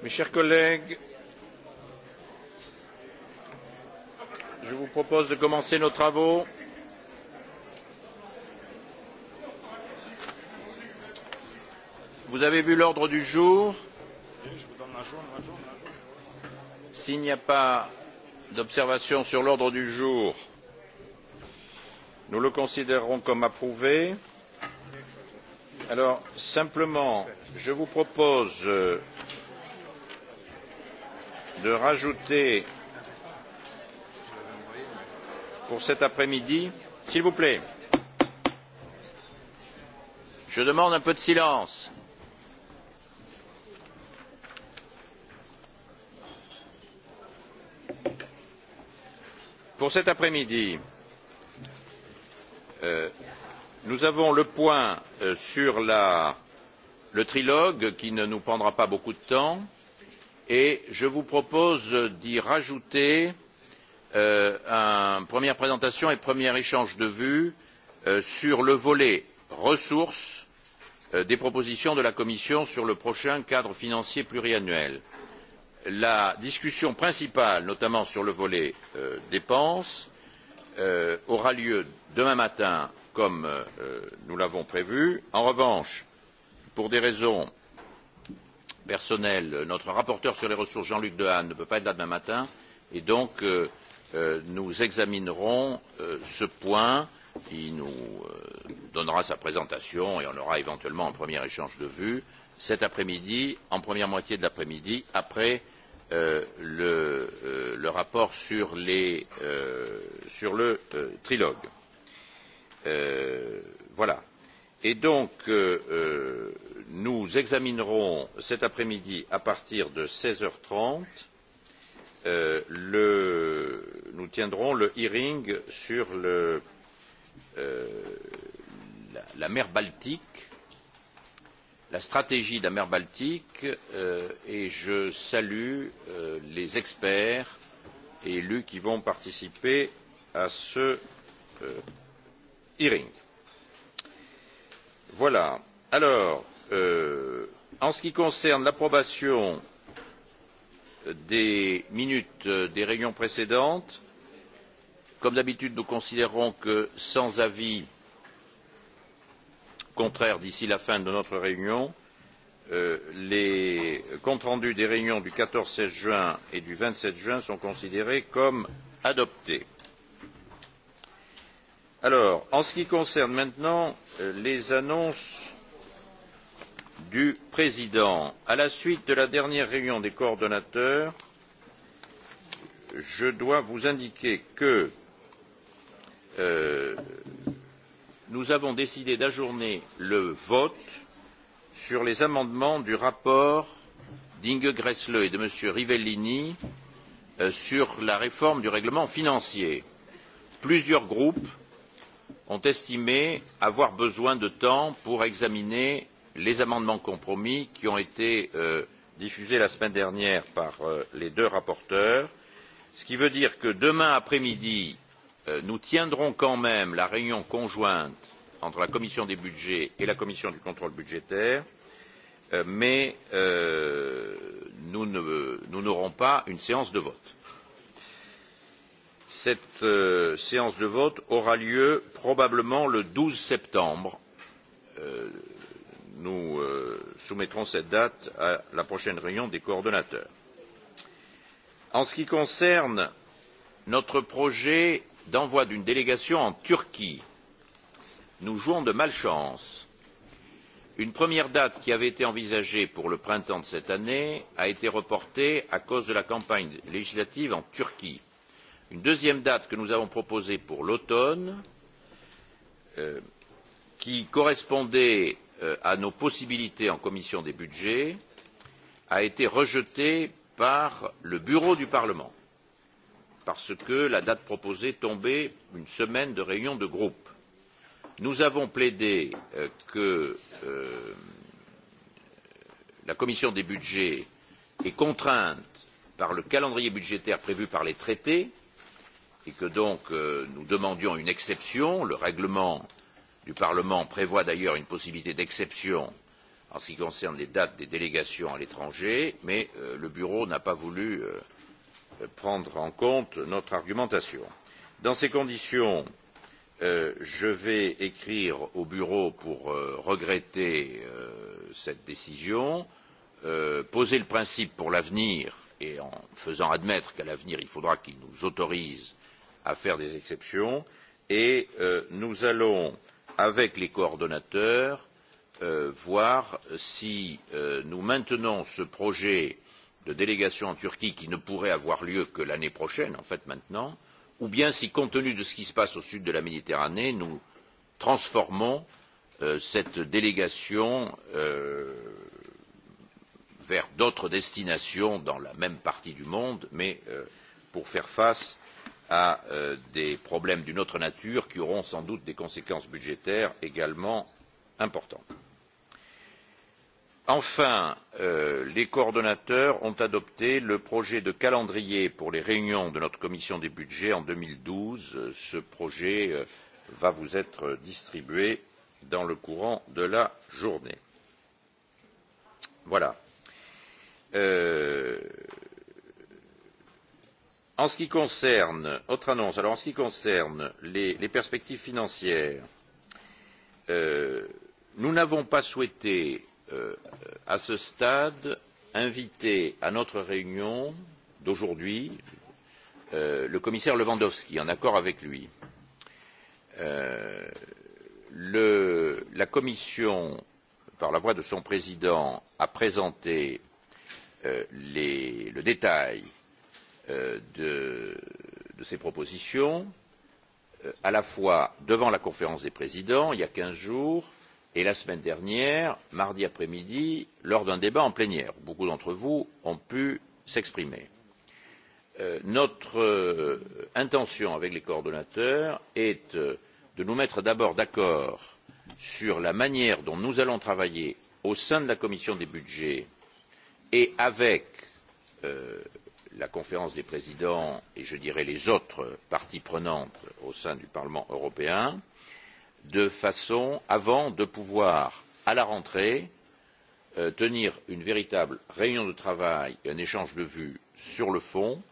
Mes chers collègues, je vous propose de commencer nos travaux. Vous avez vu l'ordre du jour. S'il n'y a pas d'observation sur l'ordre du jour, nous le considérerons comme approuvé. Alors, simplement, je vous propose de rajouter pour cet après-midi, s'il vous plaît, je demande un peu de silence. Pour cet après-midi, nous avons le point sur le trilogue qui ne nous prendra pas beaucoup de temps et je vous propose d'y rajouter une première présentation et premier échange de vues sur le volet ressources des propositions de la Commission sur le prochain cadre financier pluriannuel. La discussion principale, notamment sur le volet dépenses, aura lieu demain matin, comme nous l'avons prévu. En revanche, pour des raisons personnel, notre rapporteur sur les ressources, Jean-Luc Dehaene, ne peut pas être là demain matin, et donc nous examinerons ce point. Il nous donnera sa présentation et on aura éventuellement un premier échange de vues cet après-midi, en première moitié de l'après-midi, après le rapport sur le trilogue. Voilà. Et donc, nous examinerons cet après midi à partir de seize h trente nous tiendrons le hearing sur la mer baltique la stratégie de la mer baltique et je salue les experts élus qui vont participer à ce hearing. voilà. alors en ce qui concerne l'approbation des minutes des réunions précédentes comme d'habitude nous considérons que sans avis contraire d'ici la fin de notre réunion les comptes rendus des réunions du quatorze seize juin et du vingt sept juin sont considérés comme adoptés. en ce qui concerne maintenant les annonces du président. à la suite de la dernière réunion des coordonnateurs je dois vous indiquer que nous avons décidé d'ajourner le vote sur les amendements du rapport d'inge grässle et de m. rivellini sur la réforme du règlement financier. plusieurs groupes ont estimé avoir besoin de temps pour examiner les amendements compromis qui ont été diffusés la semaine dernière par les deux rapporteurs, ce qui veut dire que demain après-midi, nous tiendrons quand même la réunion conjointe entre la Commission des budgets et la Commission du contrôle budgétaire, mais nous n'aurons pas une séance de vote. Cette séance de vote aura lieu probablement le 12 septembre Nous soumettrons cette date à la prochaine réunion des coordonnateurs. En ce qui concerne notre projet d'envoi d'une délégation en Turquie, nous jouons de malchance. Une première date qui avait été envisagée pour le printemps de cette année a été reportée à cause de la campagne législative en Turquie. Une deuxième date que nous avons proposée pour l'automne, qui correspondait à nos possibilités en commission des budgets a été rejeté par le bureau du Parlement parce que la date proposée tombait une semaine de réunion de groupe. Nous avons plaidé que la commission des budgets est contrainte par le calendrier budgétaire prévu par les traités et que donc nous demandions une exception. Le règlement Le Parlement prévoit d'ailleurs une possibilité d'exception en ce qui concerne les dates des délégations à l'étranger, mais le Bureau n'a pas voulu prendre en compte notre argumentation. Dans ces conditions, je vais écrire au Bureau pour regretter cette décision, poser le principe pour l'avenir et en faisant admettre qu'à l'avenir il faudra qu'il nous autorise à faire des exceptions, et nous allons avec les coordonnateurs, voir si nous maintenons ce projet de délégation en Turquie qui ne pourrait avoir lieu que l'année prochaine, en fait maintenant, ou bien si, compte tenu de ce qui se passe au sud de la Méditerranée, nous transformons cette délégation vers d'autres destinations dans la même partie du monde, mais pour faire face à des problèmes d'une autre nature qui auront sans doute des conséquences budgétaires également importantes. Enfin, les coordonnateurs ont adopté le projet de calendrier pour les réunions de notre commission des budgets en 2012. Ce projet va vous être distribué dans le courant de la journée. Voilà en ce qui concerne autre annonce alors en ce qui concerne les perspectives financières nous n'avons pas souhaité à ce stade inviter à notre réunion d'aujourd'hui le commissaire lewandowski en accord avec lui. la commission par la voix de son président a présenté le détail de ces propositions, à la fois devant la conférence des présidents, il y a quinze jours, et la semaine dernière, mardi après-midi, lors d'un débat en plénière. beaucoup d'entre vous ont pu s'exprimer. Notre intention avec les coordonnateurs est de nous mettre d'abord d'accord sur la manière dont nous allons travailler au sein de la commission des budgets et avec la conférence des présidents et je dirais les autres parties prenantes au sein du Parlement européen, de façon avant de pouvoir, à la rentrée, tenir une véritable réunion de travail un échange de vues sur le fond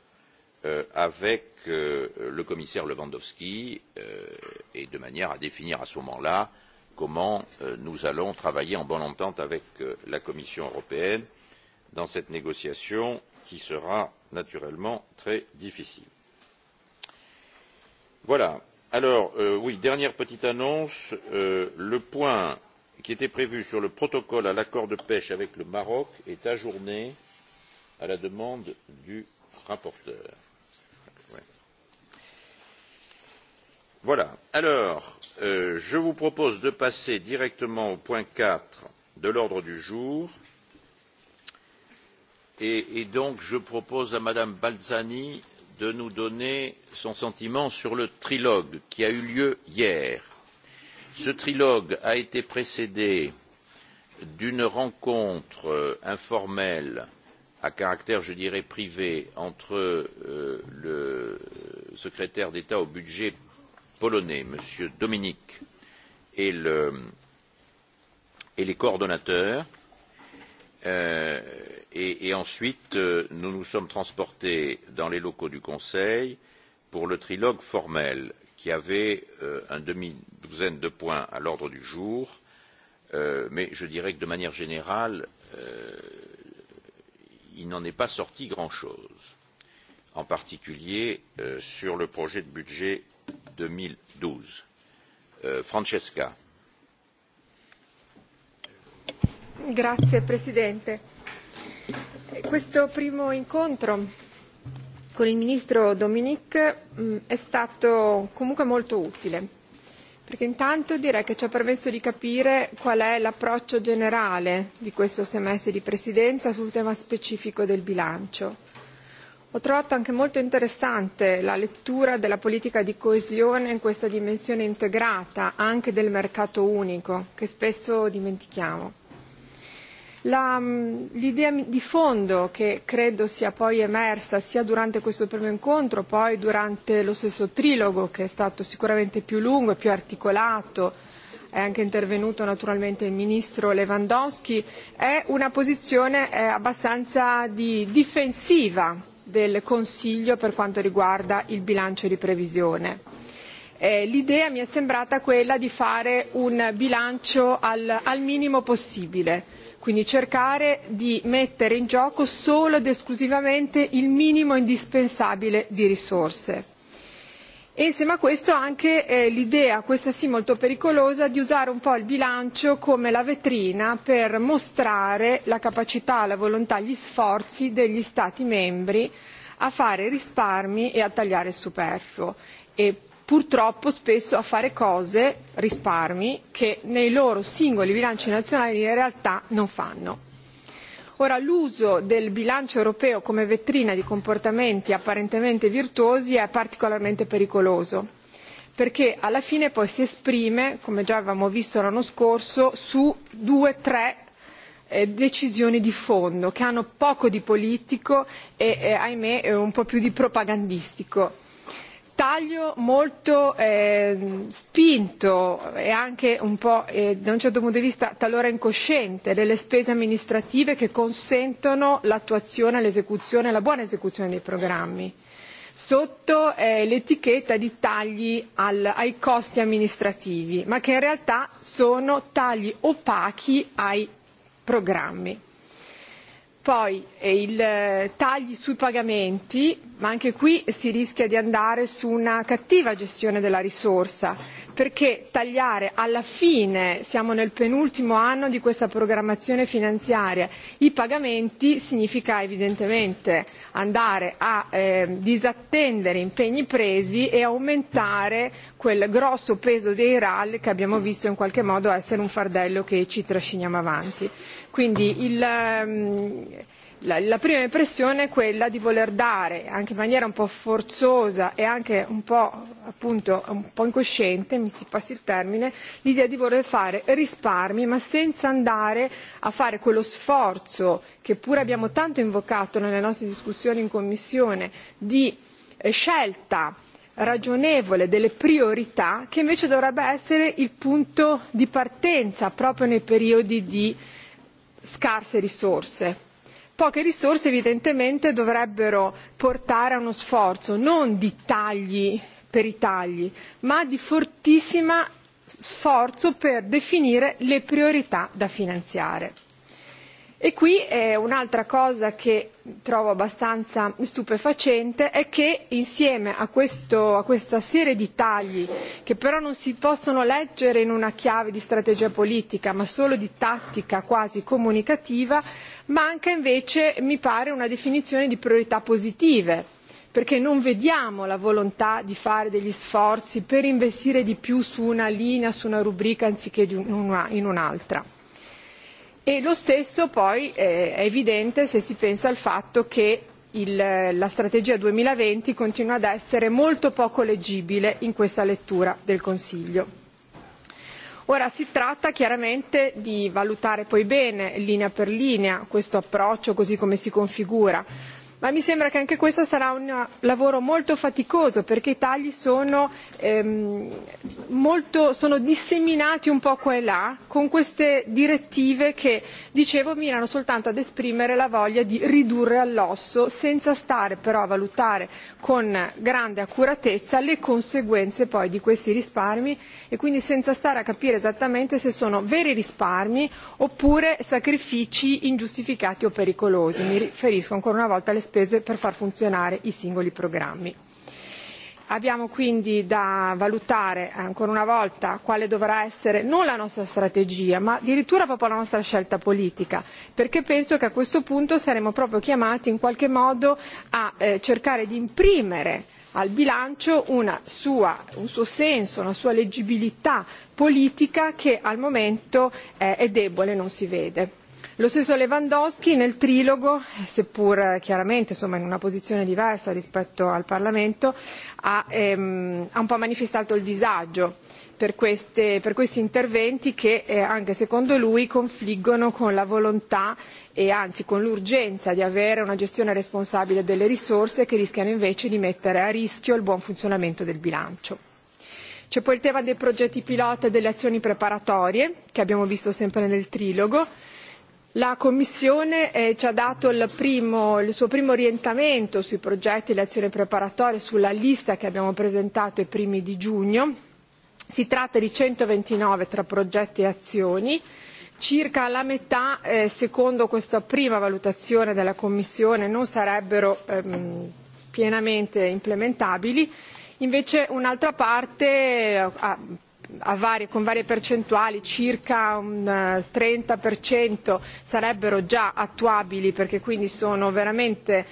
avec le commissaire Lewandowski et de manière à définir à ce moment-là comment nous allons travailler en bonne entente avec la Commission européenne dans cette négociation qui sera naturellement très difficile. Voilà. Alors, oui, dernière petite annonce. Le point qui était prévu sur le protocole à l'accord de pêche avec le Maroc est ajourné à la demande du rapporteur. Voilà. Alors, je vous propose de passer directement au point 4 de l'ordre du jour et donc je propose à Mme Balzani de nous donner son sentiment sur le trilogue qui a eu lieu hier. Ce trilogue a été précédé d'une rencontre informelle à caractère, je dirais, privé entre le secrétaire d'État au budget polonais, M. Dominik, et les coordonnateurs et ensuite nous nous sommes transportés dans les locaux du conseil pour le trilogue formel qui avait une demi douzaine de points à l'ordre du jour mais je dirais que de manière générale il n'en est pas sorti grand chose en particulier sur le projet de budget 2012. mille francesca Grazie Presidente. Questo primo incontro con il Ministro Dominique è stato comunque molto utile, perché intanto direi che ci ha permesso di capire qual è l'approccio generale di questo semestre di Presidenza sul tema specifico del bilancio. Ho trovato anche molto interessante la lettura della politica di coesione in questa dimensione integrata anche del mercato unico, che spesso dimentichiamo l'idea di fondo che credo sia poi emersa sia durante questo primo incontro poi durante lo stesso trilogo che è stato sicuramente più lungo e più articolato è anche intervenuto naturalmente il ministro Lewandowski è una posizione abbastanza di difensiva del Consiglio per quanto riguarda il bilancio di previsione l'idea mi è sembrata quella di fare un bilancio al minimo possibile quindi cercare di mettere in gioco solo ed esclusivamente il minimo indispensabile di risorse. E insieme a questo anche l'idea, questa sì molto pericolosa, di usare un po' il bilancio come la vetrina per mostrare la capacità, la volontà, gli sforzi degli Stati membri a fare risparmi e a tagliare il superfluo purtroppo spesso a fare cose, risparmi, che nei loro singoli bilanci nazionali in realtà non fanno. Ora, l'uso del bilancio europeo come vetrina di comportamenti apparentemente virtuosi è particolarmente pericoloso, perché alla fine poi si esprime, come già avevamo visto l'anno scorso, su due, tre decisioni di fondo, che hanno poco di politico e, ahimè, un po' più di propagandistico taglio molto spinto e anche un po' da un certo punto di vista talora incosciente delle spese amministrative che consentono l'attuazione, l'esecuzione e la buona esecuzione dei programmi sotto l'etichetta di tagli ai costi amministrativi ma che in realtà sono tagli opachi ai programmi. Poi i tagli sui pagamenti, ma anche qui si rischia di andare su una cattiva gestione della risorsa, perché tagliare alla fine, siamo nel penultimo anno di questa programmazione finanziaria, i pagamenti significa evidentemente andare a disattendere impegni presi e aumentare quel grosso peso dei RAL che abbiamo visto in qualche modo essere un fardello che ci trasciniamo avanti. Quindi la prima impressione è quella di voler dare, anche in maniera un po' forzosa e anche un po' appunto un po' incosciente, mi si passi il termine, l'idea di voler fare risparmi ma senza andare a fare quello sforzo che pure abbiamo tanto invocato nelle nostre discussioni in Commissione di scelta ragionevole delle priorità che invece dovrebbe essere il punto di partenza proprio nei periodi di scarse risorse. Poche risorse evidentemente dovrebbero portare a uno sforzo non di tagli per i tagli, ma di fortissimo sforzo per definire le priorità da finanziare E qui un'altra cosa che trovo abbastanza stupefacente è che insieme a questa serie di tagli, che però non si possono leggere in una chiave di strategia politica, ma solo di tattica quasi comunicativa, manca invece, mi pare, una definizione di priorità positive perché non vediamo la volontà di fare degli sforzi per investire di più su una linea, su una rubrica, anziché in un'altra E lo stesso poi è evidente se si pensa al fatto che la strategia 2020 continua ad essere molto poco leggibile in questa lettura del Consiglio. Ora si tratta chiaramente di valutare poi bene linea per linea questo approccio così come si configura ma mi sembra che anche questo sarà un lavoro molto faticoso perché i tagli sono disseminati un po' qua e là con queste direttive che dicevo mirano soltanto ad esprimere la voglia di ridurre all'osso senza stare però a valutare con grande accuratezza le conseguenze poi di questi risparmi e quindi senza stare a capire esattamente se sono veri risparmi oppure sacrifici ingiustificati o pericolosi mi riferisco ancora una volta alle spese per far funzionare i singoli programmi Abbiamo quindi da valutare ancora una volta quale dovrà essere non la nostra strategia, ma addirittura proprio la nostra scelta politica, perché penso che a questo punto saremo proprio chiamati in qualche modo a cercare di imprimere al bilancio un suo senso, una sua leggibilità politica che al momento è debole, non si vede. Lo stesso Lewandowski nel trilogo, seppur chiaramente insomma in una posizione diversa rispetto al Parlamento, ha un po' manifestato il disagio per questi interventi che anche secondo lui confliggono con la volontà e anzi con l'urgenza di avere una gestione responsabile delle risorse che rischiano invece di mettere a rischio il buon funzionamento del bilancio. C'è poi il tema dei progetti pilota e delle azioni preparatorie che abbiamo visto sempre nel trilogo La Commissione ci ha dato il suo primo orientamento sui progetti e le azioni preparatorie sulla lista che abbiamo presentato i primi di giugno. Si tratta di 129 tra progetti e azioni. Circa la metà, secondo questa prima valutazione della Commissione, non sarebbero pienamente implementabili. Invece un'altra parte con varie percentuali circa un 30% sarebbero già attuabili perché quindi sono veramente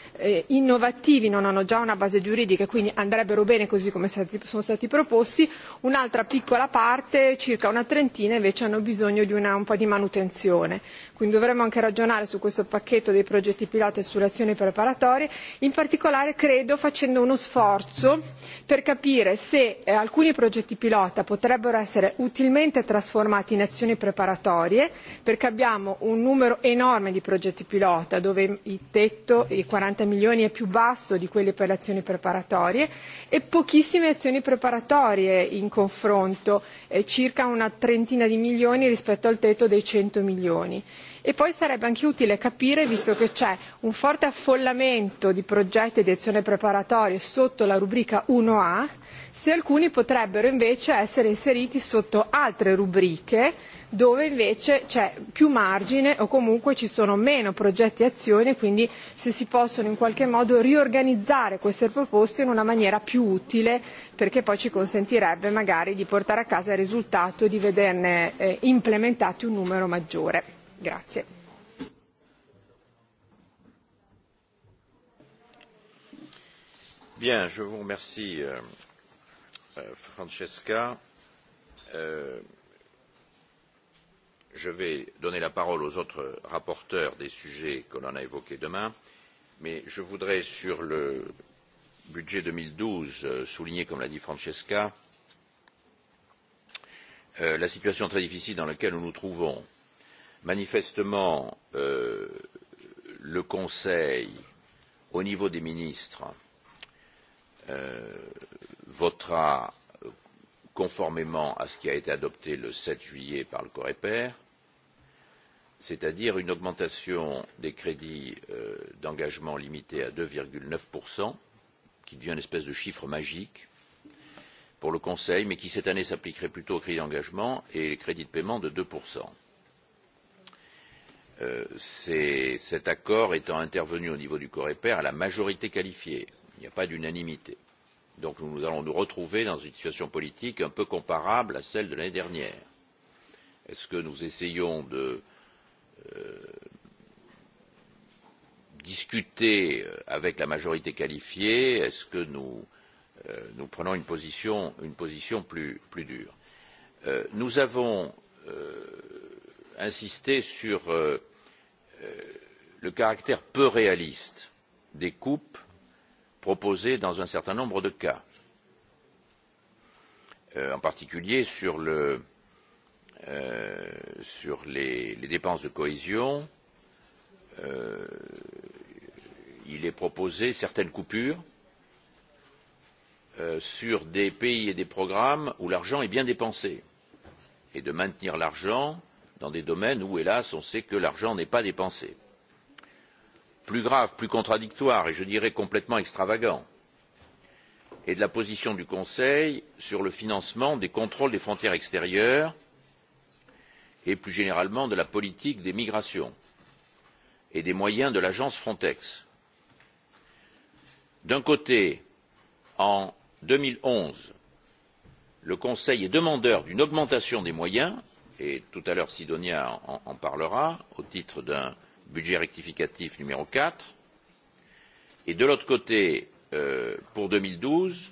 innovativi, non hanno già una base giuridica e quindi andrebbero bene così come sono stati proposti, un'altra piccola parte, circa una trentina invece hanno bisogno di un po' di manutenzione quindi dovremmo anche ragionare su questo pacchetto dei progetti pilota e sulle azioni preparatorie in particolare credo facendo uno sforzo per capire se alcuni progetti pilota potrebbero essere utilmente trasformati in azioni preparatorie perché abbiamo un numero enorme di progetti pilota dove il tetto i 40 milioni è più basso di quelli per le azioni preparatorie e pochissime azioni preparatorie in confronto circa una trentina di milioni rispetto al tetto dei 100 milioni E poi sarebbe anche utile capire, visto che c'è un forte affollamento di progetti di azione preparatoria sotto la rubrica 1A, se alcuni potrebbero invece essere inseriti sotto altre rubriche dove invece c'è più margine o comunque ci sono meno progetti e azioni e quindi se si possono in qualche modo riorganizzare queste proposte in una maniera più utile perché poi ci consentirebbe magari di portare a casa il risultato e di vederne implementati un numero maggiore. Grazie. Bien, je vous remercie, Francesca. Je vais donner la parole aux autres rapporteurs des sujets que l'on a évoqués demain, mais je voudrais, sur le budget 2012, souligner, comme l'a dit Francesca, la situation très difficile dans laquelle nous nous trouvons manifestement le conseil au niveau des ministres votera conformément à ce qui a été adopté le 7 juillet par le coreper c'est-à-dire une augmentation des crédits d'engagement limitée à 2,9 qui devient une espèce de chiffre magique pour le conseil mais qui cette année s'appliquerait plutôt aux crédits d'engagement et les crédits de paiement de 2 cet accord étant intervenu au niveau du Coreper à la majorité qualifiée. Il n'y a pas d'unanimité. Donc nous allons nous retrouver dans une situation politique un peu comparable à celle de l'année dernière. Est-ce que nous essayons de discuter avec la majorité qualifiée Est-ce que nous prenons une position plus dure Nous avons insisté sur le caractère peu réaliste des coupes proposées dans un certain nombre de cas, en particulier sur les dépenses de cohésion. Il est proposé certaines coupures sur des pays et des programmes où l'argent est bien dépensé et de maintenir l'argent dans des domaines où, hélas, on sait que l'argent n'est pas dépensé. Plus grave, plus contradictoire et je dirais complètement extravagant est de la position du Conseil sur le financement des contrôles des frontières extérieures et, plus généralement, de la politique des migrations et des moyens de l'agence Frontex. D'un côté, en 2011, le Conseil est demandeur d'une augmentation des moyens et tout à l'heure Sidonia en parlera, au titre d'un budget rectificatif numéro 4. Et de l'autre côté, pour 2012,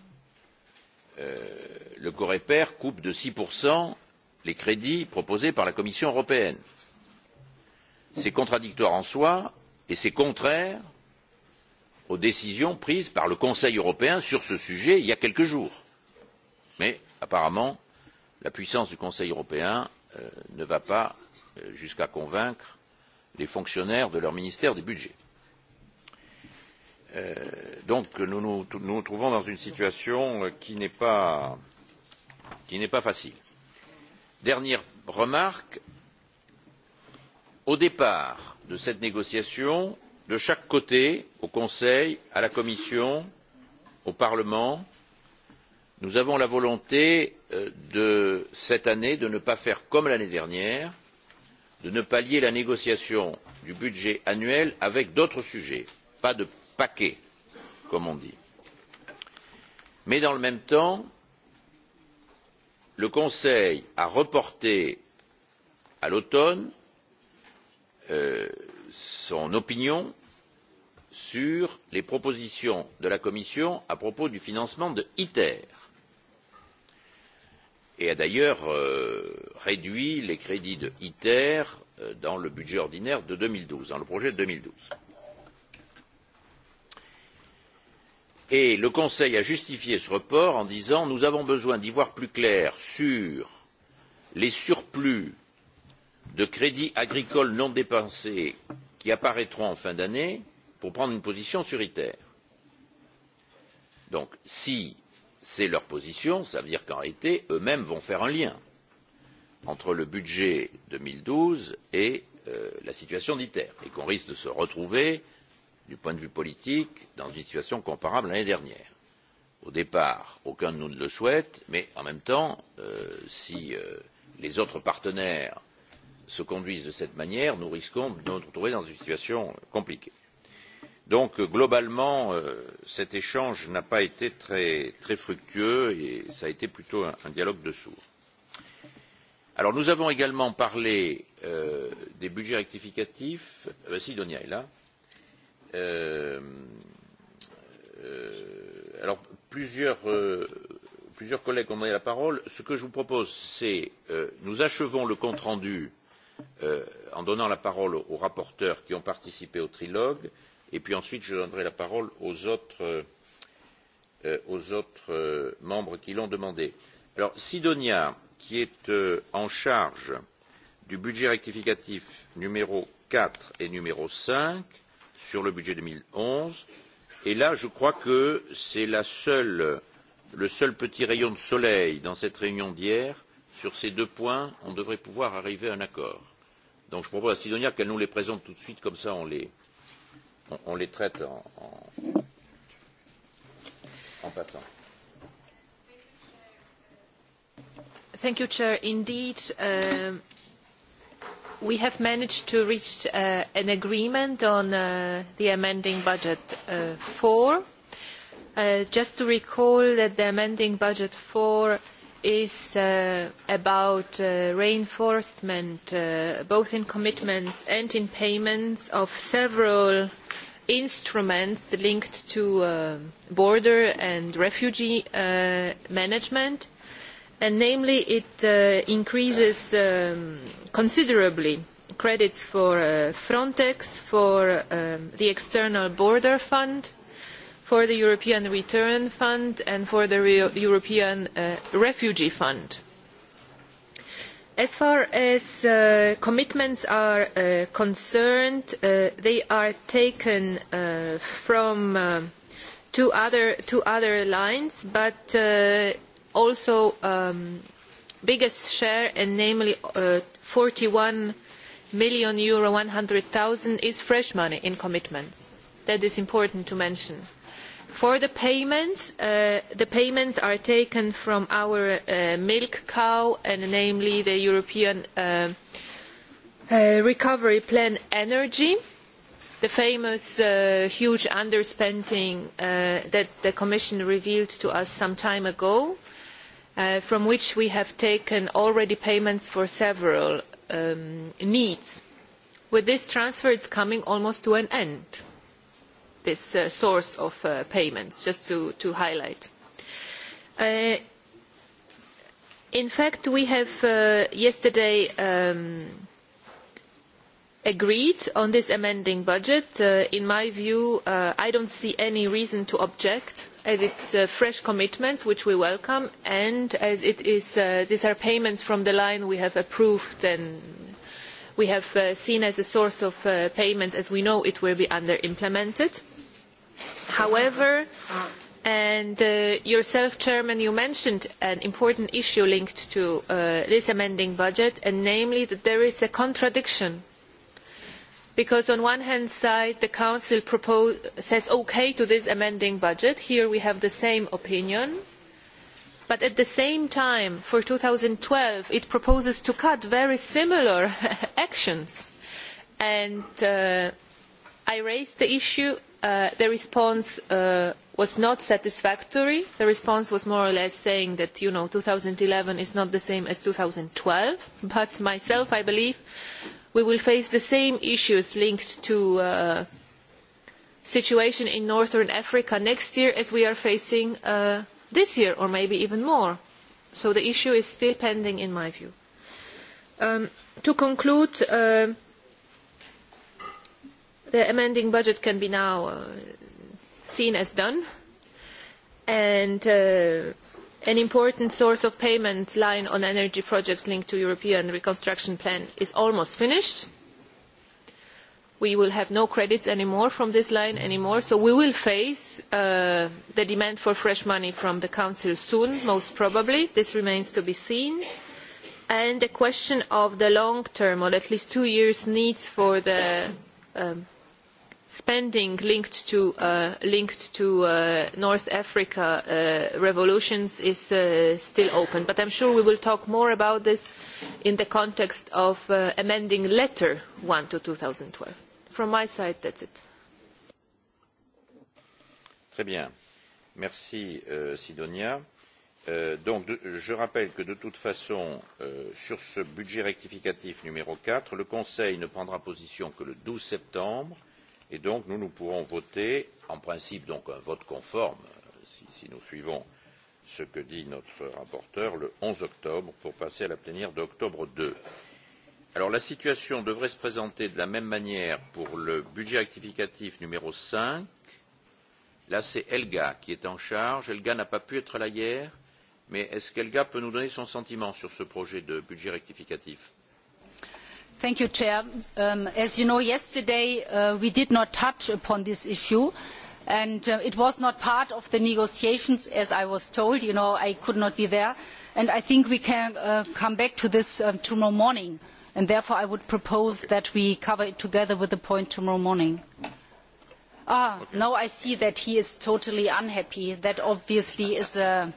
le Coreper coupe de 6% les crédits proposés par la Commission européenne. C'est contradictoire en soi et c'est contraire aux décisions prises par le Conseil européen sur ce sujet il y a quelques jours. Mais apparemment, la puissance du Conseil européen ne va pas jusqu'à convaincre les fonctionnaires de leur ministère du budget. Donc nous nous trouvons dans une situation qui n'est pas facile. Dernière remarque au départ de cette négociation, de chaque côté, au Conseil, à la Commission, au Parlement, Nous avons la volonté de cette année de ne pas faire comme l'année dernière, de ne pas lier la négociation du budget annuel avec d'autres sujets, pas de paquet, comme on dit. Mais dans le même temps, le Conseil a reporté à l'automne son opinion sur les propositions de la Commission à propos du financement de ITER et a d'ailleurs réduit les crédits de ITER dans le budget ordinaire de 2012, dans le projet de 2012. Et le Conseil a justifié ce report en disant Nous avons besoin d'y voir plus clair sur les surplus de crédits agricoles non dépensés qui apparaîtront en fin d'année pour prendre une position sur ITER. Donc, si c'est leur position, ça veut dire qu'en réalité, eux-mêmes vont faire un lien entre le budget 2012 et la situation d'ITER, et qu'on risque de se retrouver, du point de vue politique, dans une situation comparable à l'année dernière. Au départ, aucun de nous ne le souhaite, mais en même temps, si les autres partenaires se conduisent de cette manière, nous risquons de nous retrouver dans une situation compliquée donc globalement cet échange n'a pas été très fructueux et cela a été plutôt un dialogue de sourds. alors nous avons également parlé des budgets rectificatifs Donia est là alors plusieurs collègues ont demandé la parole ce que je vous propose c'est nous achevons le compte rendu en donnant la parole aux rapporteurs qui ont participé au trilogue et puis ensuite je donnerai la parole aux autres membres qui l'ont demandé. Alors Sidonia, qui est en charge du budget rectificatif numéro 4 et numéro 5 sur le budget 2011, et là je crois que c'est le seul petit rayon de soleil dans cette réunion d'hier. Sur ces deux points, on devrait pouvoir arriver à un accord. Donc je propose à Sidonia qu'elle nous les présente tout de suite, comme ça on les on les traite en Thank you, Chair. Indeed, we have managed to reach an agreement on the amending budget 4. Just to recall that the amending budget 4 is about reinforcement, both in commitments and in payments, of several instruments linked to border and refugee management, and namely it increases considerably credits for Frontex, for the External Border Fund, for the European Return Fund, and for the European Refugee Fund. As far as commitments are concerned, they are taken from two other lines, but also biggest share, and namely one million euro thousand is fresh money in commitments. That is important to mention For the payments, the payments are taken from our milk cow, and namely the European Recovery Plan Energy, the famous huge underspending that the Commission revealed to us some time ago, from which we have taken already payments for several needs. With this transfer, is coming almost to an end this source of payments, just to highlight. In fact, we have yesterday agreed on this amending budget. In my view, I don't see any reason to object, as it's fresh commitments, which we welcome, and as it is, these are payments from the line we have approved and we have seen as a source of payments, as we know it will be under-implemented. However, and yourself, Chairman, you mentioned an important issue linked to this amending budget, and namely that there is a contradiction. Because on one hand side, the Council says OK to this amending budget. Here we have the same opinion but at the same time for 2012 it proposes to cut very similar actions and i raised the issue the response was not satisfactory the response was more or less saying that you know 2011 is not the same as 2012 but myself i believe we will face the same issues linked to situation in northern africa next year as we are facing this year or maybe even more. So the issue is still pending in my view. To conclude, the amending budget can be now seen as done and an important source of payment line on energy projects linked to the European reconstruction plan is almost finished we will have no credits anymore from this line anymore so we will face the demand for fresh money from the council soon most probably this remains to be seen and the question of the long term or at least two years needs for the spending linked to linked to north africa revolutions is still open but i'm sure we will talk more about this in the context of amending letter 1 to 2012 From my side, that's it. Très bien. Merci, Sidonia. Donc, je rappelle que de toute façon, sur ce budget rectificatif numéro 4, le Conseil ne prendra position que le 12 septembre. Et donc, nous, nous pourrons voter, en principe, donc un vote conforme, si nous suivons ce que dit notre rapporteur, le 11 octobre, pour passer à la plénière d'octobre 2. Alors la situation devrait se présenter de la même manière pour le budget rectificatif numéro 5. Là, c'est Elga qui est en charge. Elga n'a pas pu être là hier, mais est-ce qu'Elga peut nous donner son sentiment sur ce projet de budget rectificatif Thank you, Chair. As you know, yesterday we did not touch upon this issue and it was not part of the negotiations as I was told. You know, I could not be there and I think we can come back to this tomorrow morning and therefore I would propose that we cover it together with the point tomorrow morning. Ah, now I see that he is totally unhappy. That obviously is a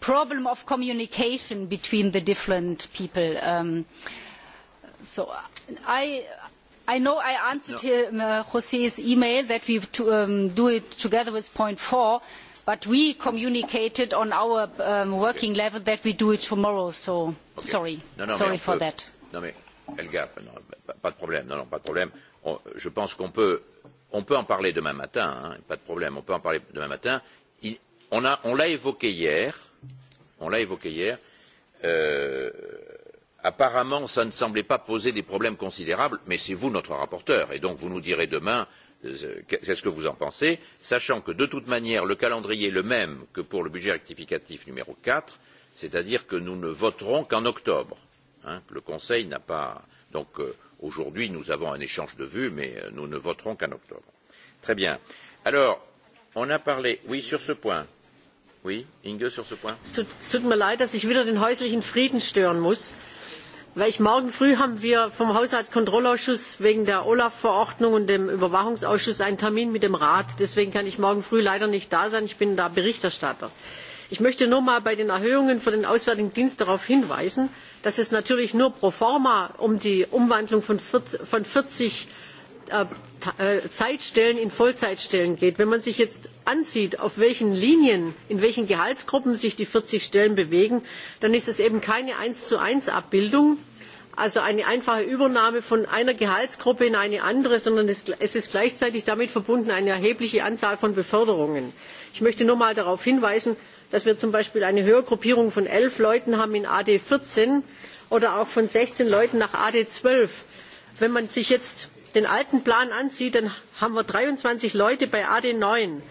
problem of communication between the different people. So I. I know I answered José's email that we do it together with point four, but we communicated on our working level that we do it tomorrow so sorry sorry for that non mais Elga pas de problème non non pas de problème je pense qu'on peut on peut en parler demain matin pas de problème on peut en parler demain matin on a on l'a évoqué hier on l'a évoqué hier apparemment ça ne semblait pas poser des problèmes considérables mais c'est vous notre rapporteur et donc vous nous direz demain qu'est ce que vous en pensez sachant que de toute manière le calendrier est le même que pour le budget rectificatif numéro quatre c'est à dire que nous ne voterons qu'en octobre le conseil n'a pas donc aujourd'hui nous avons un échange de vues mais nous ne voterons qu'en octobre. très bien. alors on a parlé oui sur ce point oui inge sur ce point. tut mir leid dass ich wieder den häuslichen frieden stören muss weil ich morgen früh haben wir vom haushaltskontrollausschuss wegen der olaf verordnung und dem überwachungsausschuss einen termin mit dem rat deswegen kann ich morgen früh leider nicht da sein ich bin da berichterstatter. ich möchte nur mal bei den erhöhungen für den auswärtigen dienst darauf hinweisen dass es natürlich nur pro forma um die umwandlung von 40 zeitstellen in vollzeitstellen geht wenn man sich jetzt ansieht auf welchen linien in welchen gehaltsgruppen sich die 40 stellen bewegen dann ist es eben keine eins zu eins abbildung also eine einfache übernahme von einer gehaltsgruppe in eine andere sondern es ist gleichzeitig damit verbunden eine erhebliche anzahl von beförderungen. ich möchte nur mal darauf hinweisen dass wir zum beispiel eine höhergruppierung von elf leuten haben in ad 14, oder auch von 16 leuten nach ad. 12. wenn man sich jetzt den alten plan ansieht dann haben wir 23 leute bei ad 9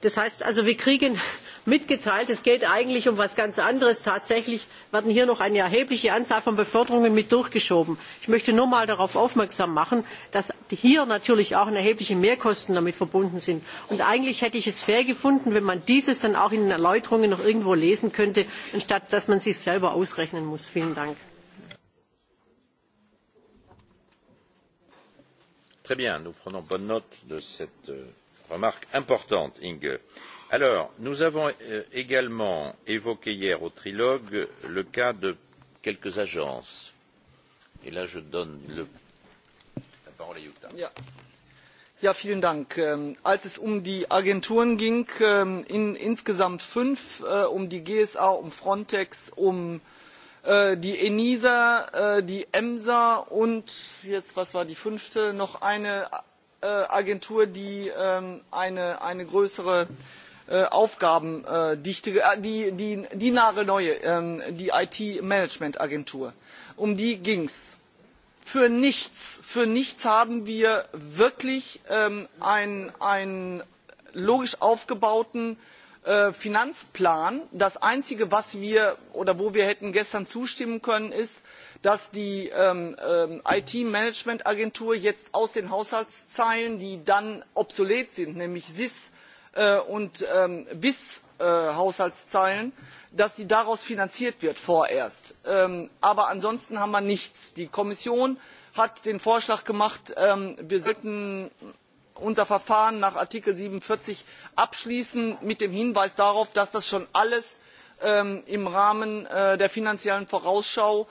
das heißt also wir kriegen mitgeteilt es geht eigentlich um etwas ganz anderes tatsächlich wird hier noch eine erhebliche anzahl von beförderungen mit durchgeschoben. ich möchte nur mal darauf aufmerksam machen dass hier natürlich auch erhebliche mehrkosten damit verbunden sind. und eigentlich hätte ich es fair gefunden wenn man dieses dann auch in den erläuterungen noch irgendwo lesen könnte anstatt dass man es sich selber ausrechnen muss. vielen dank. Très bien, nous prenons bonne note de cette remarque importante, Inge. Alors, nous avons également évoqué hier au trilogue le cas de quelques agences. Et là, je donne la parole à Jutta. Als es um die Agenturen ging, insgesamt fünf, um die GSA, um Frontex, um die enisa die emsa und jetzt was war die fünfte noch eine agentur die eine größere aufgabendichte die nagelneue die it management agentur um die ging es. für nichts für nichts haben wir wirklich einen logisch aufgebauten finanzplan das einzige was oder wo wir hätten gestern zustimmen können ist dass die it management agentur jetzt aus den haushaltszeilen die dann obsolet sind nämlich sis und vis haushaltszeilen dass daraus finanziert wird vorerst. aber ansonsten haben wir nichts. die kommission hat den vorschlag gemacht wir sollten unser verfahren nach artikel 47 abschließen mit dem hinweis darauf dass das schon alles im rahmen der finanziellen vorausschau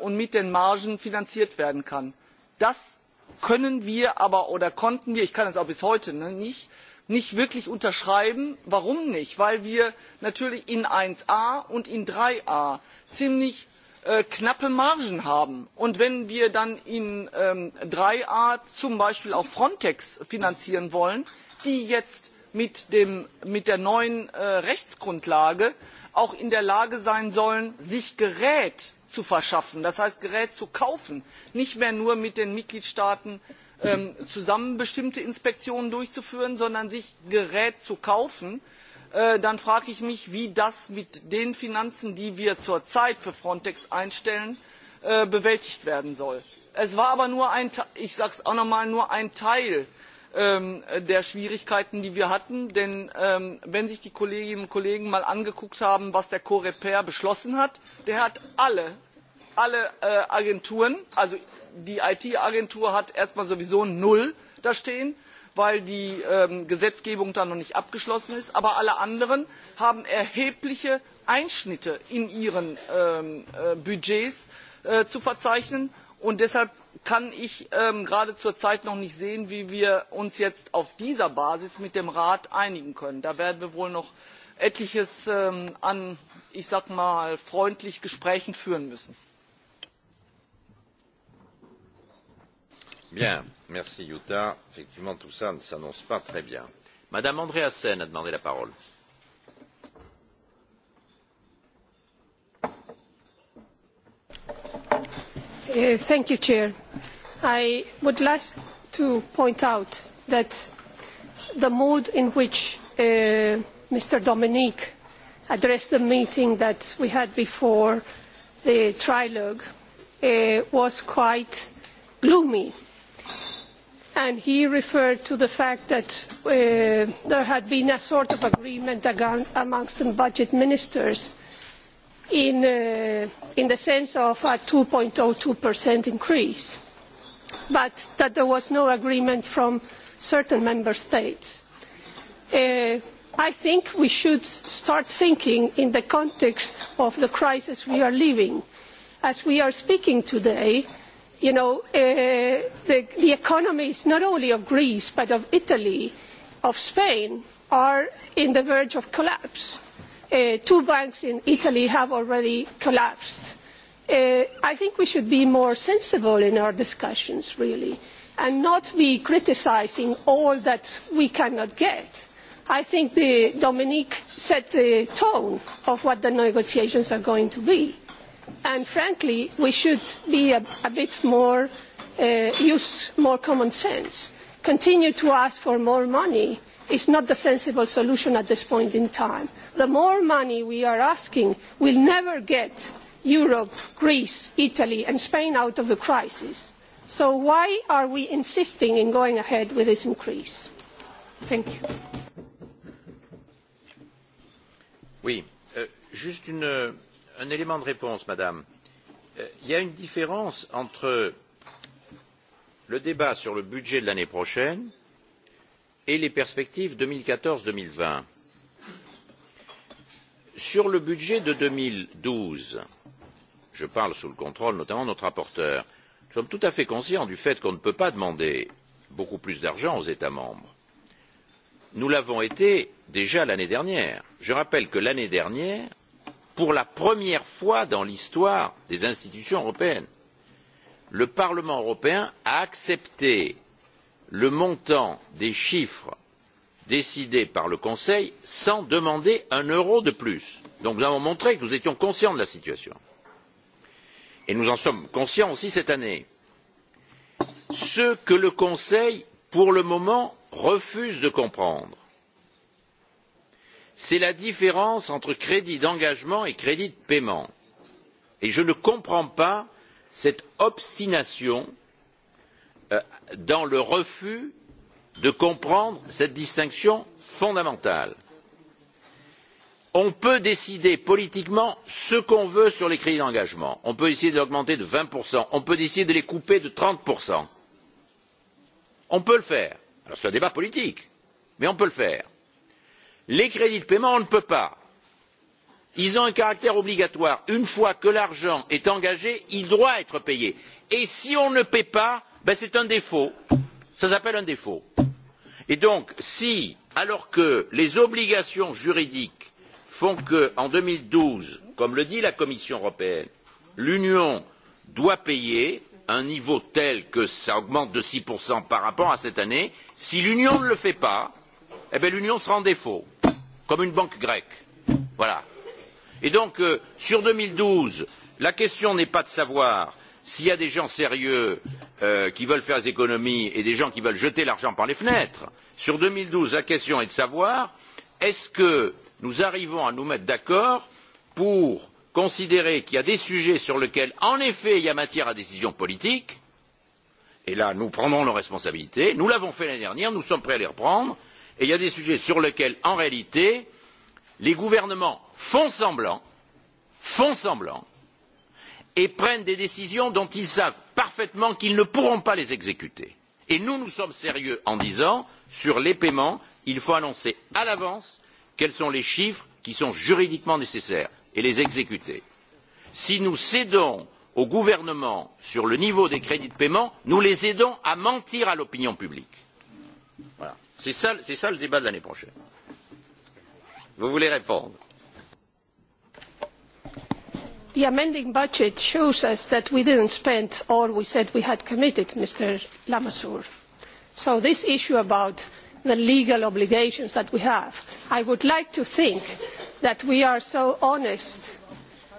und mit den margen finanziert werden kann. das können wir aber oder konnten wir ich kann es auch bis heute nicht nicht wirklich unterschreiben. warum nicht? weil wir natürlich in 1 a und in 3 a ziemlich knappe margen haben und wenn wir dann in drei a zum beispiel auch frontex finanzieren wollen die jetzt mit der neuen rechtsgrundlage auch in der lage sein sollen sich gerät zu verschaffen das heißt gerät zu kaufen nicht mehr nur mit den mitgliedstaaten zusammen bestimmte inspektionen durchzuführen sondern sich gerät zu kaufen dann frage ich mich wie das mit den finanzen die wir zurzeit für frontex einstellen bewältigt werden soll. es war aber nur ein ich sage es auch noch einmal nur ein teil der schwierigkeiten die wir hatten denn wenn sich die kolleginnen und kollegen mal angeguckt haben was der coreper beschlossen hat der hat alle agenturen also die it agentur hat erst einmal sowieso null da stehen weil die gesetzgebung da noch nicht abgeschlossen ist aber alle anderen haben erhebliche einschnitte in ihren budgets zu verzeichnen und deshalb kann ich gerade zurzeit noch nicht sehen wie wir uns jetzt auf dieser basis mit dem rat einigen können. da werden wir wohl noch etliches an ich sag mal freundlich gesprächen führen müssen. Bien, merci Yuta. Effectivement, tout ça ne s'annonce pas très bien. Madame Sen a demandé la parole. Thank you, Chair. I would like to point out that the mood in which Mr. Dominique addressed the meeting that we had before the trilogue was quite gloomy and he referred to the fact that there had been a sort of agreement amongst the budget ministers in the sense of a 2.02% increase, but that there was no agreement from certain member states. I think we should start thinking in the context of the crisis we are living. As we are speaking today, you know, the economies not only of Greece but of Italy, of Spain, are in the verge of collapse. Two banks in Italy have already collapsed. I think we should be more sensible in our discussions, really, and not be criticising all that we cannot get. I think Dominique set the tone of what the negotiations are going to be and frankly we should be a bit more use more common sense. continue to ask for more money is not the sensible solution at this point in time. the more money we are asking will never get europe greece italy and spain out of the crisis so why are we insisting in going ahead with this increase? thank you un élément de réponse, Madame. Il y a une différence entre le débat sur le budget de l'année prochaine et les perspectives 2014-2020. Sur le budget de 2012, je parle sous le contrôle notamment de notre rapporteur, nous sommes tout à fait conscients du fait qu'on ne peut pas demander beaucoup plus d'argent aux États membres. Nous l'avons été déjà l'année dernière. Je rappelle que l'année dernière, pour la première fois dans l'histoire des institutions européennes, le Parlement européen a accepté le montant des chiffres décidés par le Conseil sans demander un euro de plus. Donc nous avons montré que nous étions conscients de la situation. Et nous en sommes conscients aussi cette année. Ce que le Conseil, pour le moment, refuse de comprendre, c'est la différence entre crédit d'engagement et crédit de paiement et je ne comprends pas cette obstination dans le refus de comprendre cette distinction fondamentale. on peut décider politiquement ce qu'on veut sur les crédits d'engagement on peut décider de augmenter de vingt on peut décider de les couper de trente on peut le faire. alors c'est un débat politique mais on peut le faire les crédits de paiement on ne peut pas. ils ont un caractère obligatoire une fois que l'argent est engagé il doit être payé et si on ne paie pas c'est un défaut ça s'appelle un défaut. et donc si alors que les obligations juridiques font que en deux mille douze comme le dit la commission européenne l'union doit payer un niveau tel que cela augmente de six par rapport à cette année si l'union ne le fait pas eh bien l'Union sera en défaut, comme une banque grecque. Voilà. Et donc, sur 2012, la question n'est pas de savoir s'il y a des gens sérieux qui veulent faire des économies et des gens qui veulent jeter l'argent par les fenêtres. Sur 2012, la question est de savoir est-ce que nous arrivons à nous mettre d'accord pour considérer qu'il y a des sujets sur lesquels, en effet, il y a matière à décision politique, et là, nous prenons nos responsabilités, nous l'avons fait l'année dernière, nous sommes prêts à les reprendre, il y a des sujets sur lesquels en réalité les gouvernements font semblant font semblant et prennent des décisions dont ils savent parfaitement qu'ils ne pourront pas les exécuter. et nous nous sommes sérieux en disant sur les paiements il faut annoncer à l'avance quels sont les chiffres qui sont juridiquement nécessaires et les exécuter. si nous cédons au gouvernement sur le niveau des crédits de paiement nous les aidons à mentir à l'opinion publique. C'est ça le débat de l'année prochaine. Vous répondre The amending budget shows us that we didn't spend all we said we had committed, Mr. Lamassoure. So this issue about the legal obligations that we have, I would like to think that we are so honest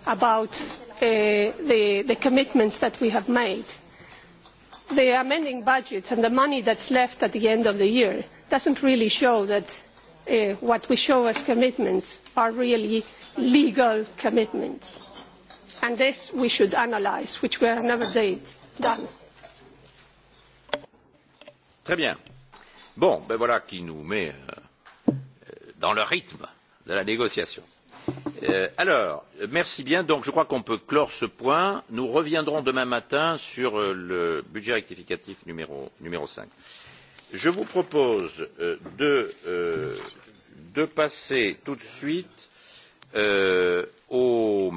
about the commitments that we have made the amending budgets and the money that's left at the end of the year doesn't really show that what we show as commitments are really legal commitments. And this we should analyse, which we have never done. Très bien. Bon, ben voilà qui nous met dans le rythme de la négociation. Alors, merci bien. Donc, je crois qu'on peut clore ce point. Nous reviendrons demain matin sur le budget rectificatif numéro cinq. Je vous propose de passer tout de suite au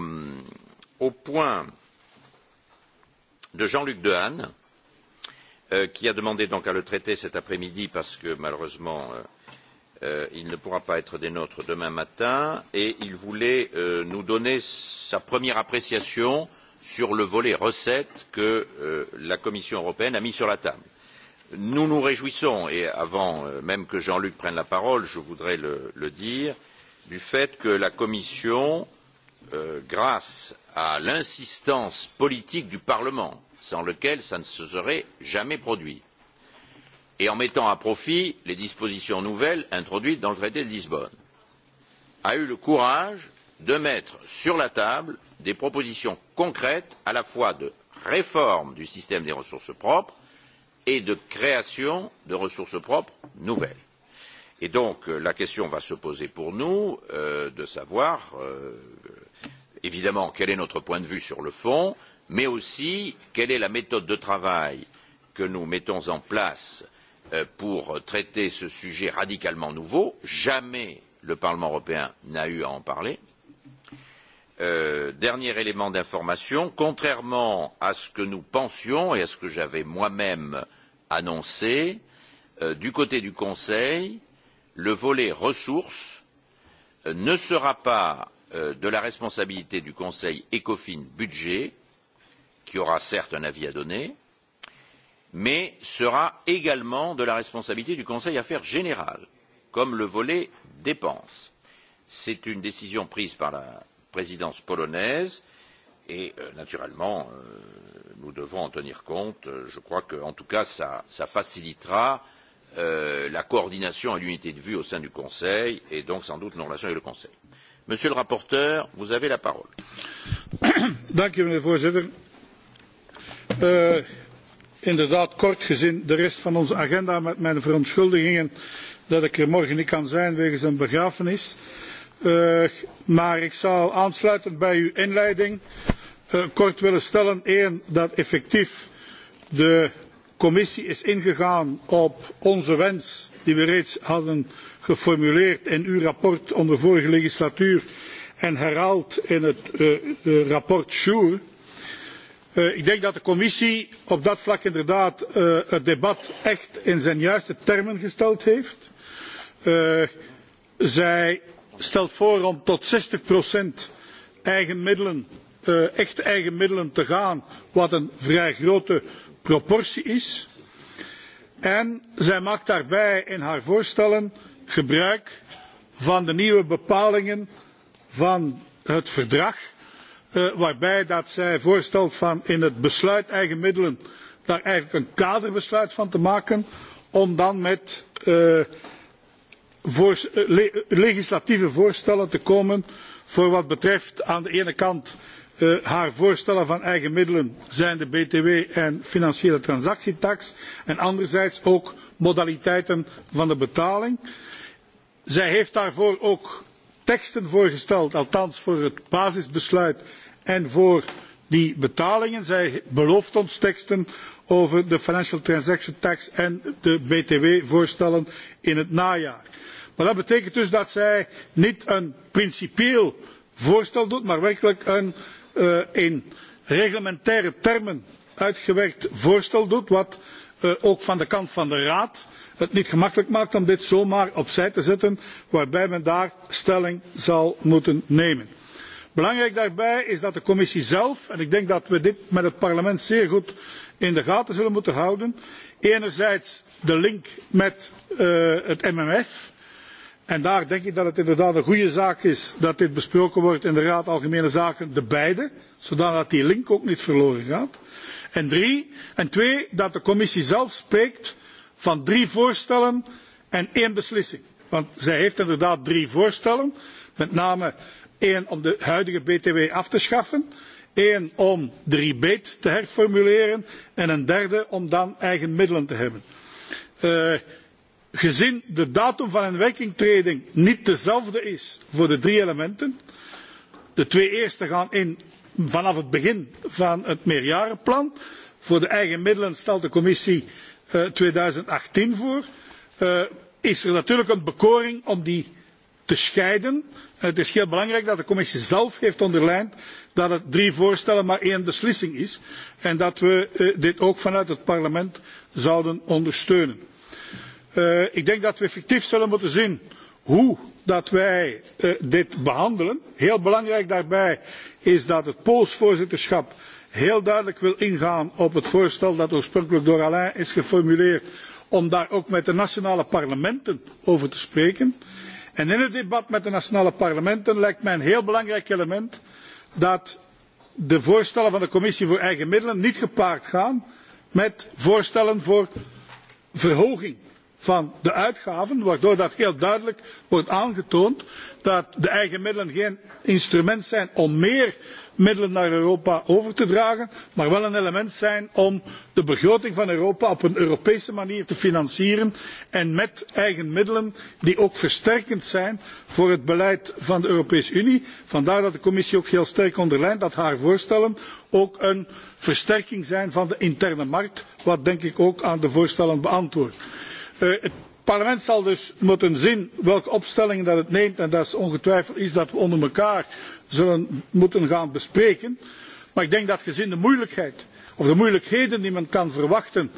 point de Jean-Luc Dehaene, qui a demandé donc à le traiter cet après-midi parce que malheureusement il ne pourra pas être des nôtres demain matin et il voulait nous donner sa première appréciation sur le volet recettes que la Commission européenne a mis sur la table. Nous nous réjouissons et avant même que Jean Luc prenne la parole, je voudrais le dire du fait que la Commission, grâce à l'insistance politique du Parlement, sans lequel cela ne se serait jamais produit et en mettant à profit les dispositions nouvelles introduites dans le traité de Lisbonne, a eu le courage de mettre sur la table des propositions concrètes à la fois de réforme du système des ressources propres et de création de ressources propres nouvelles. Et donc la question va se poser pour nous de savoir évidemment quel est notre point de vue sur le fond, mais aussi quelle est la méthode de travail que nous mettons en place pour traiter ce sujet radicalement nouveau. Jamais le Parlement européen n'a eu à en parler. Dernier élément d'information, contrairement à ce que nous pensions et à ce que j'avais moi-même annoncé, du côté du Conseil, le volet ressources ne sera pas de la responsabilité du Conseil ECOFIN Budget, qui aura certes un avis à donner, mais sera également de la responsabilité du Conseil Affaires générales, comme le volet dépenses. C'est une décision prise par la présidence polonaise et, naturellement, nous devons en tenir compte. Je crois qu'en tout cas, cela facilitera la coordination et l'unité de vue au sein du Conseil et donc sans doute nos relations avec le Conseil. Monsieur le rapporteur, vous avez la parole inderdaad kort gezien de rest van onze agenda met mijn verontschuldigingen dat ik er morgen niet kan zijn wegens een begrafenis. Maar ik zou aansluitend bij uw inleiding kort willen stellen één dat effectief de commissie is ingegaan op onze wens die we reeds hadden geformuleerd in uw rapport onder vorige legislatuur en herhaald in het rapport sure ik denk dat de commissie op dat vlak inderdaad het debat echt in zijn juiste termen gesteld heeft. zij stelt voor om tot 60 eigen middelen echt eigen middelen te gaan wat een vrij grote proportie is en zij maakt daarbij in haar voorstellen gebruik van de nieuwe bepalingen van het verdrag waarbij zij voorstelt van in het besluit eigen middelen daar eigenlijk een kaderbesluit van te maken om dan met legislatieve voorstellen te komen voor wat betreft aan de ene kant haar voorstellen van eigen middelen zijn de btw en financiële transactietaks en anderzijds ook modaliteiten van de betaling. zij heeft daarvoor ook teksten voorgesteld, althans voor het basisbesluit en voor die betalingen. Zij belooft ons teksten over de Financial Transaction Tax en de BTW-voorstellen in het najaar. Maar dat betekent dus dat zij niet een principieel voorstel doet, maar werkelijk een in reglementaire termen uitgewerkt voorstel doet, wat ook van de kant van de Raad het niet gemakkelijk maakt om dit zomaar opzij te zetten, waarbij men daar stelling zal moeten nemen. Belangrijk daarbij is dat de Commissie zelf en ik denk dat we dit met het parlement zeer goed in de gaten zullen moeten houden enerzijds de link met het MMF en daar denk ik dat het inderdaad een goede zaak is dat dit besproken wordt in de Raad Algemene Zaken, de beide, zodat die link ook niet verloren gaat. En drie, en twee, dat de commissie zelf spreekt van drie voorstellen en één beslissing. Want zij heeft inderdaad drie voorstellen, met name één om de huidige BTW af te schaffen, één om de rebate te herformuleren en een derde om dan eigen middelen te hebben. Gezien de datum van inwerkingtreding niet dezelfde is voor de drie elementen, de twee eerste gaan in vanaf het begin van het meerjarenplan. Voor de eigen middelen stelt de commissie 2018 voor. Is er natuurlijk een bekoring om die te scheiden. Het is heel belangrijk dat de commissie zelf heeft onderlijnd dat het drie voorstellen maar één beslissing is. En dat we dit ook vanuit het parlement zouden ondersteunen. Ik denk dat we effectief zullen moeten zien hoe wij dit behandelen. Heel belangrijk daarbij is dat het Pools voorzitterschap heel duidelijk wil ingaan op het voorstel dat oorspronkelijk door Alain is geformuleerd om daar ook met de nationale parlementen over te spreken. En in het debat met de nationale parlementen lijkt mij een heel belangrijk element dat de voorstellen van de commissie voor eigen middelen niet gepaard gaan met voorstellen voor verhoging van de uitgaven, waardoor dat heel duidelijk wordt aangetoond dat de eigen middelen geen instrument zijn om meer middelen naar Europa over te dragen, maar wel een element zijn om de begroting van Europa op een Europese manier te financieren en met eigen middelen die ook versterkend zijn voor het beleid van de Europese Unie. Vandaar dat de Commissie ook heel sterk onderlijnt dat haar voorstellen ook een versterking zijn van de interne markt, wat denk ik ook aan de voorstellen beantwoordt het parlement zal dus moeten zien welke opstelling het neemt en dat is ongetwijfeld iets dat we onder elkaar zullen moeten gaan bespreken. maar ik denk dat gezien de moeilijkheid of de moeilijkheden die men kan verwachten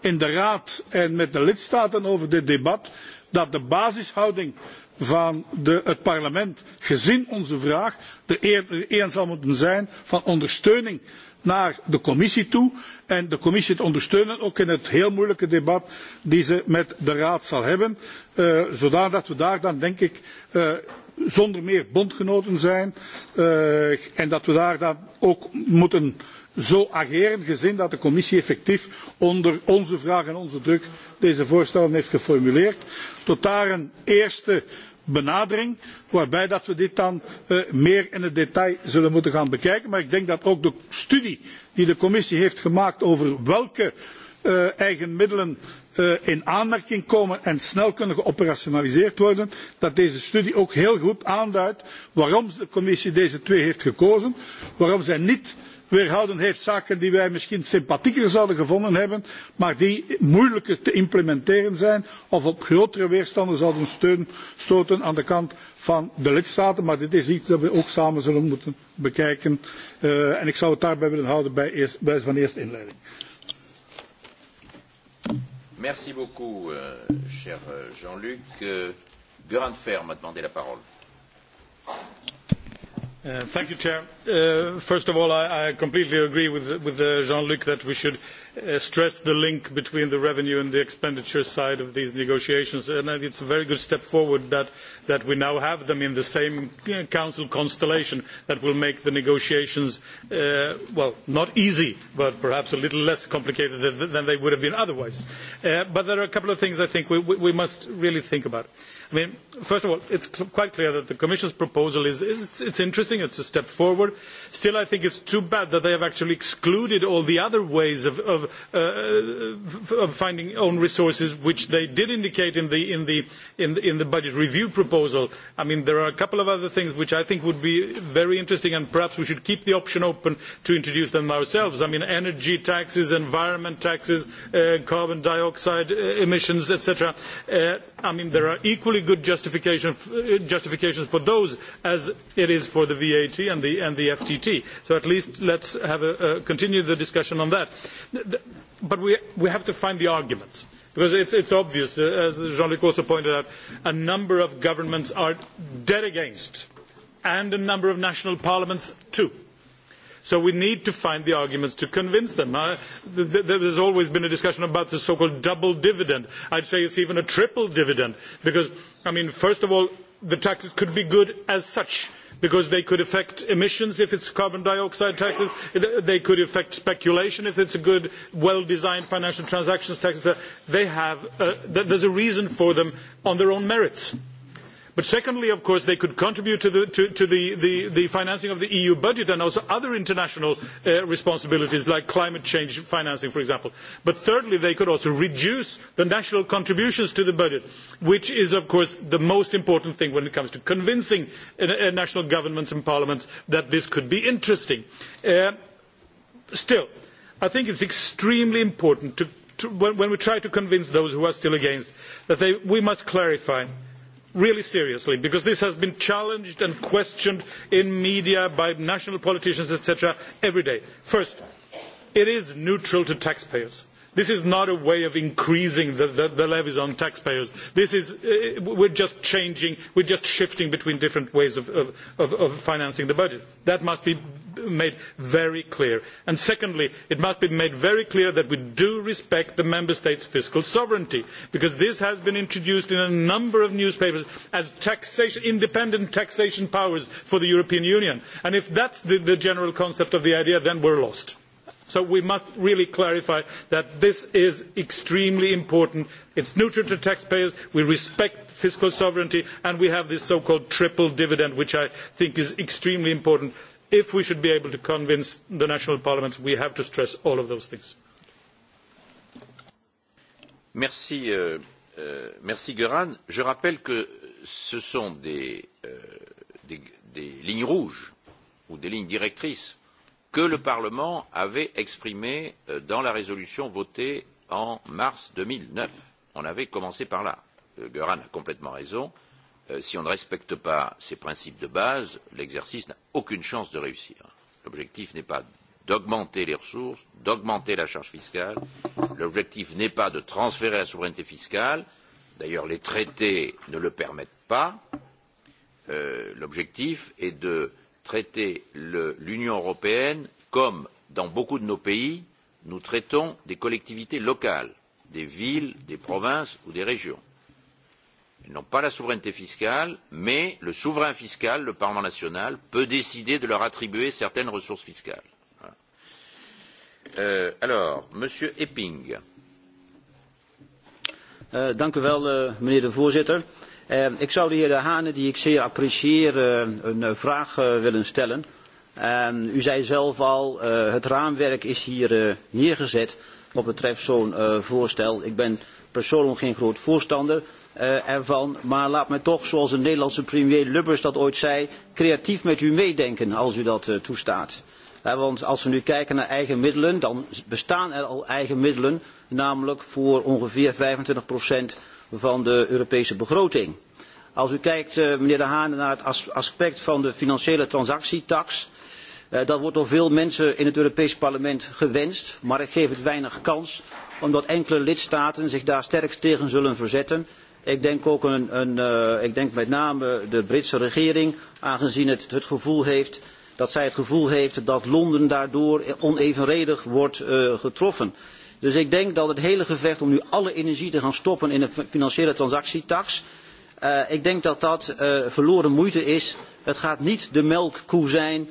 in de raad en met de lidstaten over dit debat dat de basishouding van het parlement gezien onze vraag er eerder een zal moeten zijn van ondersteuning naar de commissie toe en de commissie te ondersteunen ook in het heel moeilijke debat die ze met de raad zal hebben zodat we daar dan denk ik zonder meer bondgenoten zijn en dat we daar dan ook moeten zo ageren gezien dat de commissie effectief onder onze vraag en onze druk deze voorstellen heeft geformuleerd. tot daar een eerste benadering waarbij dat we dit dan meer in het detail zullen moeten gaan bekijken. Maar ik denk dat ook de studie die de commissie heeft gemaakt over welke eigen middelen in aanmerking komen en snel kunnen geoperationaliseerd worden, dat deze studie ook heel goed aanduidt waarom de commissie deze twee heeft gekozen, waarom zij niet weerhouden heeft zaken die wij misschien sympathieker zouden gevonden hebben maar die moeilijker te implementeren zijn of op grotere weerstanden zouden stoten aan de kant van de lidstaten. maar dit is iets dat we ook samen zullen moeten bekijken en ik zou het daarbij willen houden bij wijze van eerste inleiding. Jean-Luc. Thank you, First of all, I completely agree with Jean-Luc that we should stress the link between the revenue and the expenditure side of these negotiations, and is a very good step forward that we now have them in the same Council constellation. That will make the negotiations, well, not easy, but perhaps a little less complicated than they would have been otherwise. But there are a couple of things I think we must really think about. I first of all, it's quite clear that the Commission's proposal is interesting, it's a step forward. Still, I think it's too bad that they have actually excluded all the other ways of finding own resources, which they did indicate in the budget review proposal. I mean, there are a couple of other things which I think would be very interesting, and perhaps we should keep the option open to introduce them ourselves. I mean, energy taxes, environment taxes, carbon dioxide emissions, etc. I mean, there are equally good justification for those as it is for the VAT and the FTT. So at least let's continue the discussion on that. But we have to find the arguments. Because it's obvious, as Jean-Luc also pointed out, a number of governments are dead against, and a number of national parliaments too. So we need to find the arguments to convince them. There has always been a discussion about the so-called double dividend. I'd say it's even a triple dividend, because I mean, first of all, the taxes could be good as such because they could affect emissions if it's carbon dioxide taxes, they could affect speculation if it's a good, well-designed financial transactions tax. They have, there's a reason for them on their own merits But secondly, of course, they could contribute to the financing of the EU budget and also other international responsibilities like climate change financing, for example. But thirdly, they could also reduce the national contributions to the budget, which is, of course, the most important thing when it comes to convincing national governments and parliaments that this could be interesting. Still, I think it's extremely important when we try to convince those who are still against that we must clarify really seriously because this has been challenged and questioned in media by national politicians etc. every day. first it is neutral to taxpayers. This is not a way of increasing the levies on taxpayers. This is we're just changing, we're just shifting between different ways of financing the budget. That must be made very clear. And secondly, it must be made very clear that we do respect the member states' fiscal sovereignty, because this has been introduced in a number of newspapers as independent taxation powers for the European Union. And if that's the general concept of the idea, then we're lost so we must really clarify that this is extremely important it neutral to taxpayers we respect fiscal sovereignty and we have this so called triple dividend which i think is extremely important. if we should be able to convince the national parliaments we have to stress all of those things. merci Göran. je rappelle que ce sont des lignes rouges ou des lignes directrices que le Parlement avait exprimé dans la résolution votée en mars 2009. On avait commencé par là. Göran a complètement raison. Si on ne respecte pas ces principes de base, l'exercice n'a aucune chance de réussir. L'objectif n'est pas d'augmenter les ressources, d'augmenter la charge fiscale. L'objectif n'est pas de transférer la souveraineté fiscale. D'ailleurs, les traités ne le permettent pas. L'objectif est de traiter l'Union européenne comme, dans beaucoup de nos pays, nous traitons des collectivités locales, des villes, des provinces ou des régions. Elles n'ont pas la souveraineté fiscale, mais le souverain fiscal, le Parlement national, peut décider de leur attribuer certaines ressources fiscales. Alors, Monsieur Epping. Dank u wel, meneer de voorzitter. Ik zou de heer De Hane, die ik zeer apprecieer, een vraag willen stellen. U zei zelf al, het raamwerk is hier neergezet wat betreft zo'n voorstel. Ik ben persoonlijk geen groot voorstander ervan, maar laat mij toch, zoals de Nederlandse premier Lubbers dat ooit zei, creatief met u meedenken als u dat toestaat. Want als we nu kijken naar eigen middelen, dan bestaan er al eigen middelen, namelijk voor ongeveer 25 procent van de Europese begroting. Als u kijkt, meneer De Haan, naar het aspect van de financiële transactietax, dat wordt door veel mensen in het Europees Parlement gewenst, maar ik geef het weinig kans, omdat enkele lidstaten zich daar sterk tegen zullen verzetten. Ik denk, ook ik denk met name de Britse regering, aangezien het, het gevoel heeft dat zij het gevoel heeft dat Londen daardoor onevenredig wordt getroffen. Dus ik denk dat het hele gevecht om nu alle energie te gaan stoppen in een financiële transactietax, ik denk dat dat verloren moeite is. Het gaat niet de melkkoe zijn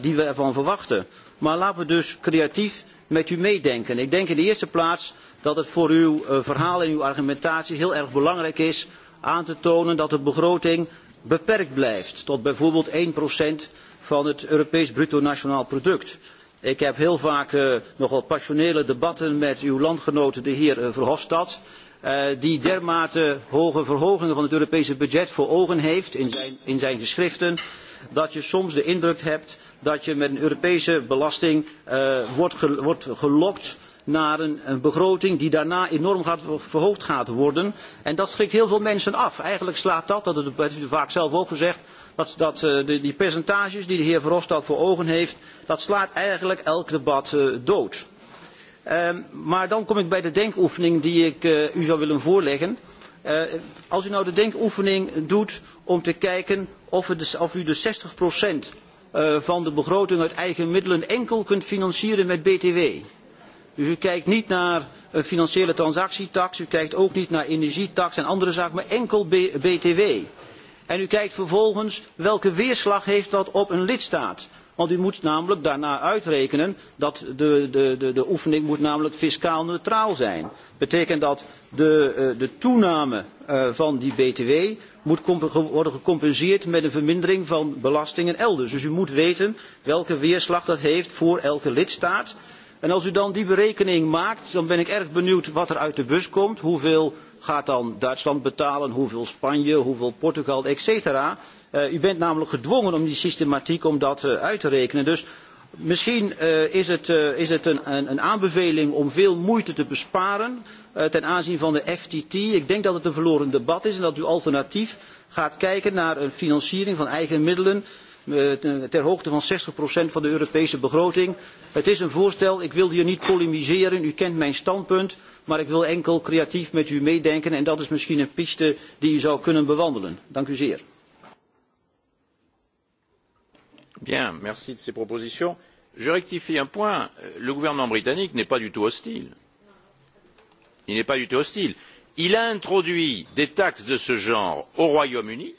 die we ervan verwachten. Maar laten we dus creatief met u meedenken. Ik denk in de eerste plaats dat het voor uw verhaal en uw argumentatie heel erg belangrijk is aan te tonen dat de begroting beperkt blijft tot bijvoorbeeld 1% van het Europees bruto nationaal product. Ik heb heel vaak nogal passionele debatten met uw landgenoten, de heer Verhofstadt, die dermate hoge verhogingen van het Europese budget voor ogen heeft in zijn geschriften, dat je soms de indruk hebt dat je met een Europese belasting wordt gelokt naar een begroting die daarna enorm verhoogd gaat worden. En dat schrikt heel veel mensen af. Eigenlijk slaat dat, dat heeft u vaak zelf ook gezegd, dat die percentages die de heer verhofstadt voor ogen heeft dat slaat eigenlijk elk debat dood. maar dan kom ik bij de denkoefening die ik u zou willen voorleggen. als u nou de denkoefening doet om te kijken of u de 60 procent van de begroting uit eigen middelen enkel kunt financieren met btw dus u kijkt niet naar een financiële transactietax u kijkt ook niet naar energietax en andere zaken maar enkel btw en u kijkt vervolgens welke weerslag heeft dat op een lidstaat. Want u moet namelijk daarna uitrekenen dat de, oefening moet namelijk fiscaal neutraal zijn. Betekent dat de, de toename van die btw moet worden gecompenseerd met een vermindering van belastingen elders. Dus u moet weten welke weerslag dat heeft voor elke lidstaat En als u dan die berekening maakt, dan ben ik erg benieuwd wat er uit de bus komt. Hoeveel gaat dan Duitsland betalen, hoeveel Spanje, hoeveel Portugal, cetera. U bent namelijk gedwongen om die systematiek om dat uit te rekenen. Dus misschien is het een aanbeveling om veel moeite te besparen ten aanzien van de FTT. Ik denk dat het een verloren debat is en dat u alternatief gaat kijken naar een financiering van eigen middelen ter hoogte van 60% van de Europese begroting. Het is een voorstel, ik wil hier niet polemiseren, u kent mijn standpunt, maar ik wil enkel creatief met u meedenken en dat is misschien een piste die u zou kunnen bewandelen. Dank u zeer. Bien, merci de ces propositions. Je rectifie un point, le gouvernement britannique n'est pas du tout hostile. Il n'est pas du tout hostile. Il a introduit des taxes de ce genre au Royaume-Uni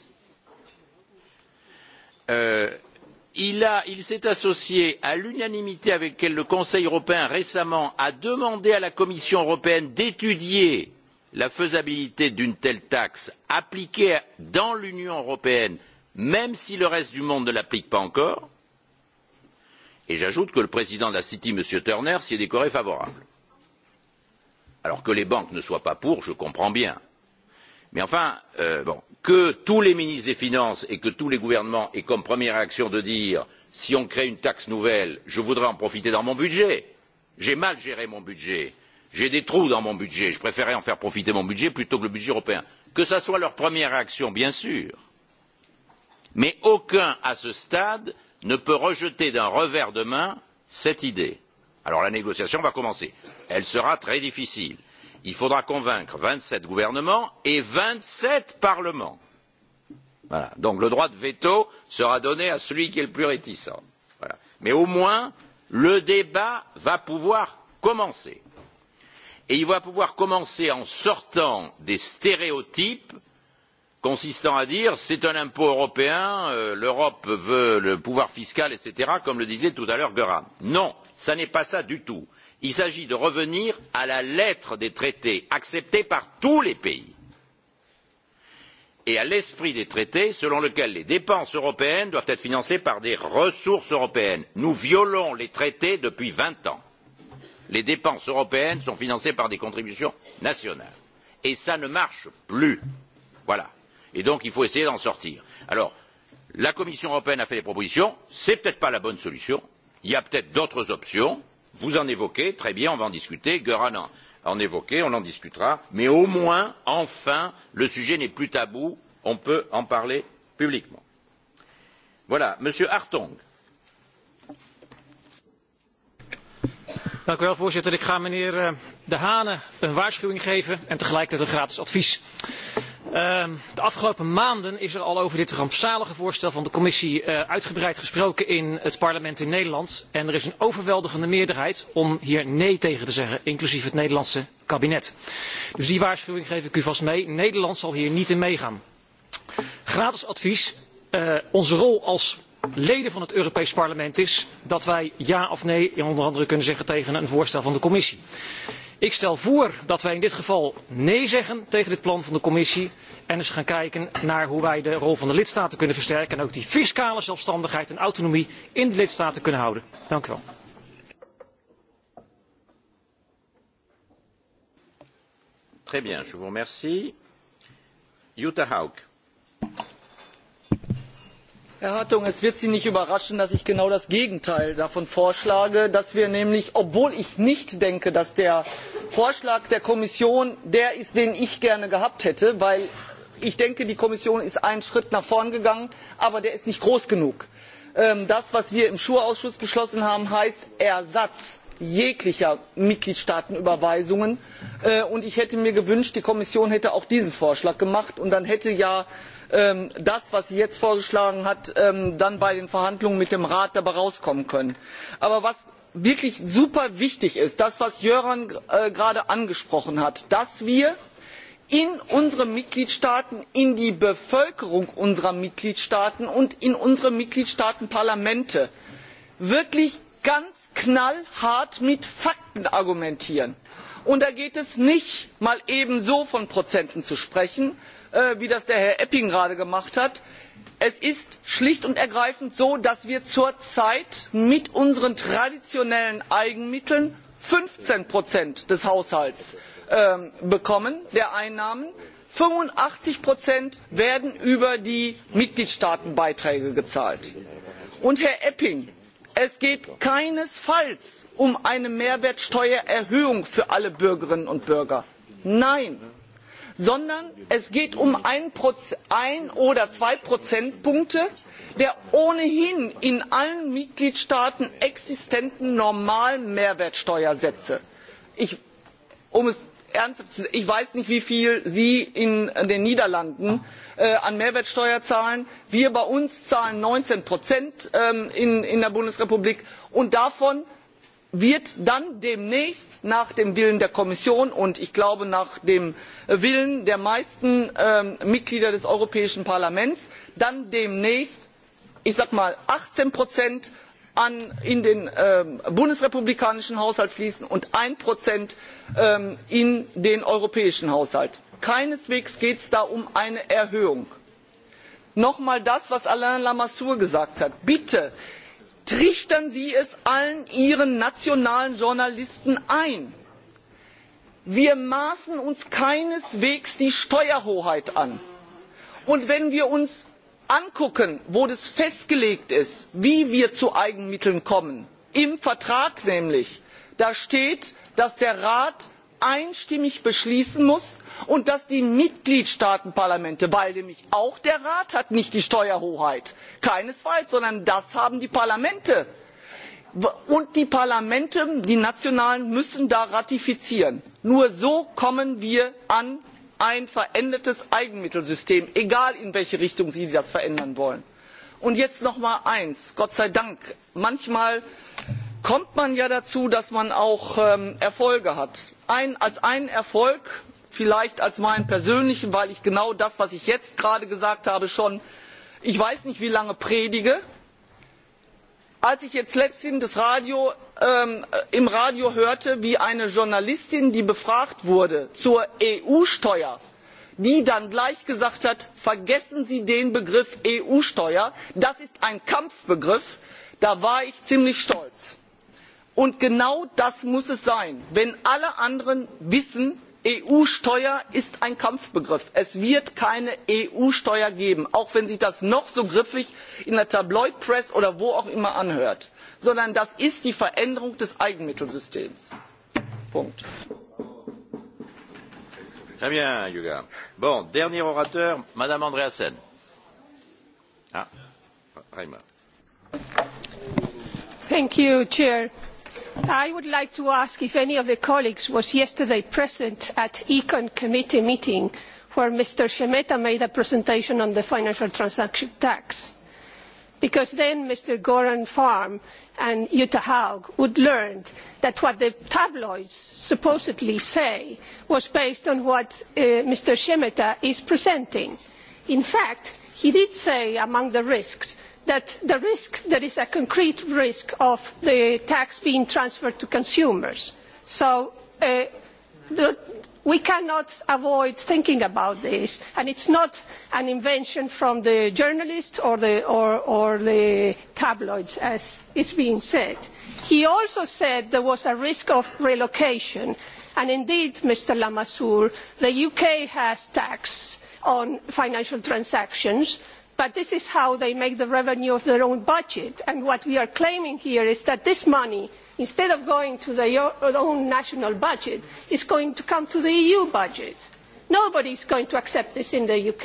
il s'est associé à l'unanimité avec laquelle le conseil européen récemment a demandé à la commission européenne d'étudier la faisabilité d'une telle taxe appliquée dans l'union européenne même si le reste du monde ne l'applique pas encore et j'ajoute que le président de la city m. turner s'y est déclaré favorable. alors que les banques ne soient pas pour je comprends bien mais enfin bon que tous les ministres des finances et que tous les gouvernements aient comme première réaction de dire si on crée une taxe nouvelle je voudrais en profiter dans mon budget j'ai mal géré mon budget j'ai des trous dans mon budget je préférerais en faire profiter mon budget plutôt que le budget européen que ce soit leur première réaction, bien sûr mais aucun à ce stade ne peut rejeter d'un revers de main cette idée. alors la négociation va commencer elle sera très difficile il faudra convaincre vingt sept gouvernements et vingt sept parlements. donc le droit de veto sera donné à celui qui est le plus réticent. mais au moins le débat va pouvoir commencer et il va pouvoir commencer en sortant des stéréotypes consistant à dire c'est un impôt européen l'europe veut le pouvoir fiscal etc. comme le disait tout à l'heure Göran. non ce n'est pas ça du tout il s'agit de revenir à la lettre des traités acceptés par tous les pays et à l'esprit des traités selon lequel les dépenses européennes doivent être financées par des ressources européennes. nous violons les traités depuis vingt ans. les dépenses européennes sont financées par des contributions nationales et cela ne marche plus. voilà. et donc il faut essayer d'en sortir. alors la commission européenne a fait des propositions ce n'est peut être pas la bonne solution il y a peut être d'autres options vous en évoquez très bien on va en discuter Göran en évoquer on en discutera mais au moins enfin le sujet n'est plus tabou on peut en parler publiquement. voilà monsieur hartong. Dank u wel, voorzitter. Ik ga meneer De Hane een waarschuwing geven en tegelijkertijd een gratis advies de afgelopen maanden is er al over dit rampzalige voorstel van de commissie uitgebreid gesproken in het parlement in nederland en er is een overweldigende meerderheid om hier nee tegen te zeggen inclusief het nederlandse kabinet. dus die waarschuwing geef ik u vast mee nederland zal hier niet in meegaan. gratis advies onze rol als leden van het europees parlement is dat wij ja of nee onder andere kunnen zeggen tegen een voorstel van de commissie ik stel voor dat wij in dit geval nee zeggen tegen dit plan van de commissie en eens gaan kijken naar hoe wij de rol van de lidstaten kunnen versterken en ook die fiscale zelfstandigheid en autonomie in de lidstaten kunnen houden. dank u wel herr hartong es wird sie nicht überraschen dass ich genau das gegenteil davon vorschlage dass wir nämlich obwohl ich nicht denke dass der vorschlag der kommission der ist den ich gerne gehabt hätte weil ich denke die kommission ist einen schritt nach vorn gegangen aber der ist nicht groß genug das was wir im sure ausschuss beschlossen haben heißt ersatz jeglicher mitgliedstaatenüberweisungen und ich hätte mir gewünscht die kommission hätte auch diesen vorschlag gemacht und dann hätte ja das was sie jetzt vorgeschlagen hat dann bei den verhandlungen mit dem rat dabei herauskommen können. aber was wirklich super wichtig ist das was jöran gerade angesprochen hat dass wir in unseren mitgliedstaaten in die bevölkerung unserer mitgliedstaaten und in unsere mitgliedstaatenparlamente wirklich ganz knallhart mit fakten argumentieren. und da geht es nicht mal ebenso von prozenten zu sprechen wie das herr Epping gerade gemacht hat es ist schlicht und ergreifend so dass wir zurzeit mit unseren traditionellen eigenmitteln fünfzehn des haushalts bekommen der einnahmen fünfundachtzig werden über die mitgliedstaatenbeiträge gezahlt. und herr Epping, es geht keinesfalls um eine mehrwertsteuererhöhung für alle bürgerinnen und bürger nein! sondern es geht um ein oder zwei prozentpunkte der ohnehin in allen mitgliedstaaten existenten normalen mehrwertsteuersätze. ich weiß nicht wie viel sie in den niederlanden an mehrwertsteuer zahlen wir bei uns zahlen neunzehn in der bundesrepublik und davon wird dann demnächst nach dem willen der kommission und ich glaube nach dem willen der meisten mitglieder des europäischen parlaments dann demnächst ich sage mal achtzehn in den bundesrepublikanischen haushalt fließen und eins in den europäischen haushalt. keineswegs geht es da um eine erhöhung. nochmal das was alain lamassoure gesagt hat bitte trichtern sie es allen ihren nationalen journalisten ein wir maßen uns keineswegs die steuerhoheit an. und wenn wir uns ansehen wo das festgelegt ist wie wir zu eigenmitteln kommen im vertrag nämlich da steht dass der rat einstimmig beschließen muss und dass die mitgliedstaatenparlamente weil nämlich auch der rat hat nicht die steuerhoheit keinesfalls sondern das haben die parlamente und die parlamente die nationalen müssen da ratifizieren. nur so kommen wir an ein verändertes eigenmittelsystem egal in welche richtung sie das verändern wollen. und jetzt noch einmal eins gott sei dank manchmal kommt man ja dazu dass man auch erfolge hat als einen erfolg vielleicht als meinen persönlichen weil ich genau das was ich jetzt gerade gesagt habe schon ich weiß nicht wie lange predige als ich jetzt letztens im radio hörte wie eine journalistin die befragt wurde zur eu steuer die dann gleich gesagt hat vergessen sie den begriff eu steuer das ist ein kampfbegriff da war ich ziemlich stolz und genau das muss es sein wenn alle anderen wissen eu steuer ist ein kampfbegriff es wird keine eu steuer geben auch wenn sich das noch so griffig in der tabloid press oder wo auch immer anhört sondern das ist die veränderung des eigenmittelsystems. punkt. I would like to ask if any of the colleagues was yesterday present at the Econ Committee meeting where Mr. Shemeta made a presentation on the financial transaction tax, because then Mr. Goran Farm and Jutta Haug would learn that what the tabloids supposedly say was based on what Mr. Shemeta is presenting. In fact, he did say among the risks that the risk there is a concrete risk of the tax being transferred to consumers. So we cannot avoid thinking about this and it is not an invention from the journalists or the tabloids as is being said. He also said there was a risk of relocation and indeed Mr Lamassoure the UK has tax on financial transactions but this is how they make the revenue of their own budget and what we are claiming here is that this money instead of going to their own national budget is going to come to the eu budget. nobody is going to accept this in the uk.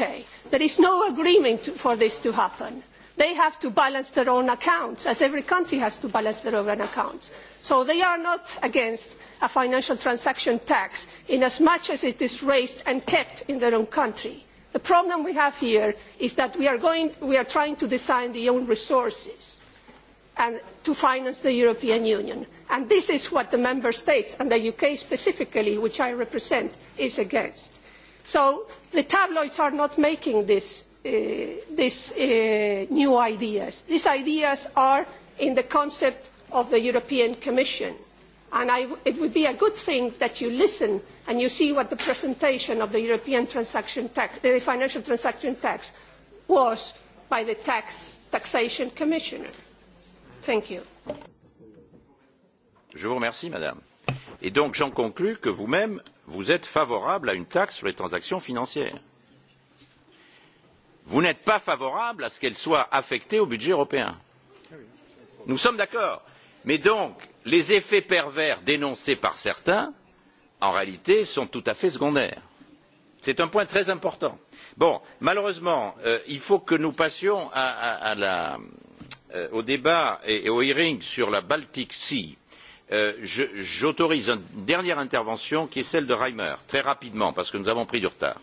there is no agreement for this to happen. they have to balance their own accounts as every country has to balance their own accounts. so they are not against a financial transaction tax in as much as it is raised and kept in their own country the problem we have here is that we are trying to design the own resources to finance the european union and this is what the member states and the uk specifically which i represent is against. so the tabloids are not making these new ideas. these ideas are in the concept of the european commission and it would be a good thing that you listen and you see what the presentation of the European Transaction Tax the Financial Transaction Tax was by the Tax Taxation Commissioner. Thank you. Je vous remercie, madame. Et donc, j'en conclus que vous-même, vous êtes favorable à une taxe sur les transactions financières. Vous n'êtes pas favorable à ce qu'elle soit affectée au budget européen. Nous sommes d'accord mais donc les effets pervers dénoncés par certains en réalité sont tout à fait secondaires. c'est un point très important. malheureusement il faut que nous passions au débat et au hearings sur la baltic sea. j'autorise une dernière intervention qui est celle de reimer très rapidement parce que nous avons pris du retard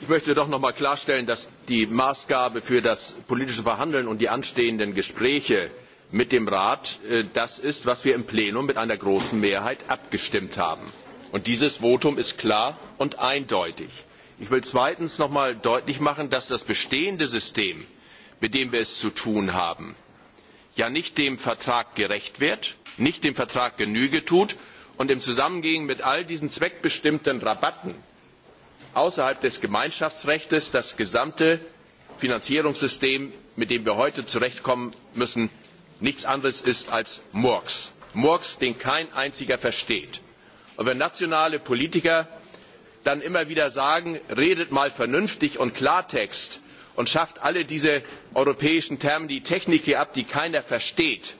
ich möchte doch noch einmal klarstellen dass die maßgabe für das politische verhandeln und die anstehenden gespräche mit dem rat das ist was wir im plenum mit einer großen mehrheit abgestimmt haben. dieses votum ist klar und eindeutig. ich will zweitens noch einmal deutlich machen dass das bestehende system mit dem wir es zu tun haben ja nicht dem vertrag gerecht wird nicht dem vertrag genüge tut und im zusammenhang mit all diesen zweckbestimmten rabatten außerhalb des gemeinschaftsrechts das gesamte finanzierungssystem mit dem wir heute zurechtkommen müssen nichts anderes ist als murks murks den kein einziger versteht. und wenn nationale politiker dann immer wieder sagen redet mal vernünftig und klartext und schafft alle diese europäischen die Termini-Techniki ab die keiner versteht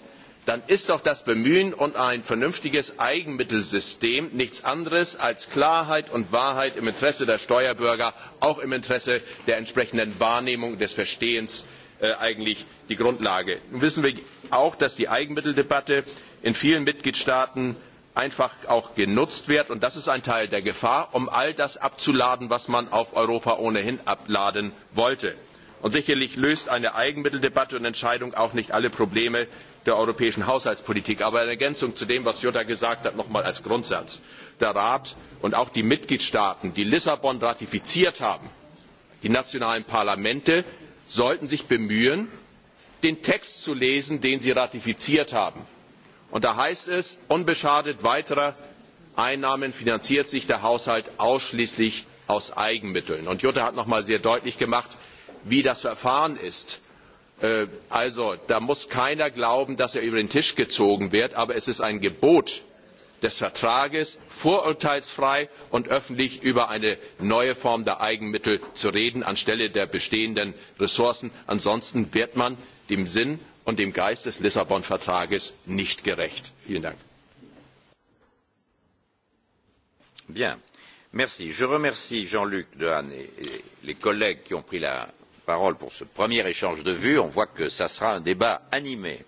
dann ist doch das bemühen um ein vernünftiges eigenmittelsystem nichts anderes als klarheit und wahrheit im interesse der steuerbürger auch im interesse der entsprechenden wahrnehmung des verstehens eigentlich die grundlage. nun wissen wir auch dass die eigenmitteldebatte in vielen mitgliedstaaten einfach auch genutzt wird und das ist ein teil der gefahr um all das abzuladen was man auf europa ohnehin abladen wollte und sicherlich löst eine eigenmitteldebatte und entscheidung auch nicht alle probleme der europäischen haushaltspolitik. aber in ergänzung zu dem was jutta gesagt hat noch einmal als grundsatz der rat und auch die mitgliedstaaten die lissabon ratifiziert haben die nationalen parlamente sollten sich bemühen den text zu lesen den sie ratifiziert haben. und da heißt es unbeschadet weiterer einnahmen finanziert sich der haushalt ausschließlich aus eigenmitteln. jutta hat noch einmal sehr deutlich gemacht wie das Verfahren ist. Also da muss keiner glauben, dass er über den Tisch gezogen wird, aber es ist ein Gebot des Vertrages, vorurteilsfrei und öffentlich über eine neue Form der Eigenmittel zu reden, anstelle der bestehenden Ressourcen. Ansonsten wird man dem Sinn und dem Geist des Lissabon-Vertrages nicht gerecht. Vielen Dank. Je remercie Jean-Luc Dehaene et qui ont pris la parole pour ce premier échange de vues. On voit que ce sera un débat animé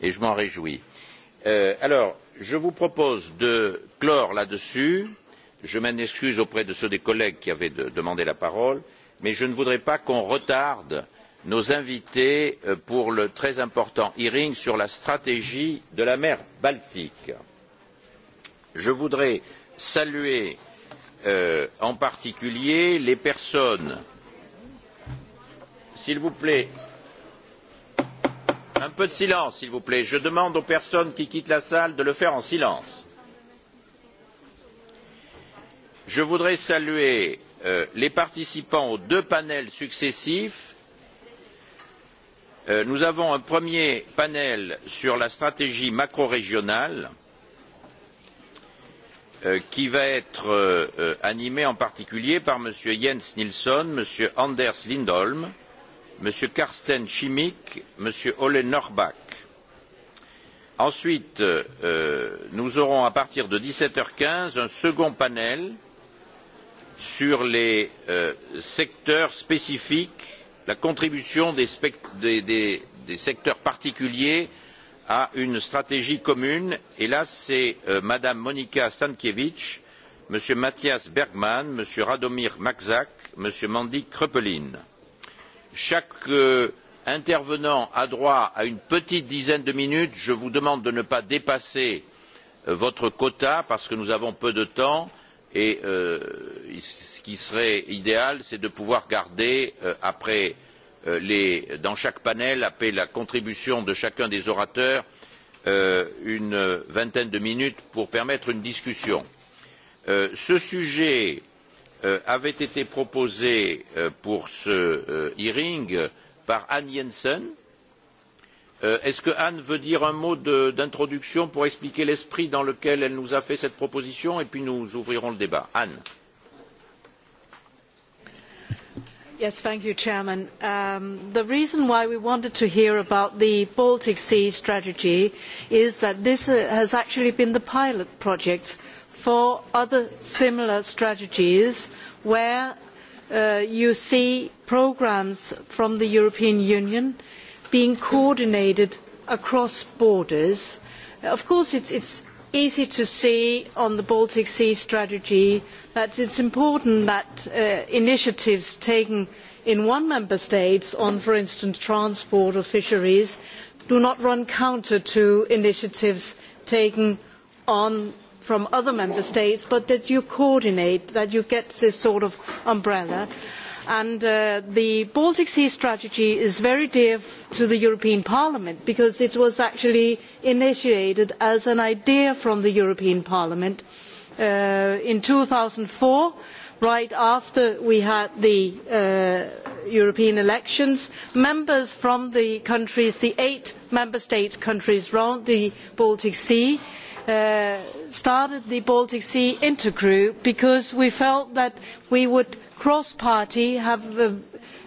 et je m'en réjouis. Alors, je vous propose de clore là-dessus. Je m'en excuse auprès de ceux des collègues qui avaient demandé la parole, mais je ne voudrais pas qu'on retarde nos invités pour le très important hearing sur la stratégie de la mer Baltique. Je voudrais saluer en particulier les personnes S'il vous plaît. Un peu de silence, s'il vous plaît. Je demande aux personnes qui quittent la salle de le faire en silence. Je voudrais saluer les participants aux deux panels successifs. Nous avons un premier panel sur la stratégie macrorégionale qui va être animé en particulier par M. Jens Nilsson, M. Anders Lindholm m. carsten Chimik, m. Ole Norbach. Ensuite, nous aurons à partir de dix-sept h quinze un second panel sur les secteurs spécifiques, la contribution des secteurs particuliers à une stratégie commune. Et là, c'est Mme Monika Stankiewicz, M. Matthias Bergmann, M. Radomir Makzak, M. Mandy Kröpelin chaque intervenant a droit à une petite dizaine de minutes. Je vous demande de ne pas dépasser votre quota parce que nous avons peu de temps et ce qui serait idéal, c'est de pouvoir garder après dans chaque panel, après la contribution de chacun des orateurs, une vingtaine de minutes pour permettre une discussion. Ce sujet avait été proposé pour ce hearing par Anne Jensen. Est-ce que Anne veut dire un mot d'introduction pour expliquer l'esprit dans lequel elle nous a fait cette proposition et puis nous ouvrirons le débat. Anne. Yes, thank you, Chairman. The reason why we wanted to hear about the Baltic Sea strategy is that this has actually been the pilot project for other similar strategies where you see programmes from the European Union being coordinated across borders. Of course, it's easy to see on the Baltic Sea strategy that it's important that initiatives taken in one member state on, for instance, transport or fisheries do not run counter to initiatives taken on from other member states, but that you coordinate, that you get this sort of umbrella. And the Baltic Sea strategy is very dear to the European Parliament because it was actually initiated as an idea from the European Parliament in 2004 right after we had the European elections, members from the countries, the eight member state countries round the Baltic Sea, started the baltic sea intergroup because we felt that we would cross party have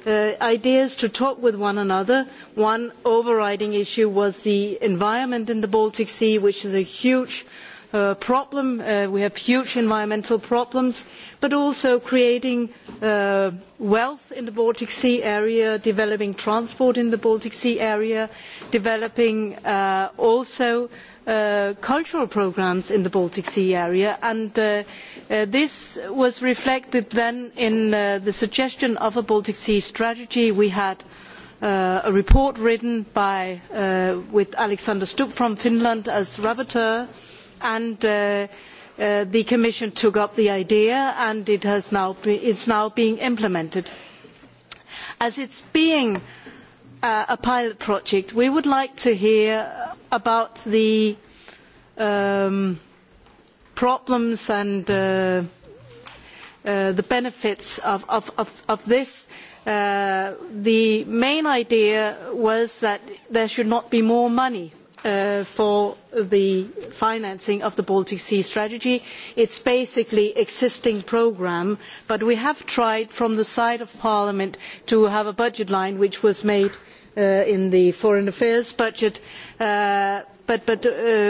ideas to talk with one another. one overriding issue was the environment in the baltic sea which is a huge problem we have huge environmental problems but also creating wealth in the baltic sea area developing transport in the baltic sea area developing also cultural programmes in the baltic sea area and this was reflected then in the suggestion of a baltic sea strategy we had a report written by with alexander stubb from finland as rapporteur and the commission took up the idea and it is now being implemented. as it is being a pilot project we would like to hear about the problems and the benefits of this. the main idea was that there should not be more money for the financing of the Baltic Sea Strategy. It's basically an existing programme, but we have tried from the side of Parliament to have a budget line which was made in the Foreign Affairs budget, but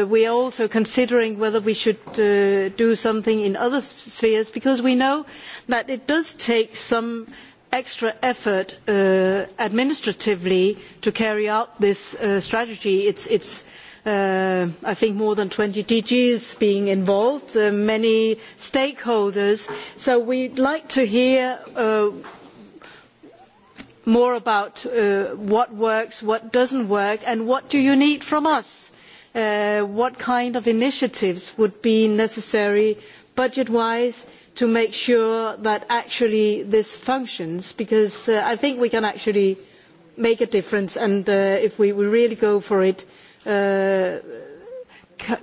we are also considering whether we should do something in other spheres because we know that it does take some extra effort administratively to carry out this strategy. It's I think more than 20 DGs being involved, many stakeholders. So we'd like to hear more about what works, what doesn't work, and what do you need from us. What kind of initiatives would be necessary budget-wise to make sure that actually this functions because I think we can actually make a difference and if we really go for it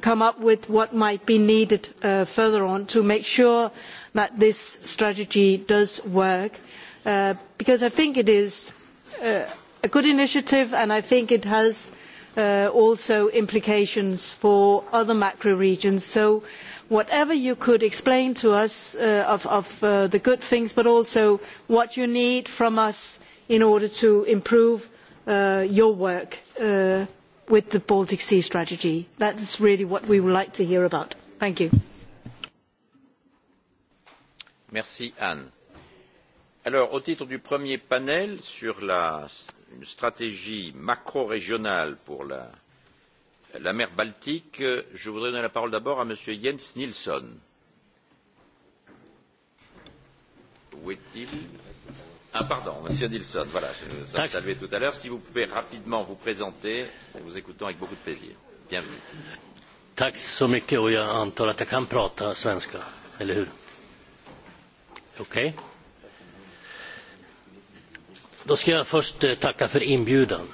come up with what might be needed further on to make sure that this strategy does work because I think it is a good initiative and I think it has also implications for other macro regions so whatever you could explain to us of the good things, but also what you need from us in order to improve your work with the Baltic Sea strategy. That's really what we would like to hear about. Thank you. Merci Anne. Alors, au titre du premier panel sur une stratégie macrorégionale pour la la mer Baltique. Je voudrais donner la parole d'abord à Monsieur Jens Nilsson. Où est-il Ah, pardon, M. Nilsson, voilà, je vous ai salué tout à l'heure. Si vous pouvez rapidement vous présenter, nous vous écoutons avec beaucoup de plaisir. Bienvenue. Tack så mycket och att jag kan prata svenska, eller hur? Okej. Då jag först tacka för inbjudan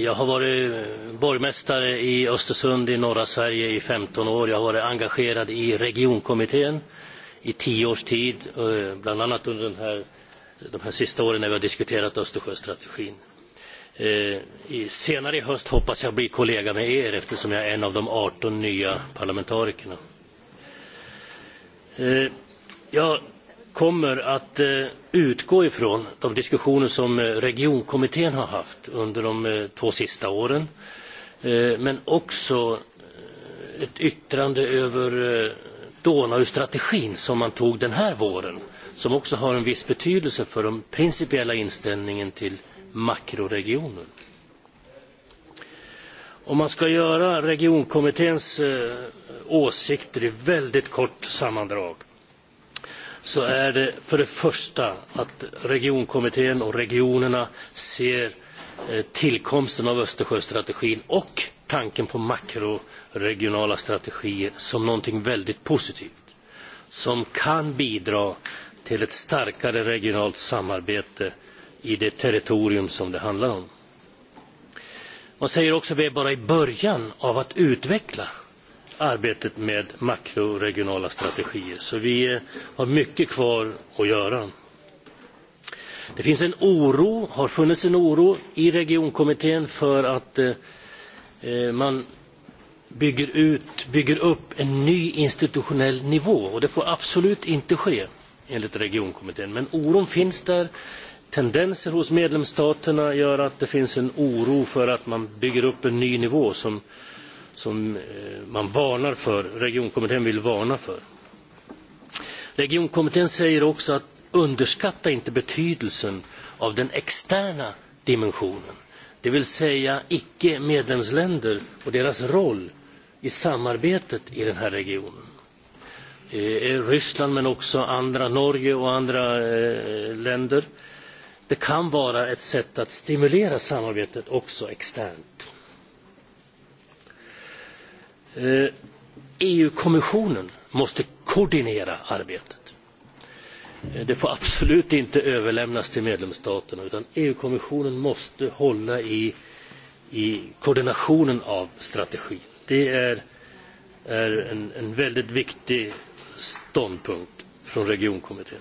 Jag har varit borgmästare i Östersund i norra Sverige i 15 år. Jag har varit engagerad i regionkommittén i tio års tid, bland annat under de här sista åren när vi har diskuterat Östersjöstrategin. Senare i höst hoppas jag bli kollega med er eftersom jag är en av de 18 nya parlamentarikerna. Jag kommer att utgå ifrån de diskussioner som regionkommittén har haft under de två sista åren men också ett yttrande över Donaustrategin som man tog den här våren som också har en viss betydelse för den principiella inställningen till makroregioner. Om man ska göra regionkommitténs åsikter i väldigt kort sammandrag så är det för det första att regionkommittén och regionerna ser tillkomsten av Östersjöstrategin och tanken på makroregionala strategier som någonting väldigt positivt som kan bidra till ett starkare regionalt samarbete i det territorium som det handlar om. Man säger också att vi är bara i början av att utveckla arbetet med makroregionala strategier. Så vi har mycket kvar att göra. Det finns en oro, har funnits en oro i regionkommittén för att man bygger ut, bygger upp en ny institutionell nivå och det får absolut inte ske enligt regionkommittén. Men oron finns där. Tendenser hos medlemsstaterna gör att det finns en oro för att man bygger upp en ny nivå som som man varnar för, regionkommittén vill varna för. Regionkommittén säger också att underskatta inte betydelsen av den externa dimensionen, det vill säga icke-medlemsländer och deras roll i samarbetet i den här regionen. Ryssland men också andra, Norge och andra länder. Det kan vara ett sätt att stimulera samarbetet också externt. EU-kommissionen måste koordinera arbetet. Det får absolut inte överlämnas till medlemsstaterna utan EU-kommissionen måste hålla i koordinationen av strategin. Det är en väldigt viktig ståndpunkt från regionkommittén.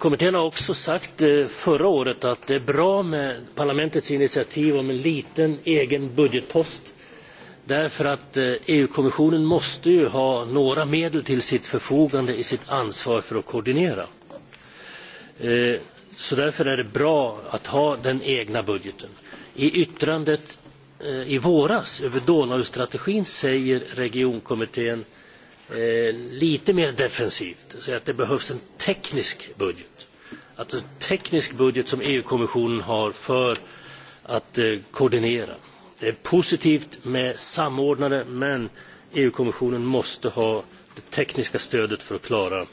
Kommittén har också sagt förra året att det är bra med parlamentets initiativ om en liten egen budgetpost därför att EU-kommissionen måste ju ha några medel till sitt förfogande i sitt ansvar för att koordinera. Så därför är det bra att ha den egna budgeten. I yttrandet i våras över Donaustrategin säger regionkommittén lite mer defensivt så att det behövs en teknisk budget. Alltså en teknisk budget som EU-kommissionen har för att koordinera. Det är positivt med samordnare men EU-kommissionen måste ha det tekniska stödet för att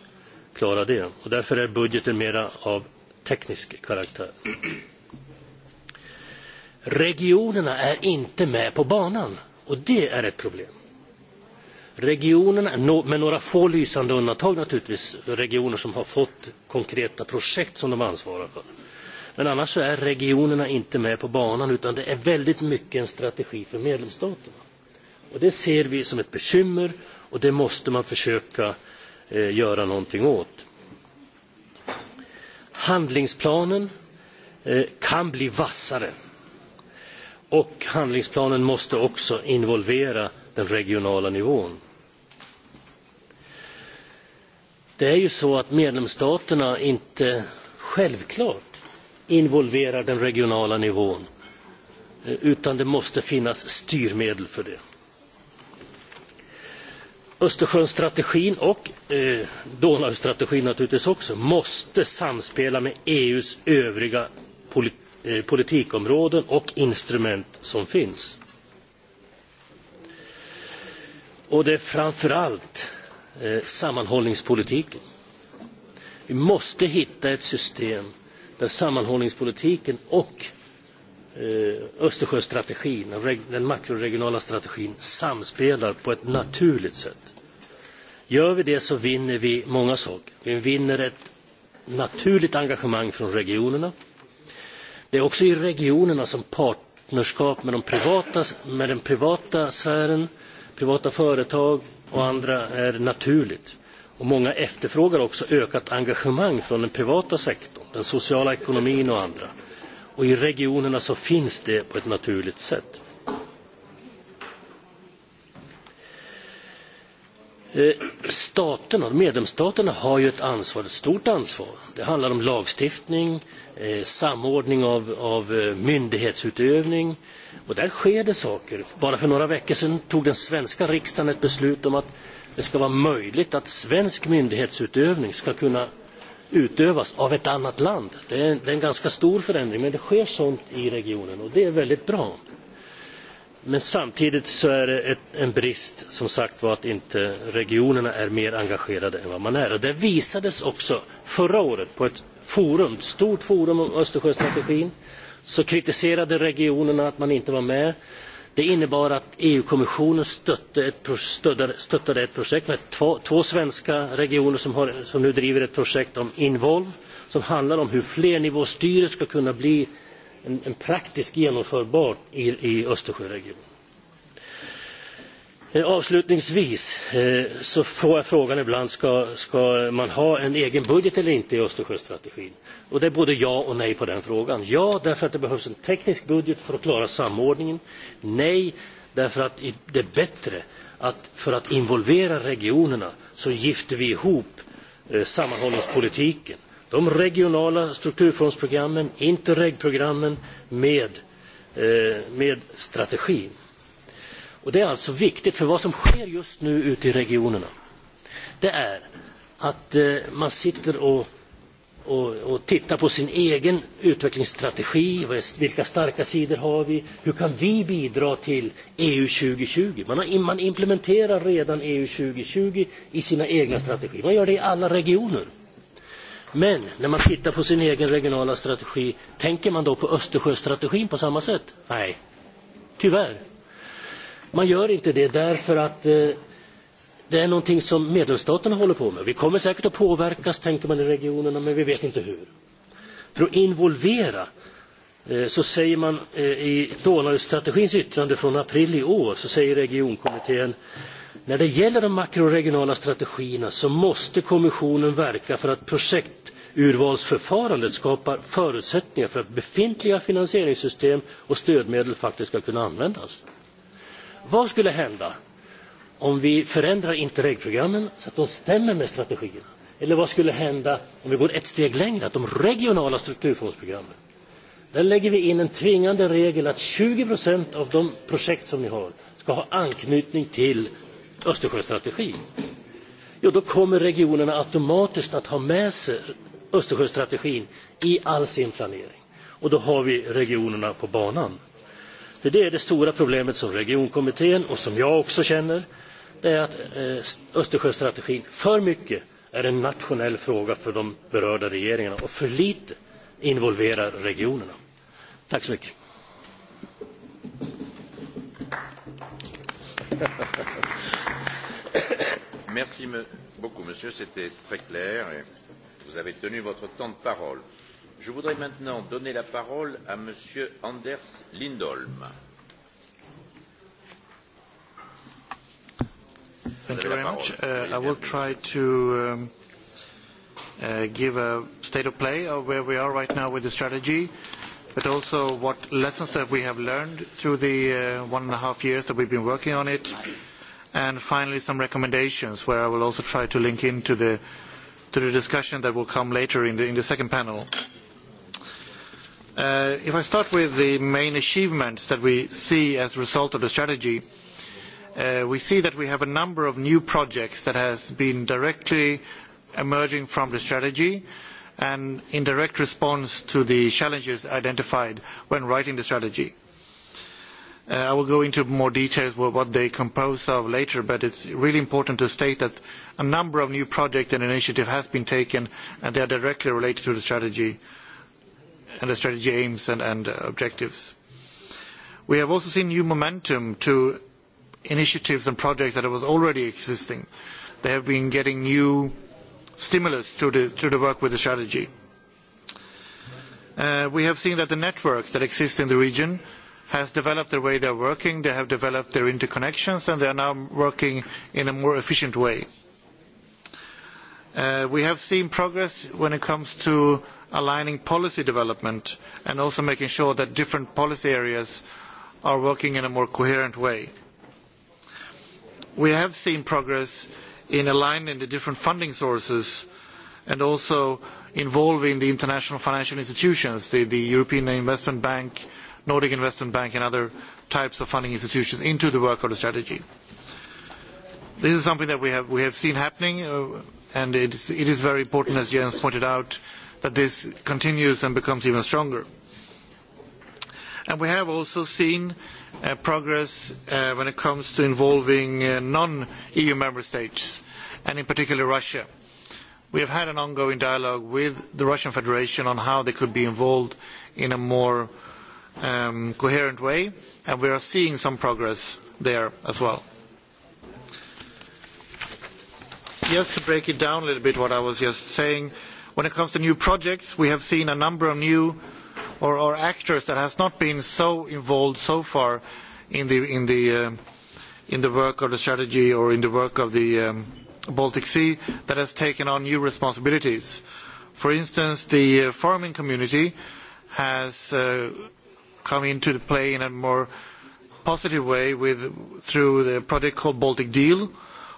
klara det. Därför är budgeten mera av teknisk karaktär. Regionerna är inte med på banan och det är ett problem regionerna, med några få lysande undantag naturligtvis, regioner som har fått konkreta projekt som de ansvarar för. Men annars är regionerna inte med på banan utan det är väldigt mycket en strategi för medlemsstaterna. Och det ser vi som ett bekymmer och det måste man försöka göra någonting åt. Handlingsplanen kan bli vassare och handlingsplanen måste också involvera den regionala nivån. Det är ju så att medlemsstaterna inte självklart involverar den regionala nivån utan det måste finnas styrmedel för det. Östersjöstrategin och Donaustrategin naturligtvis också måste samspela med EU:s övriga politikområden och instrument som finns. Och det är sammanhållningspolitiken. Vi måste hitta ett system där sammanhållningspolitiken och Östersjöstrategin, den makroregionala strategin, samspelar på ett naturligt sätt. Gör vi det så vinner vi många saker. Vi vinner ett naturligt engagemang från regionerna. Det är också i regionerna som partnerskap med den privata sfären, privata företag, och andra är naturligt. Och många efterfrågar också ökat engagemang från den privata sektorn, den sociala ekonomin och andra. Och i regionerna så finns det på ett naturligt sätt. Staterna, medlemsstaterna har ju ett ansvar, ett stort ansvar. Det handlar om lagstiftning, samordning av myndighetsutövning, Och där sker det saker. Bara för några veckor sedan tog den svenska riksdagen ett beslut om att det ska vara möjligt att svensk myndighetsutövning ska kunna utövas av ett annat land. Det är en ganska stor förändring, men det sker sånt i regionen och det är väldigt bra. Men samtidigt så är det en brist, som sagt var, att inte regionerna är mer engagerade än vad man är. Och det visades också förra året på ett forum, ett stort forum om Östersjöstrategin så kritiserade regionerna att man inte var med. Det innebar att EU-kommissionen stöttade ett projekt med två svenska regioner som nu driver ett projekt om Involv som handlar om hur flernivåstyre ska kunna bli en praktisk genomförbar i Östersjöregionen. Avslutningsvis får jag frågan ibland ska man ha en egen budget eller inte i Östersjöstrategin. Och det är både ja och nej på den frågan. Ja, därför att det behövs en teknisk budget för att klara samordningen. Nej, därför att det är bättre att för att involvera regionerna så gifter vi ihop sammanhållningspolitiken. De regionala strukturfondsprogrammen, interregprogrammen med strategin. Det är alltså viktigt för vad som sker just nu ute i regionerna. Det är att man sitter och och titta på sin egen utvecklingsstrategi. Vilka starka sidor har vi? Hur kan vi bidra till EU 2020? Man implementerar redan EU 2020 i sina egna strategier. Man gör det i alla regioner. Men när man tittar på sin egen regionala strategi, tänker man då på Östersjöstrategin på samma sätt? Nej, tyvärr. Man gör inte det därför att Det är någonting som medlemsstaterna håller på med. Vi kommer säkert att påverkas, tänker man i regionerna, men vi vet inte hur. För att involvera så säger man i Donaustrategins yttrande från april i år så säger regionkommittén när det gäller de makroregionala strategierna så måste kommissionen verka för att projekturvalsförfarandet skapar förutsättningar för att befintliga finansieringssystem och stödmedel faktiskt ska kunna användas. Vad skulle hända? om vi förändrar interregprogrammen så att de stämmer med strategierna? Eller vad skulle hända om vi går ett steg längre, att de regionala strukturfondsprogrammen, där lägger vi in en tvingande regel att 20 av de projekt som vi har ska ha anknytning till Östersjöstrategin. Jo, då kommer regionerna automatiskt att ha med sig Östersjöstrategin i all sin planering. Och då har vi regionerna på banan. Det är det stora problemet som regionkommittén och som jag också känner det är att Östersjöstrategin för mycket är en nationell fråga för de berörda regeringarna och för lite involverar regionerna. Tack så mycket. Merci beaucoup, monsieur. C'était très clair et vous avez tenu votre temps de parole. Je voudrais maintenant donner la parole à monsieur Anders Lindholm. Thank you very much. I will try to give a state of play of where we are right now with the strategy, but also what lessons that we have learned through the one and a half years that we've been working on it, and finally some recommendations where I will also try to link into the discussion that will come later in the second panel. If I start with the main achievements that we see as a result of the strategy, we see that we have a number of new projects that has been directly emerging from the strategy and in direct response to the challenges identified when writing the strategy. I will go into more details what they compose of later, but it's really important to state that a number of new projects and initiatives have been taken and they are directly related to the strategy and the strategy aims and objectives. We have also seen new momentum to initiatives and projects that was already existing. They have been getting new stimulus to the work with the strategy. We have seen that the networks that exist in the region have developed the way they are working, they have developed their interconnections, and they are now working in a more efficient way. We have seen progress when it comes to aligning policy development and also making sure that different policy areas are working in a more coherent way we have seen progress in aligning the different funding sources and also involving the international financial institutions, the European Investment Bank, Nordic Investment Bank and other types of funding institutions into the work of the strategy. This is something that we have seen happening and it is very important, as Jens pointed out, that this continues and becomes even stronger. And we have also seen progress when it comes to involving non-EU member states, and in particular Russia. We have had an ongoing dialogue with the Russian Federation on how they could be involved in a more coherent way, and we are seeing some progress there as well. Just to break it down a little bit what I was just saying, when it comes to new projects, we have seen a number of new or actors that has not been so involved so far in the work of the strategy or in the work of the Baltic Sea that has taken on new responsibilities. For instance, the farming community has come into play in a more positive way through the project called Baltic Deal,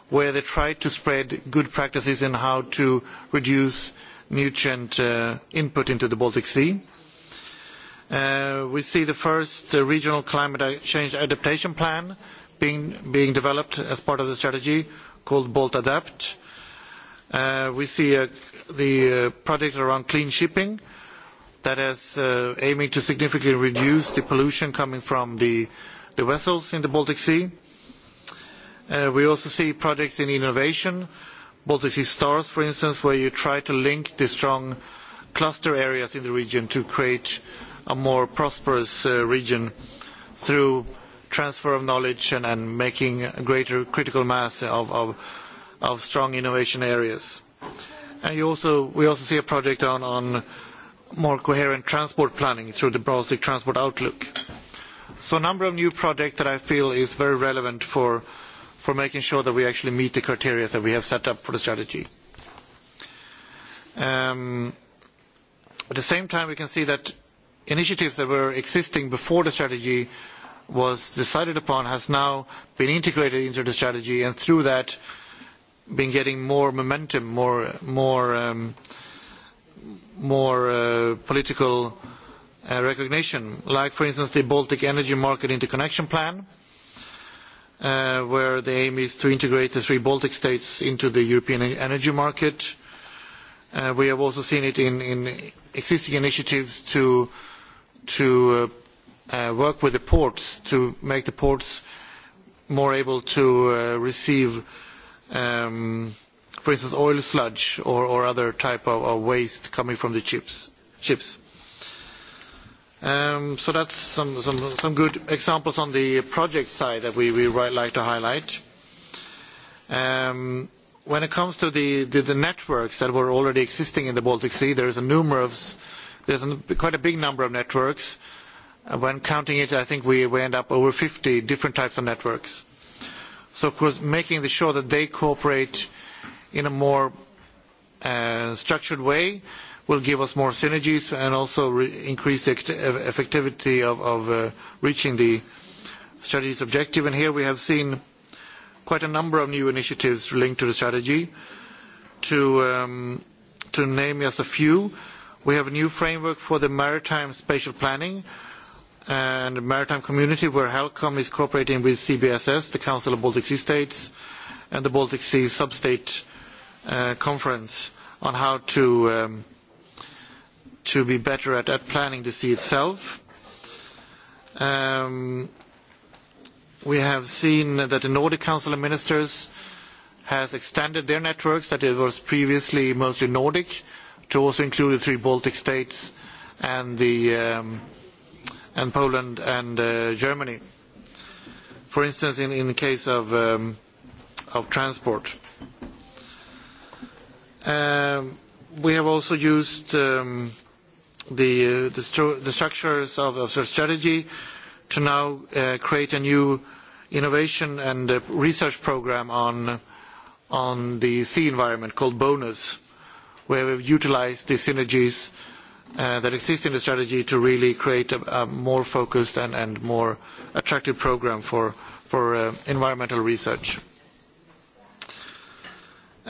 where they try to spread good practices in how to reduce nutrient input into the Baltic Sea. We see the first regional climate change adaptation plan being developed as part of the strategy called Bolt Adapt. We see the project around clean shipping that is aiming to significantly reduce the pollution coming from the vessels in the Baltic Sea. We also see projects in innovation, Baltic Sea Stars, for instance, where you try to link the strong cluster areas in the region to create a more prosperous region through transfer of knowledge and making a greater critical mass of strong innovation areas. We also see a project on more coherent transport planning through the Baltic Transport Outlook. So a number of new projects that I feel is very relevant for making sure that we actually meet the criteria that we have set up for the strategy. At the same time, we can see that initiatives that were existing before the strategy was decided upon has now been integrated into the strategy and through that been getting more momentum, more political recognition. Like, for instance, the Baltic Energy Market Interconnection Plan, where the aim is to integrate the three Baltic states into the European energy market. We have also seen it in existing initiatives to to work with the ports to make the ports more able to receive, for instance, oil sludge or other type of waste coming from the ships. So that's some good examples on the project side that we would like to highlight. When it comes to the networks that were already existing in the Baltic Sea, there is a numerous There's quite a big number of networks. When counting it, I think we end up over 50 different types of networks. So, of course, making sure that they cooperate in a more structured way will give us more synergies and also increase the effectivity of reaching the strategy's objective. And here we have seen quite a number of new initiatives linked to the strategy. To name just a few, We have a new framework for the maritime spatial planning and maritime community where HELCOM is cooperating with CBSS, the Council of Baltic Sea States, and the Baltic Sea Sub-State Conference on how to be better at planning the sea itself. We have seen that the Nordic Council of Ministers has extended their networks, that it was previously mostly Nordic to also include the three Baltic states and Poland and Germany, for instance, in the case of transport. We have also used the structures of the strategy to now create a new innovation and research program on the sea environment called BONUS where we've utilised the synergies that exist in the strategy to really create a more focused and more attractive programme for environmental research.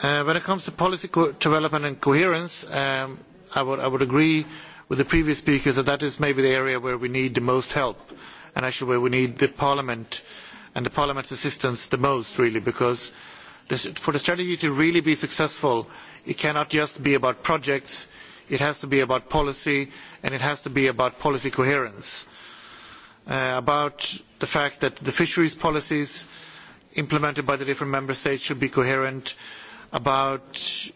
When it comes to policy development and coherence, I would agree with the previous speakers that that is maybe the area where we need the most help and actually where we need the Parliament and the Parliament's assistance the most, really, because for the strategy to really be successful, it cannot just be about projects it has to be about policy and it has to be about policy coherence about the fact that the fisheries policies implemented by the different member states should be coherent about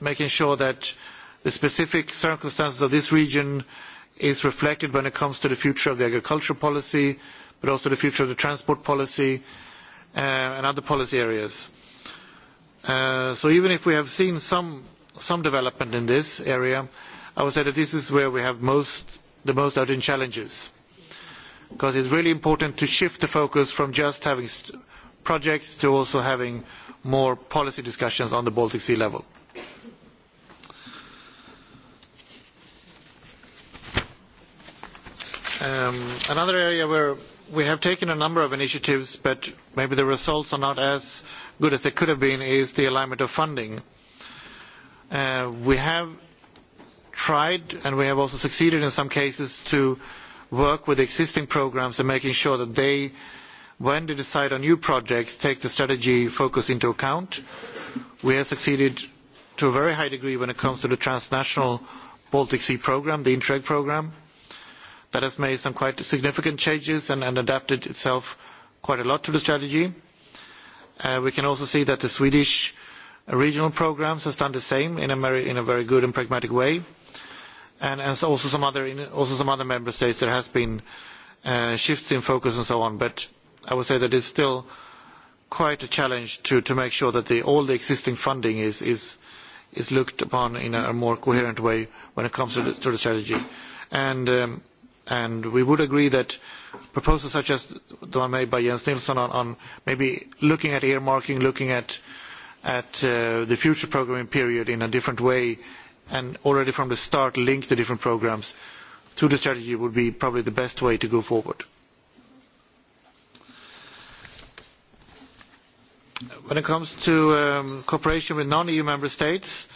making sure that the specific circumstances of this region is reflected when it comes to the future of the agricultural policy but also the future of the transport policy and other policy areas. So even if we have seen some development in this area, I would say that this is where we have the most urgent challenges, because it's really important to shift the focus from just having projects to also having more policy discussions on the Baltic Sea level. Another area where we have taken a number of initiatives, but maybe the results are not as good as they could have been, is the alignment of funding. We have tried, and we have also succeeded in some cases, to work with existing programs and making sure that they, when they decide on new projects, take the strategy focus into account. We have succeeded to a very high degree when it comes to the transnational Baltic Sea program, the Interreg program that has made some quite significant changes and adapted itself quite a lot to the strategy. We can also see that the Swedish regional programmes has done the same in a very good and pragmatic way, and also some other member states there has been shifts in focus and so on. But I would say that it's still quite a challenge to make sure that all the existing funding is looked upon in a more coherent way when it comes to the strategy and we would agree that proposals such as the one made by Jens Nilsson on maybe looking at earmarking, looking at the future programming period in a different way, and already from the start link the different programmes to the strategy would be probably the best way to go forward. When it comes to cooperation with non-EU member states,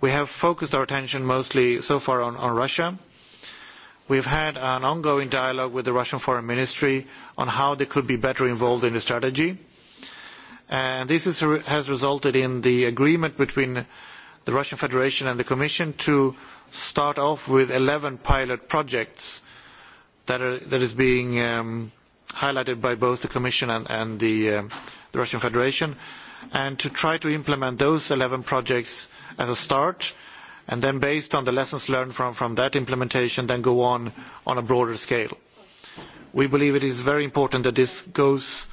we have focused our attention mostly so far on Russia We have had an ongoing dialogue with the Russian Foreign Ministry on how they could be better involved in the strategy. And this has resulted in the agreement between the Russian Federation and the Commission to start off with 11 pilot projects that are being highlighted by both the Commission and the Russian Federation, and to try to implement those 11 projects as a start and then based on the lessons learned from that implementation then go on on a broader scale. We believe it is very important that this goes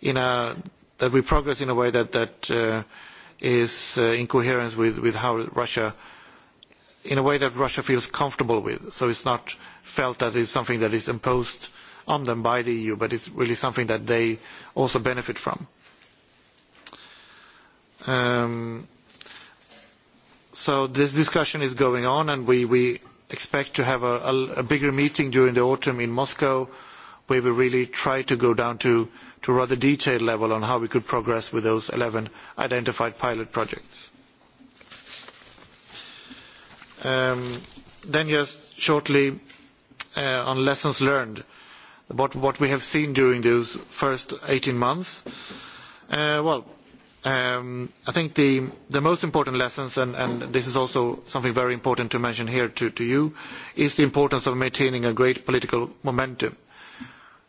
in a that we progress in a way that is in coherence with how Russia in a way that Russia feels comfortable with. So it's not felt that is something that is imposed on them by the EU, but is really something that they also benefit from. So this discussion is going on, and we expect to have a bigger meeting during the autumn in Moscow, where we really try to go down to a rather detailed level on how we could progress with those 11 identified pilot projects. Then just shortly on lessons learned, what we have seen during those first 18 months. Well, I think the most important lessons, and this is also something very important to mention here to you, is the importance of maintaining a great political momentum.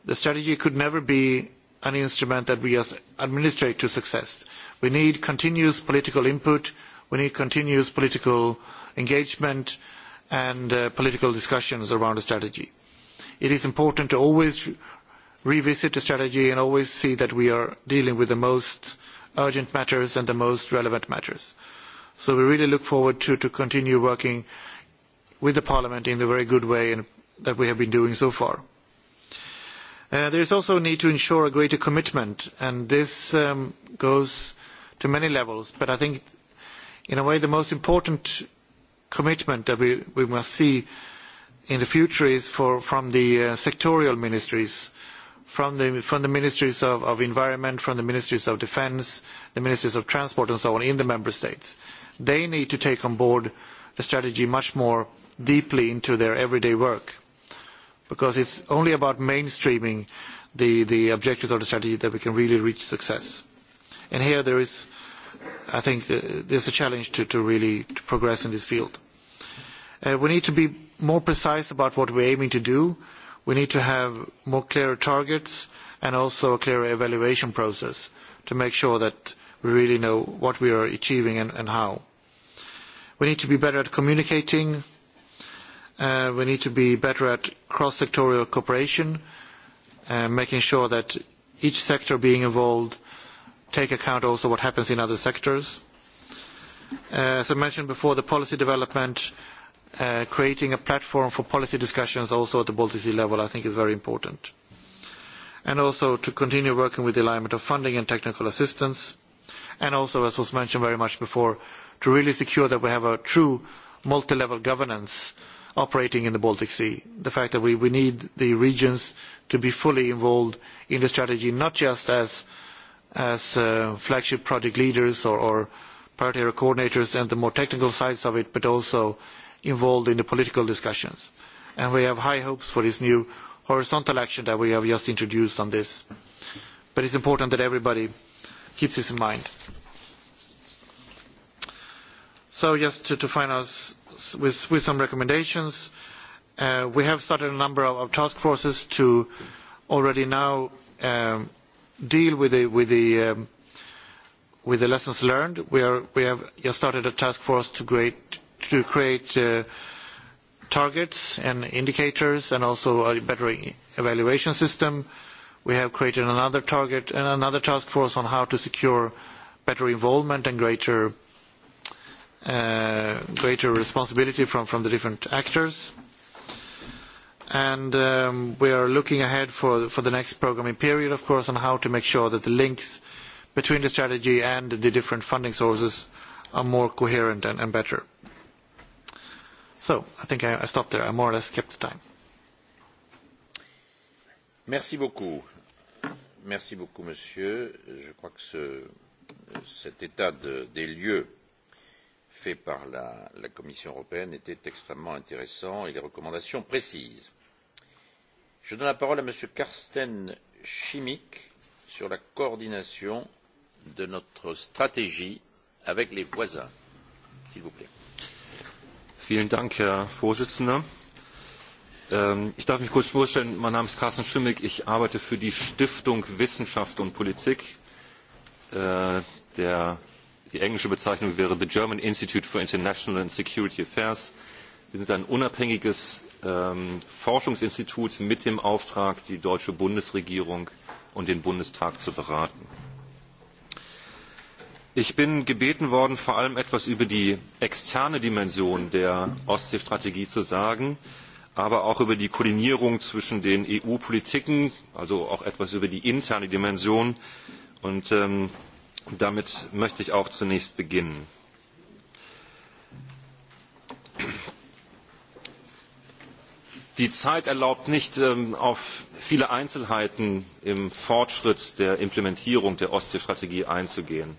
The strategy could never be an instrument that we just administrate to success. We need continuous political input, we need continuous political engagement and political discussions around the strategy. It is important to always revisit the strategy and always see that we are dealing with the most urgent matters and the most relevant matters. So we really look forward to continue working with the Parliament in the very good way that we have been doing so far. There is also a need to ensure a greater commitment, and this goes to many levels, but I think in a way the most important commitment that we must see in the future is from the sectorial ministries from the ministries of environment from the ministries of defence the ministries of transport and so on in the member states they need to take on board the strategy much more deeply into their everyday work because it's only about mainstreaming the objectives of the strategy that we can really reach success and here there is i think there's a challenge to really progress in this field we need to be more precise about what are aiming to do we need to have more clearer targets and also a clearer evaluation process to make sure that we really know what we are achieving and how. We need to be better at communicating. We need to be better at cross sectoral cooperation, making sure that each sector being involved take account also what happens in other sectors. As I mentioned before, the policy development creating a platform for policy discussions also at the Baltic Sea level I think is very important. And also to continue working with the alignment of funding and technical assistance. And also, as was mentioned very much before, to really secure that we have a true multi-level governance operating in the Baltic Sea. The fact that we need the regions to be fully involved in the strategy, not just as flagship project leaders or priority coordinators and the more technical sides of it, but also involved in the political discussions. And we have high hopes for this new horizontal action that we have just introduced on this. But it is important that everybody keeps this in mind. So just to finance with some recommendations, we have started a number of task forces to already now deal with the lessons learned. We have just started a task force to create to create targets and indicators and also a better evaluation system. We have created another target and another task force on how to secure better involvement and greater responsibility from the different actors. And we are looking ahead for the next programming period, of course, on how to make sure that the links between the strategy and the different funding sources are more coherent and better. So I think I stop there. I more or less kept the time. Merci beaucoup. Merci beaucoup, monsieur. Je crois que cet état des lieux fait par la Commission européenne était extrêmement intéressant et les recommandations précises. Je donne la parole à monsieur Karsten Chimique sur la coordination de notre stratégie avec les voisins. S'il vous plaît. Herr Präsident. Ich darf mich kurz vorstellen. Mein Name ist Carsten Schimmig. Ich arbeite für die Stiftung Wissenschaft und Politik. Die englische Bezeichnung wäre The German Institute for International and Security Affairs. Wir sind ein unabhängiges Forschungsinstitut mit dem Auftrag, die deutsche Bundesregierung und den Bundestag zu beraten. Ich bin gebeten worden, vor allem etwas über die externe Dimension der Ostseestrategie zu sagen, aber auch über die Koordinierung zwischen den EU-Politiken, also auch etwas über die interne Dimension. Und damit möchte ich auch zunächst beginnen. Die Zeit erlaubt nicht, auf viele Einzelheiten im Fortschritt der Implementierung der Ostseestrategie einzugehen.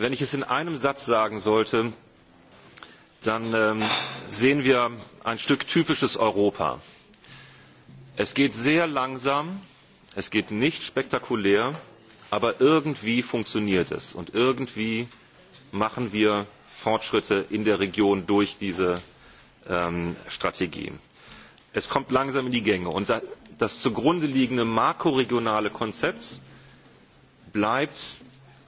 Wenn ich es in einem Satz sagen sollte, dann sehen wir ein Stück typisches Europa. Es geht sehr langsam, es geht nicht spektakulär, aber irgendwie funktioniert es und irgendwie machen wir Fortschritte in der Region durch diese Strategie. Es kommt langsam in die Gänge und das zugrunde liegende makroregionale Konzept bleibt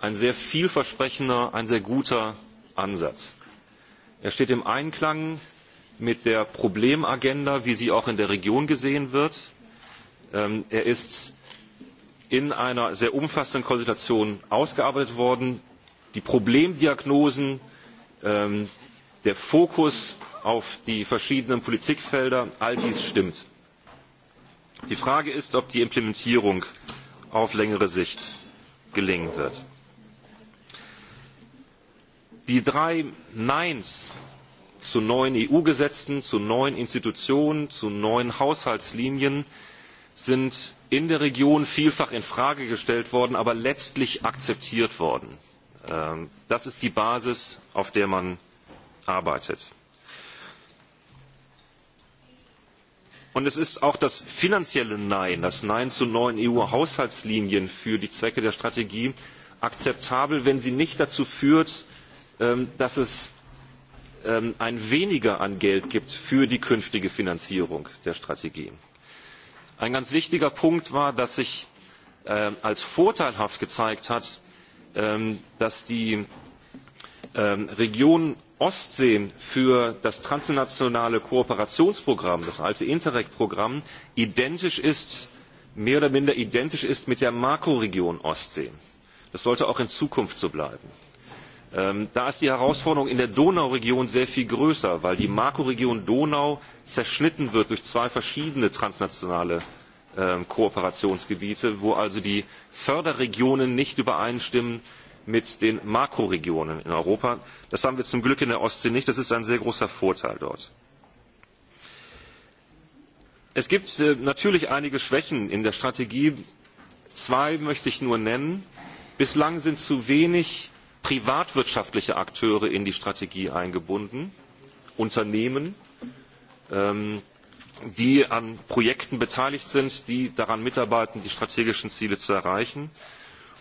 ein sehr vielversprechender, ein sehr guter Ansatz. Er steht im Einklang mit der Problemagenda, wie sie auch in der Region gesehen wird. Er ist in einer sehr umfassenden Konsultation ausgearbeitet worden. Die Problemdiagnosen, der Fokus auf die verschiedenen Politikfelder, all dies stimmt. Die Frage ist, ob die Implementierung auf längere Sicht gelingen wird die drei neins zu neuen eu gesetzen zu neuen institutionen zu neuen haushaltslinien sind in der region vielfach in frage gestellt worden aber letztlich akzeptiert worden. das ist die basis auf der man arbeitet. und es ist auch das finanzielle nein das nein zu neuen eu haushaltslinien für die zwecke der strategie akzeptabel wenn sie nicht dazu führt dass es ein weniger an Geld gibt für die künftige Finanzierung der Strategie. Ein ganz wichtiger Punkt war, dass sich als vorteilhaft gezeigt hat, dass die Region Ostsee für das transnationale Kooperationsprogramm, das alte Interreg-Programm, identisch ist, mehr oder minder identisch ist mit der Makroregion Ostsee. Das sollte auch in Zukunft so bleiben. Da ist die Herausforderung in der Donauregion sehr viel größer, weil die Makroregion Donau zerschnitten wird durch zwei verschiedene transnationale Kooperationsgebiete, wo also die Förderregionen nicht übereinstimmen mit den Makroregionen in Europa. Das haben wir zum Glück in der Ostsee nicht. Das ist ein sehr großer Vorteil dort. Es gibt natürlich einige Schwächen in der Strategie. Zwei möchte ich nur nennen. Bislang sind zu wenig privatwirtschaftliche Akteure in die Strategie eingebunden, Unternehmen, die an Projekten beteiligt sind, die daran mitarbeiten, die strategischen Ziele zu erreichen.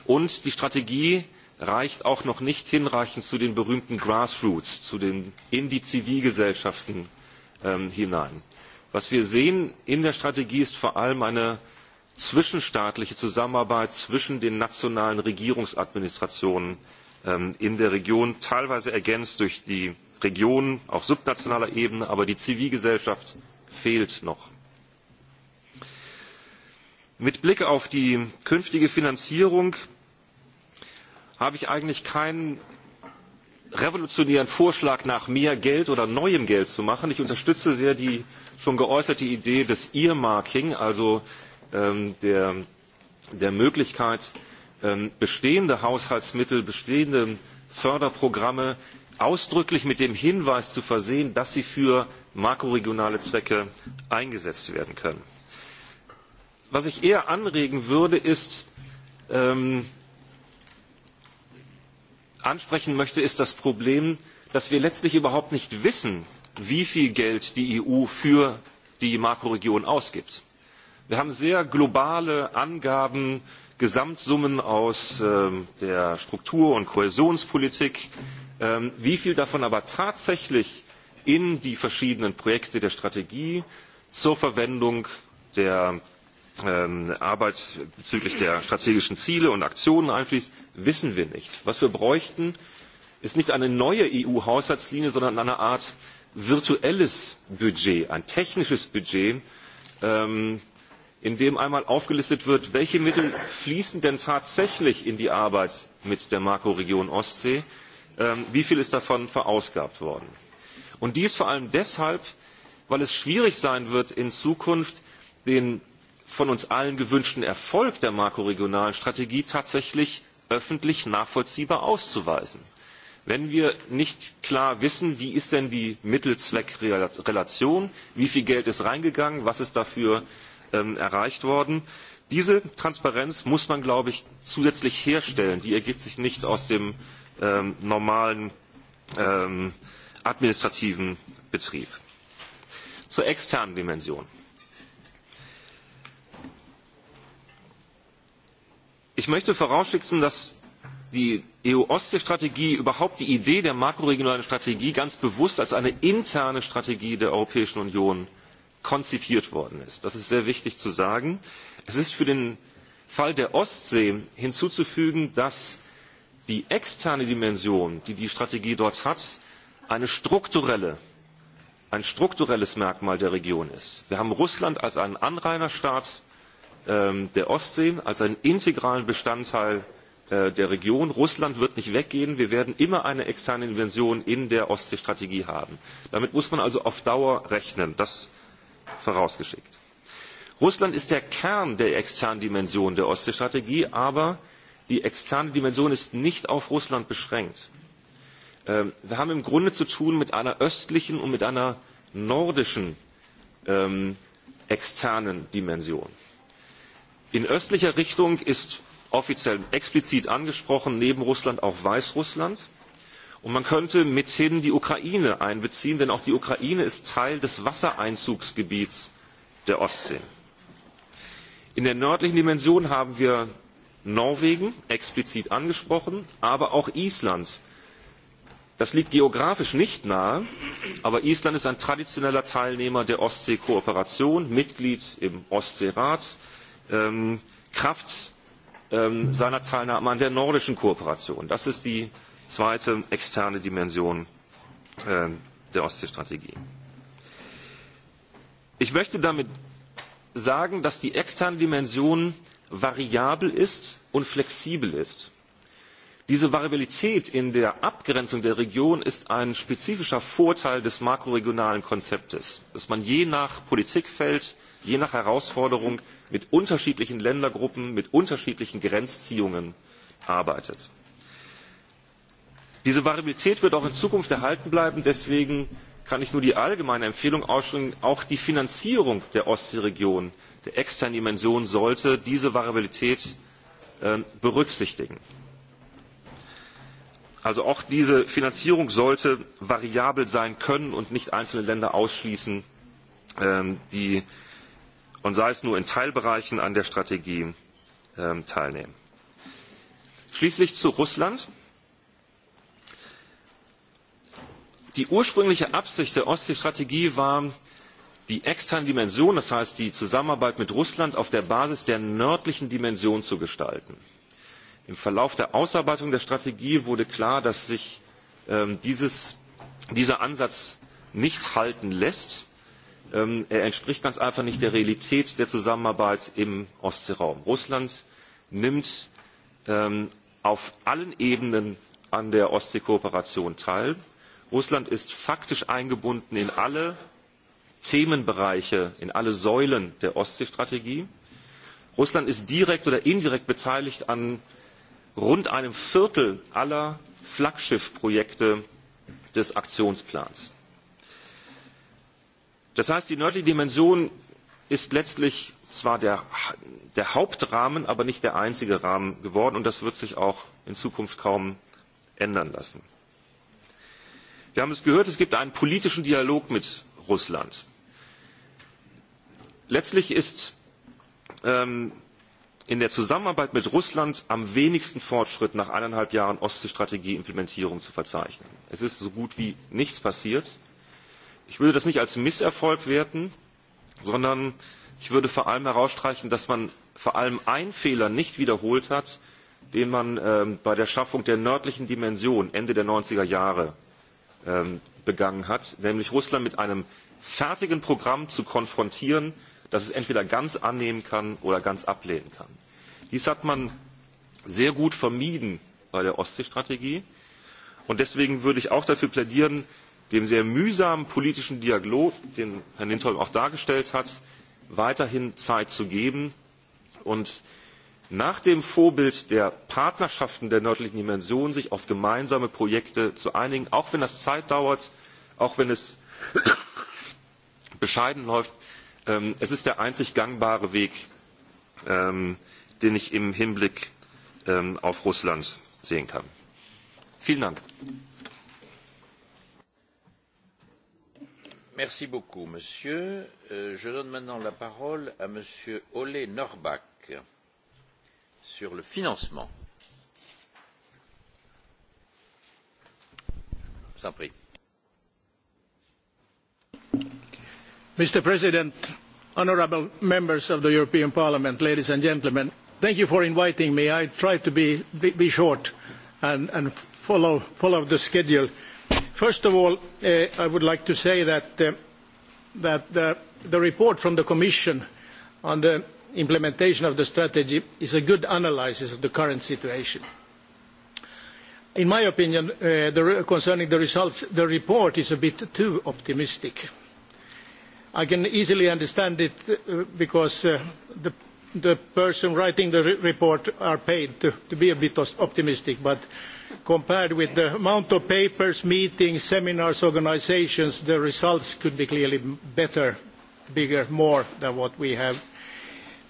Und die Strategie reicht auch noch nicht hinreichend zu den berühmten Grassroots, zu den, in die Zivilgesellschaften hinein. Was wir sehen in der Strategie ist vor allem eine zwischenstaatliche Zusammenarbeit zwischen den nationalen Regierungsadministrationen in der Region, teilweise ergänzt durch die Regionen auf subnationaler Ebene, aber die Zivilgesellschaft fehlt noch. Mit Blick auf die künftige Finanzierung habe ich eigentlich keinen revolutionären Vorschlag nach mehr Geld oder neuem Geld zu machen. Ich unterstütze sehr die schon geäußerte Idee des Earmarking, also der Möglichkeit, bestehende Haushaltsmittel, bestehende Förderprogramme ausdrücklich mit dem Hinweis zu versehen, dass sie für makroregionale Zwecke eingesetzt werden können. Was ich eher anregen würde, ist, ansprechen möchte, ist das Problem, dass wir letztlich überhaupt nicht wissen, wie viel Geld die EU für die Makroregion ausgibt. Wir haben sehr globale Angaben Gesamtsummen aus der Struktur- und Kohäsionspolitik, wie viel davon aber tatsächlich in die verschiedenen Projekte der Strategie zur Verwendung der Arbeit bezüglich der strategischen Ziele und Aktionen einfließt, wissen wir nicht. Was wir bräuchten, ist nicht eine neue EU-Haushaltslinie, sondern eine Art virtuelles Budget, ein technisches Budget, in dem einmal aufgelistet wird welche mittel fließen denn tatsächlich in die arbeit mit der makroregion ostsee wie viel ist davon verausgabt worden. und dies vor allem deshalb weil es schwierig sein wird in zukunft den von uns allen gewünschten erfolg der makroregionalen strategie tatsächlich öffentlich nachvollziehbar auszuweisen wenn wir nicht klar wissen wie ist denn die Mittelzweckrelation, wie viel geld ist reingegangen was ist dafür erreicht worden. Diese Transparenz muss man, glaube ich, zusätzlich herstellen. Die ergibt sich nicht aus dem normalen administrativen Betrieb. Zur externen Dimension. Ich möchte vorausschicken, dass die EU Ostsee-Strategie, überhaupt die Idee der makroregionalen Strategie ganz bewusst als eine interne Strategie der Europäischen Union konzipiert worden ist. Das ist sehr wichtig zu sagen. Es ist für den Fall der Ostsee hinzuzufügen, dass die externe Dimension, die die Strategie dort hat, ein strukturelles Merkmal der Region ist. Wir haben Russland als einen Anrainerstaat der Ostsee, als einen integralen Bestandteil der Region. Russland wird nicht weggehen. Wir werden immer eine externe Dimension in der Ostseestrategie haben. Damit muss man also auf Dauer rechnen vorausgeschickt. Russland ist der Kern der externen Dimension der Ostseestrategie, aber die externe Dimension ist nicht auf Russland beschränkt. Wir haben im Grunde zu tun mit einer östlichen und mit einer nordischen externen Dimension. In östlicher Richtung ist offiziell explizit angesprochen neben Russland auch Weißrussland Und man könnte mithin die Ukraine einbeziehen, denn auch die Ukraine ist Teil des Wassereinzugsgebiets der Ostsee. In der nördlichen Dimension haben wir Norwegen explizit angesprochen, aber auch Island. Das liegt geografisch nicht nahe, aber Island ist ein traditioneller Teilnehmer der Ostsee-Kooperation, Mitglied im Ostseerat, Kraft seiner Teilnahme an der nordischen Kooperation. Das ist die zweite externe Dimension der Ostseestrategie. Ich möchte damit sagen, dass die externe Dimension variabel ist und flexibel ist. Diese Variabilität in der Abgrenzung der Region ist ein spezifischer Vorteil des makroregionalen Konzepts, dass man je nach Politikfeld, je nach Herausforderung mit unterschiedlichen Ländergruppen, mit unterschiedlichen Grenzziehungen arbeitet diese variabilität wird auch in zukunft erhalten bleiben deswegen kann ich nur die allgemeine empfehlung aussprechen auch die finanzierung der ostseeregion der externen dimension sollte diese variabilität berücksichtigen. also auch diese finanzierung sollte variabel sein können und nicht einzelne länder ausschließen die und sei es nur in teilbereichen an der strategie teilnehmen. schließlich zu russland die ursprüngliche Absicht der Ostsee-Strategie war, die externe Dimension, das heißt die Zusammenarbeit mit Russland, auf der Basis der nördlichen Dimension zu gestalten. Im Verlauf der Ausarbeitung der Strategie wurde klar, dass sich dieser Ansatz nicht halten lässt. Er entspricht ganz einfach nicht der Realität der Zusammenarbeit im Ostseeraum. Russland nimmt auf allen Ebenen an der Ostseekooperation teil Russland ist faktisch eingebunden in alle Themenbereiche, in alle Säulen der Ostseestrategie. Russland ist direkt oder indirekt beteiligt an rund einem Viertel aller Flaggschiffprojekte des Aktionsplans. Das heißt, die nördliche Dimension ist letztlich zwar der Hauptrahmen, aber nicht der einzige Rahmen geworden, und das wird sich auch in Zukunft kaum ändern lassen wir haben es gehört es gibt einen politischen dialog mit russland. letztlich ist in der zusammenarbeit mit russland am wenigsten fortschritt nach eineinhalb jahren ostsee implementierung zu verzeichnen. es ist so gut wie nichts passiert. ich würde das nicht als misserfolg werten sondern ich würde vor allem herausstreichen dass man vor allem einen fehler nicht wiederholt hat den man bei der schaffung der nördlichen dimension ende der 90er jahre begangen hat, nämlich Russland mit einem fertigen Programm zu konfrontieren, das es entweder ganz annehmen kann oder ganz ablehnen kann. Dies hat man sehr gut vermieden bei der Ostseestrategie. Und deswegen würde ich auch dafür plädieren, dem sehr mühsamen politischen Dialog, den Herr Lindholm auch dargestellt hat, weiterhin Zeit zu geben und nach dem vorbild der partnerschaften der nördlichen dimension sich auf gemeinsame projekte zu einigen auch wenn das zeit dauert auch wenn es bescheiden läuft es ist der einzig gangbare weg den ich im hinblick auf russland sehen kann. vielen dank! Merci beaucoup, Je donne maintenant la parole à monsieur Ole Norbach sur le financement. Mr President, honourable Members of the European Parliament, ladies and gentlemen, thank you for inviting me. I try to be short and follow the schedule. First of all, I would like to say that the report from the Commission on the implementation of the strategy is a good analysis of the current situation. In my opinion, concerning the results, the report is a bit too optimistic. I can easily understand it because the person writing the report are paid to be a bit optimistic, but compared with the amount of papers, meetings, seminars, organisations, the results could be clearly better, bigger, more than what we have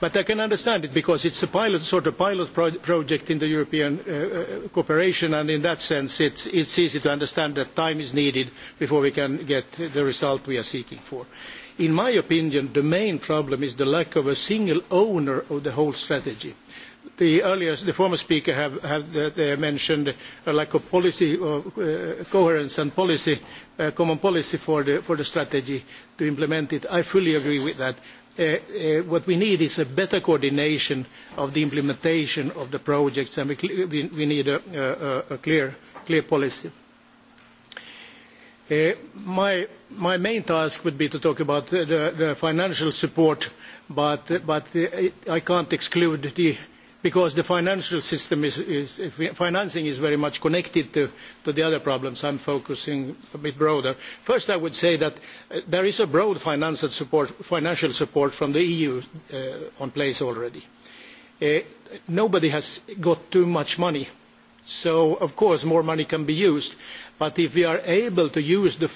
But I can understand it because it's a pilot sort of pilot project in the European cooperation and in that sense it's easy to understand that time is needed before we can get the result we are seeking for. In my opinion, the main problem is the lack of a single owner of the whole strategy. The former speaker mentioned a lack of policy coherence and common policy for the strategy to implement it. I fully agree with that what we need is a better coordination of the implementation of the projects and we need a clear policy. My main task would be to talk about the financial support, but I can't exclude the because the financial system is financing is very much connected to the other problems. I'm focusing a bit broader. First, I would say that there is a broad financial support from the EU on place already. Nobody has got too much money, so of course more money can be used. But if we are able to use the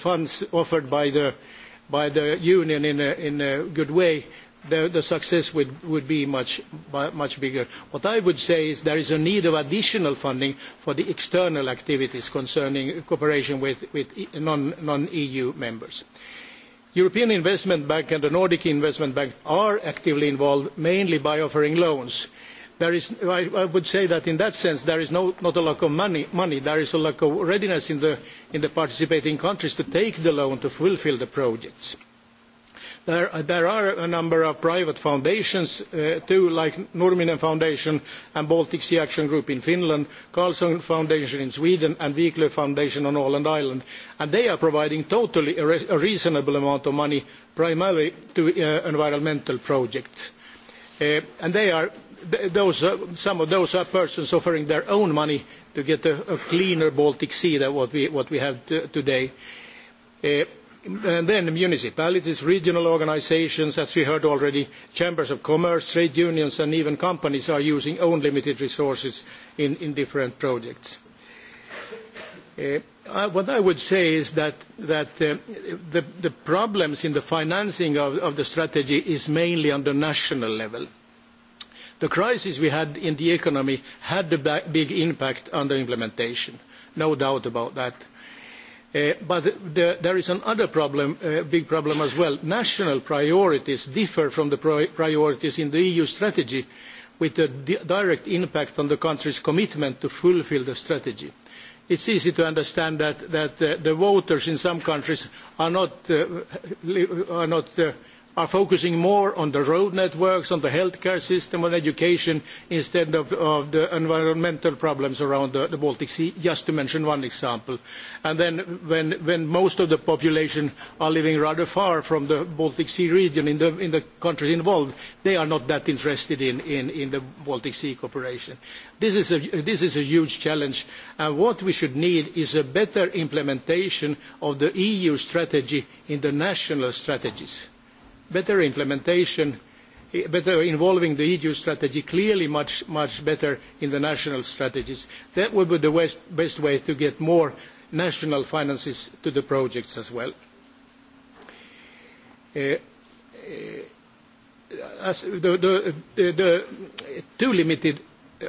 funds offered by the Union in a good way, the success would be much bigger. What I would say is there is a need of additional funding for the external activities concerning cooperation with non-EU members. European Investment Bank and the Nordic Investment Bank are actively involved, mainly by offering loans. I would say that in that sense there is not a lack of money, there is a lack of readiness in the participating countries to take the loan to fulfil the projects. There are a number of private foundations too, like Nurminen Foundation and Baltic Sea Action Group in Finland, Carlson Foundation in Sweden and Wiklöf Foundation on Åland Island, and they are providing totally a reasonable amount of money, primarily to environmental projects. And some of those are persons offering their own money to get a cleaner Baltic Sea than what we have today then municipalities regional organisations as we heard already chambers of commerce trade unions and even companies are using own limited resources in different projects. what i would say is that the problems in the financing of the strategy is mainly on the national level. the crisis we had in the economy had a big impact on the implementation no doubt about that But there is another problem, big problem as well. National priorities differ from the priorities in the EU strategy, with a direct impact on the country's commitment to fulfil the strategy. It's easy to understand that the voters in some countries are not are focusing more on the road networks, on the healthcare system, on education, instead of the environmental problems around the Baltic Sea, just to mention one example. And then when most of the population are living rather far from the Baltic Sea region in the countries involved, they are not that interested in the Baltic Sea cooperation. This is a huge challenge, and what we should need is a better implementation of the EU strategy in the national strategies better implementation, better involving the EU strategy clearly much much better in the national strategies. That would be the best way to get more national finances to the projects as well. The too limited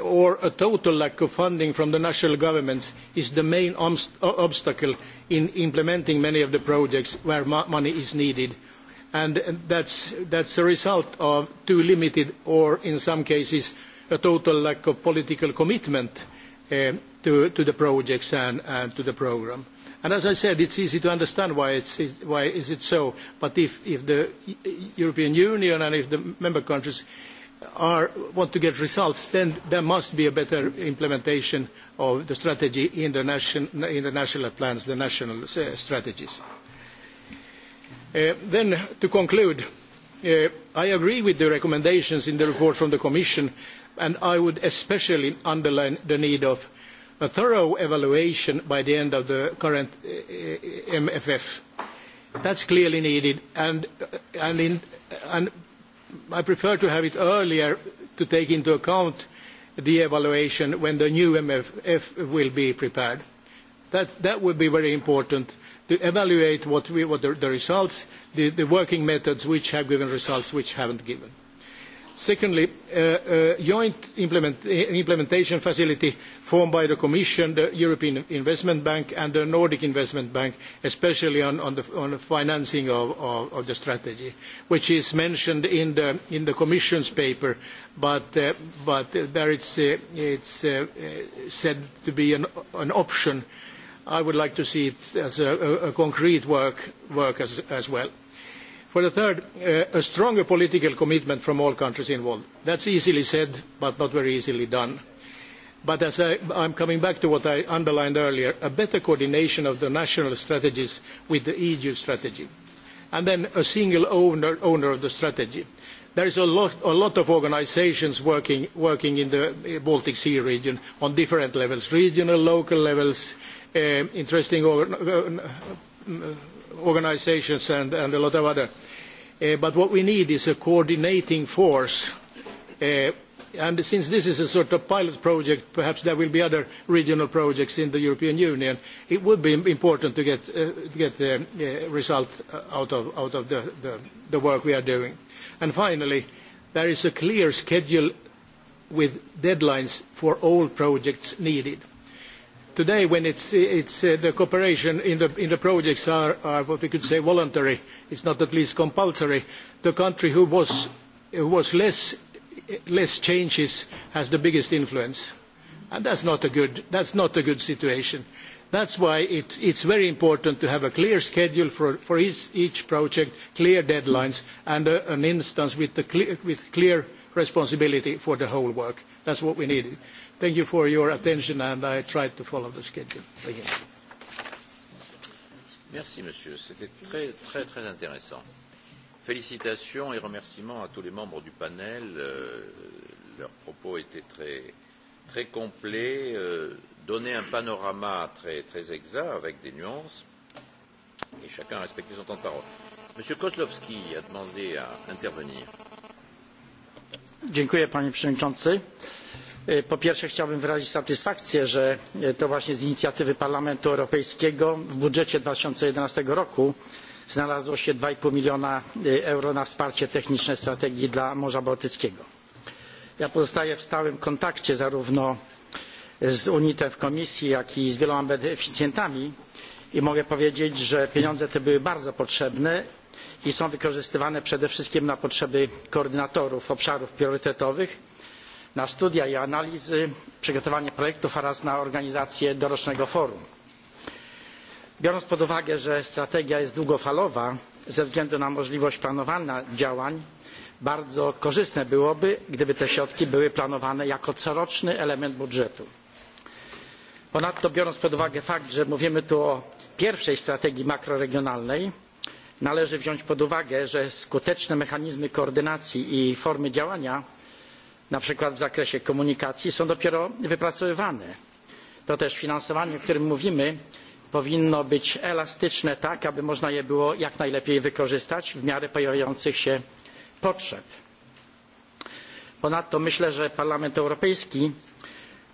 or a total lack of funding from the national governments is the main obstacle in implementing many of the projects where money is needed and that's a result of too limited or in some cases a total lack of political commitment to the projects and to the programme. as I said, it's easy to understand why is it so. But if the European Union and if the member countries want to get results, then there must be a better implementation of the strategy in the national plans, the national strategies. Then, to conclude, I agree with the recommendations in the report from the Commission, and I would especially underline the need of a thorough evaluation by the end of the current MFF. That's clearly needed, and I prefer to have it earlier to take into account the evaluation when the new MFF will be prepared. That would be very important to evaluate what the results, the working methods which have given results, which haven't given. Secondly, a joint implementation facility formed by the Commission, the European Investment Bank and the Nordic Investment Bank, especially on the financing of the strategy, which is mentioned in the Commission's paper, but there it's said to be an option I would like to see it as a concrete work as well. For the third, a stronger political commitment from all countries involved. That's easily said, but not very easily done. But as I'm coming back to what I underlined earlier, a better coordination of the national strategies with the EU strategy, and then a single owner of the strategy. There is a lot of organisations working in the Baltic Sea region on different levels, regional, local levels interesting organisations and a lot of other. But what we need is a coordinating force. And since this is a sort of pilot project, perhaps there will be other regional projects in the European Union, it would be important to get the result out of the work we are doing. And finally, there is a clear schedule with deadlines for all projects needed. Today, when the cooperation in the projects are what we could say voluntary, it's not at least compulsory. The country who was less changes has the biggest influence, and that's not a good situation. That is why it is very important to have a clear schedule for each project, clear deadlines, and an instance with clear responsibility for the whole work. That's what we needed. Thank you for your attention, and I tried to follow the schedule. Thank you. Merci, monsieur. C'était très, très, très intéressant. Félicitations et remerciements à tous les membres du panel. Leurs propos étaient très, très complets, donnaient un panorama très, très exact avec des nuances, et chacun respectait son temps de parole. Monsieur Kozlowski a demandé à intervenir panie przewodniczący! po pierwsze chciałbym wyrazić satysfakcję że to właśnie z inicjatywy parlamentu europejskiego w budżecie 2011 roku znalazło się dwa pięć miliona euro na wsparcie techniczne strategii dla morza bałtyckiego. ja pozostaję w stałym kontakcie zarówno z unitem w komisji jak i z wieloma beneficjentami i mogę powiedzieć że pieniądze te były bardzo potrzebne i są wykorzystywane przede wszystkim na potrzeby koordynatorów obszarów priorytetowych, na studia i analizy, przygotowanie projektów oraz na organizację dorocznego forum. Biorąc pod uwagę, że strategia jest długofalowa, ze względu na możliwość planowania działań, bardzo korzystne byłoby, gdyby te środki były planowane jako coroczny element budżetu. Ponadto biorąc pod uwagę fakt, że mówimy tu o pierwszej strategii makroregionalnej, należy wziąć pod uwagę że skuteczne mechanizmy koordynacji i formy działania na przykład w zakresie komunikacji są dopiero wypracowywane. to też finansowanie o którym mówimy powinno być elastyczne tak aby można je było jak najlepiej wykorzystać w miarę pojawiających się potrzeb. ponadto myślę że parlament europejski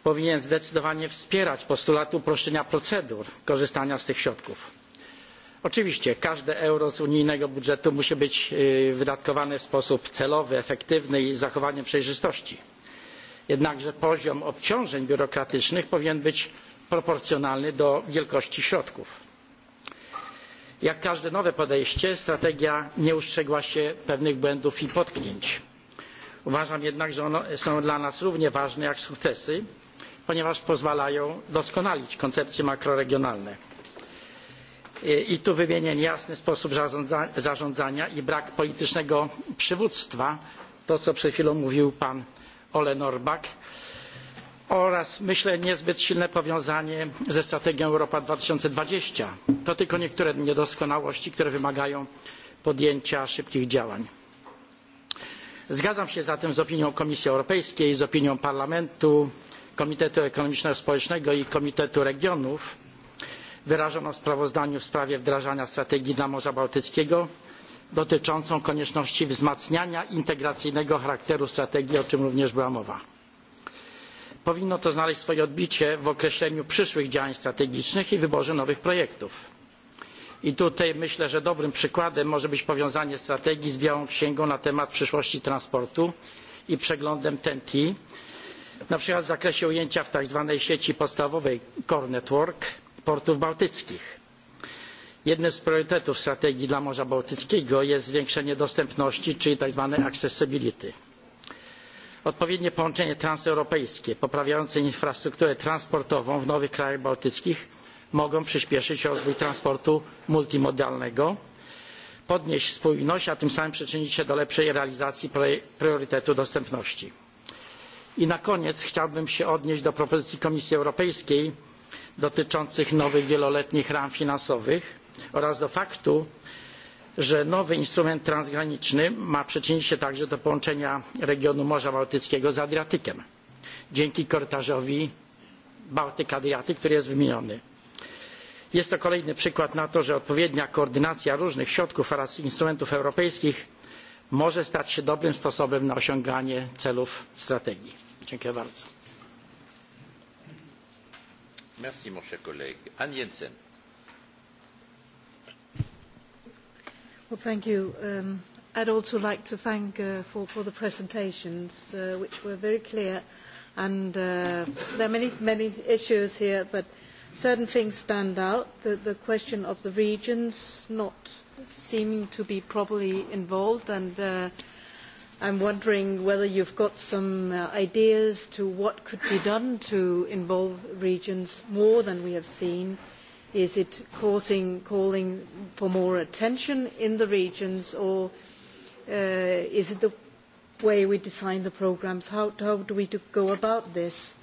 powinien zdecydowanie wspierać postulaty uproszczenia procedur korzystania z tych środków. Oczywiście każde euro z unijnego budżetu musi być wydatkowane w sposób celowy, efektywny i z zachowaniem przejrzystości. Jednakże poziom obciążeń biurokratycznych powinien być proporcjonalny do wielkości środków. Jak każde nowe podejście, strategia nie ustrzegła się pewnych błędów i potknięć. Uważam jednak, że one są dla nas równie ważne jak sukcesy, ponieważ pozwalają doskonalić koncepcje makroregionalne i tu wymienię jasny sposób zarządzania i brak politycznego przywództwa to co przed chwilą mówił pan Ole Norbak, oraz myślę niezbyt silne powiązanie ze strategią Europa 2020 to tylko niektóre niedoskonałości które wymagają podjęcia szybkich działań Zgadzam się zatem z opinią Komisji Europejskiej z opinią Parlamentu Komitetu Ekonomiczno-Społecznego i Komitetu Regionów Wyrażono w sprawozdaniu w sprawie wdrażania strategii dla morza bałtyckiego dotyczącą konieczności wzmacniania integracyjnego charakteru strategii o czym również była mowa. powinno to znaleźć swoje odbicie w określeniu przyszłych działań strategicznych i wyborze nowych projektów. i tutaj myślę że dobrym przykładem może być powiązanie strategii z białą księgą na temat przyszłości transportu i przeglądem ten t na przykład w zakresie ujęcia w tak zwanej sieci podstawowej core network portów bałtyckich. Jednym z priorytetów strategii dla Morza Bałtyckiego jest zwiększenie dostępności, czyli tzw. accessibility. Odpowiednie połączenie transeuropejskie poprawiające infrastrukturę transportową w nowych krajach bałtyckich mogą przyspieszyć rozwój transportu multimodalnego, podnieść spójność, a tym samym przyczynić się do lepszej realizacji priorytetu dostępności. I na koniec chciałbym się odnieść do propozycji Komisji Europejskiej dotyczących nowych wieloletnich ram finansowych oraz do faktu że nowy instrument transgraniczny ma przyczynić się także do połączenia regionu morza bałtyckiego z adriatykiem dzięki korytarzowi bałtyk adriatyk który jest wymieniony. jest to kolejny przykład na to że odpowiednia koordynacja różnych środków oraz instrumentów europejskich może stać się dobrym sposobem na osiąganie celów strategii. dziękuję bardzo. Merci, mon cher collègue. Anne Jensen. thank you. Um, I'd also like to thank uh, for, for the presentations, uh, which were very clear. And uh, there are many, many issues here, but certain things stand out. The, the question of the regions not seeming to be properly involved and uh, I'm wondering whether you've got some ideas to what could be done to involve regions more than we have seen. Is it calling for more attention in the regions, or is it the way we design the programmes? How do we go about this?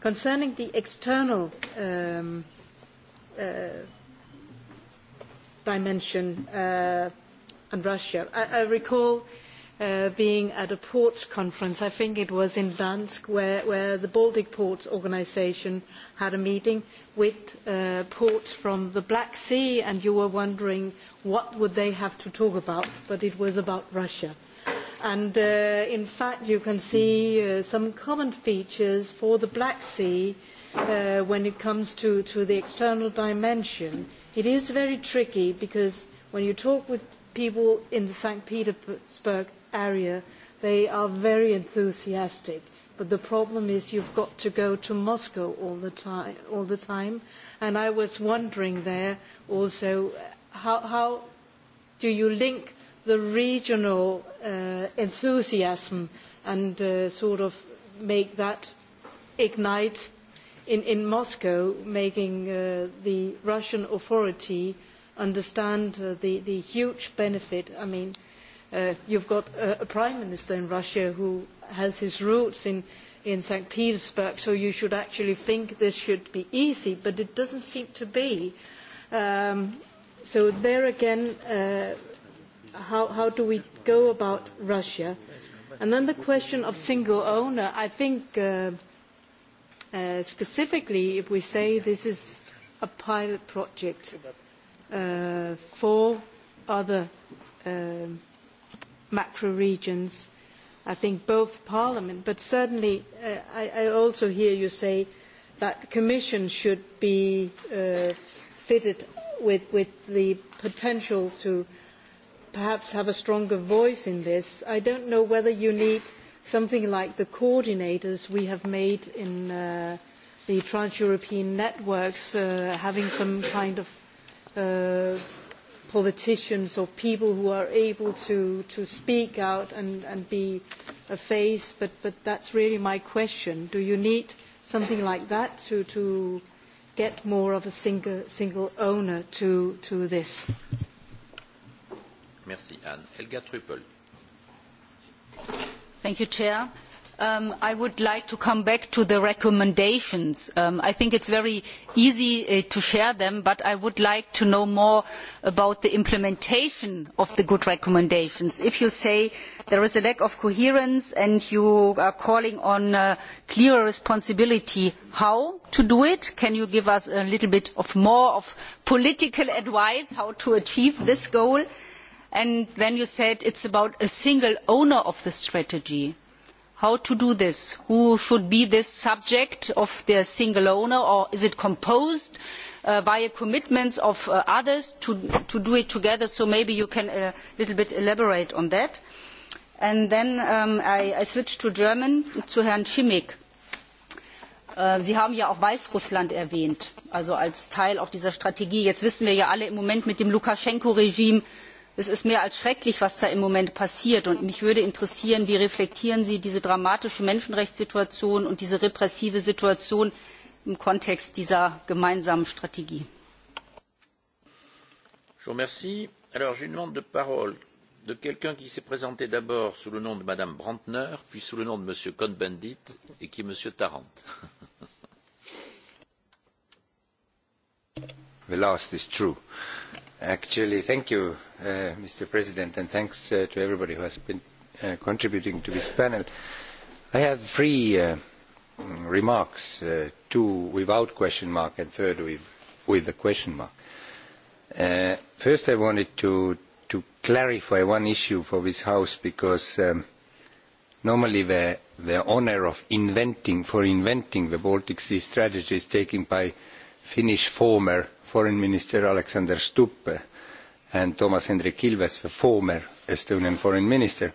Concerning the external dimension and Russia, I recall being at a ports conference. I think it was in Dansk where the Baltic Ports Organisation had a meeting with ports from the Black Sea and you were wondering what would they have to talk about, but it was about Russia. And in fact you can see some common features for the Black Sea when it comes to the external dimension. It is very tricky because when you talk with people in St. Petersburg, area, they are very enthusiastic. But the problem is you've got to go to Moscow all the time. And I was wondering there also, how do you link the regional enthusiasm and sort of make that ignite in Moscow, making the Russian authority understand the huge benefit. I mean, You've got a prime minister in Russia who has his roots in St. Petersburg, so you should actually think this should be easy, but it doesn't seem to be. So there again, how do we go about Russia? And then the question of single owner. I think specifically if we say this is a pilot project for other macro regions. I think both Parliament, but certainly I also hear you say that the Commission should be fitted with the potential to perhaps have a stronger voice in this. I don't know whether you need something like the coordinators we have made in the trans-European networks, having some kind of politicians or people who are able to speak out and be a face, but that's really my question. Do you need something like that to get more of a single owner to this? Merci, Anne. Thank you, Chair. I would like to come back to the recommendations. I think it is very easy to share them, but I would like to know more about the implementation of the good recommendations. If you say there is a lack of coherence and you are calling on clearer responsibility, how to do it? Can you give us a little bit more of political advice how to achieve this goal? And then you said it is about a single owner of the strategy how to do this who should be this subject of the single owner or is it composed via commitments of others to do it together so maybe you can a little bit elaborate on that and then i switch to german to herrn Schimmick. sie haben ja auch weißrussland erwähnt also als teil auch dieser strategie jetzt wissen wir ja alle im moment mit dem lukaschenko regime es ist mehr als schrecklich was da im moment passiert und mich würde interessieren wie reflektieren sie diese dramatische menschenrechtssituation und diese repressive situation im kontext dieser gemeinsamen strategie? j'ai une demande de parole de quelqu'un qui s'est présenté d'abord sous le nom de Madame brantner puis sous le nom de Monsieur cohn bendit et qui est Monsieur tarand. the last is true Actually, thank you, Mr. President, and thanks to everybody who has been contributing to this panel. I have three remarks, two without question mark and third with a question mark. First, I wanted to clarify one issue for this House because normally the honour of inventing, for inventing the Baltic Sea strategy is taken by Finnish former Foreign Minister Alexander Stuppe and Thomas Hendrik Ilves, the former Estonian Foreign Minister,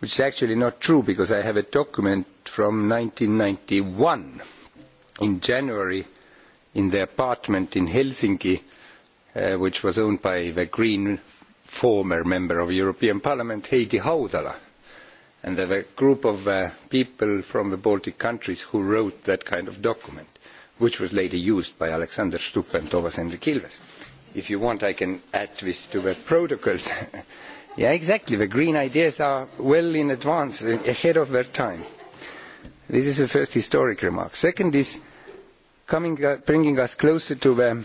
which is actually not true because I have a document from 1991. In January, in the apartment in Helsinki, which was owned by the Green former member of the European Parliament, Heidi Hautala, and there were a group of people from the Baltic countries who wrote that kind of document which was later used by Alexander Stupp and Thomas Henry Kilves. If you want, I can add this to the protocols. Yeah, exactly. The green ideas are well in advance, ahead of their time. This is the first historic remark. Second is coming, bringing us closer to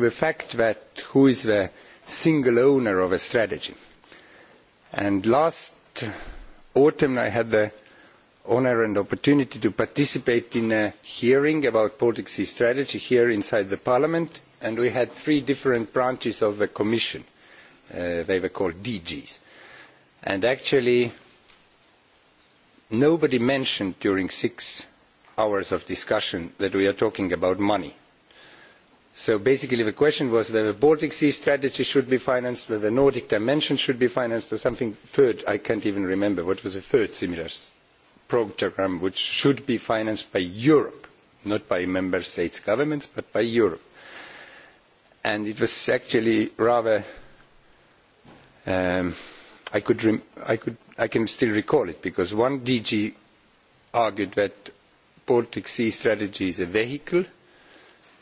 the fact that who is the single owner of a strategy. And last autumn I had the honor and opportunity to participate in a hearing about Baltic Sea strategy here inside the Parliament, and we had three different branches of the Commission. They were called DGs. And actually, nobody mentioned during six hours of discussion that we are talking about money. So basically the question was whether the Baltic Sea strategy should be financed, whether the Nordic dimension should be financed, or something third, I can't even remember what was the third similar programme which should be financed by Europe, not by member states' governments, but by Europe. And it was actually rather, I could, I can still recall it, because one DG argued that Baltic Sea strategy is a vehicle,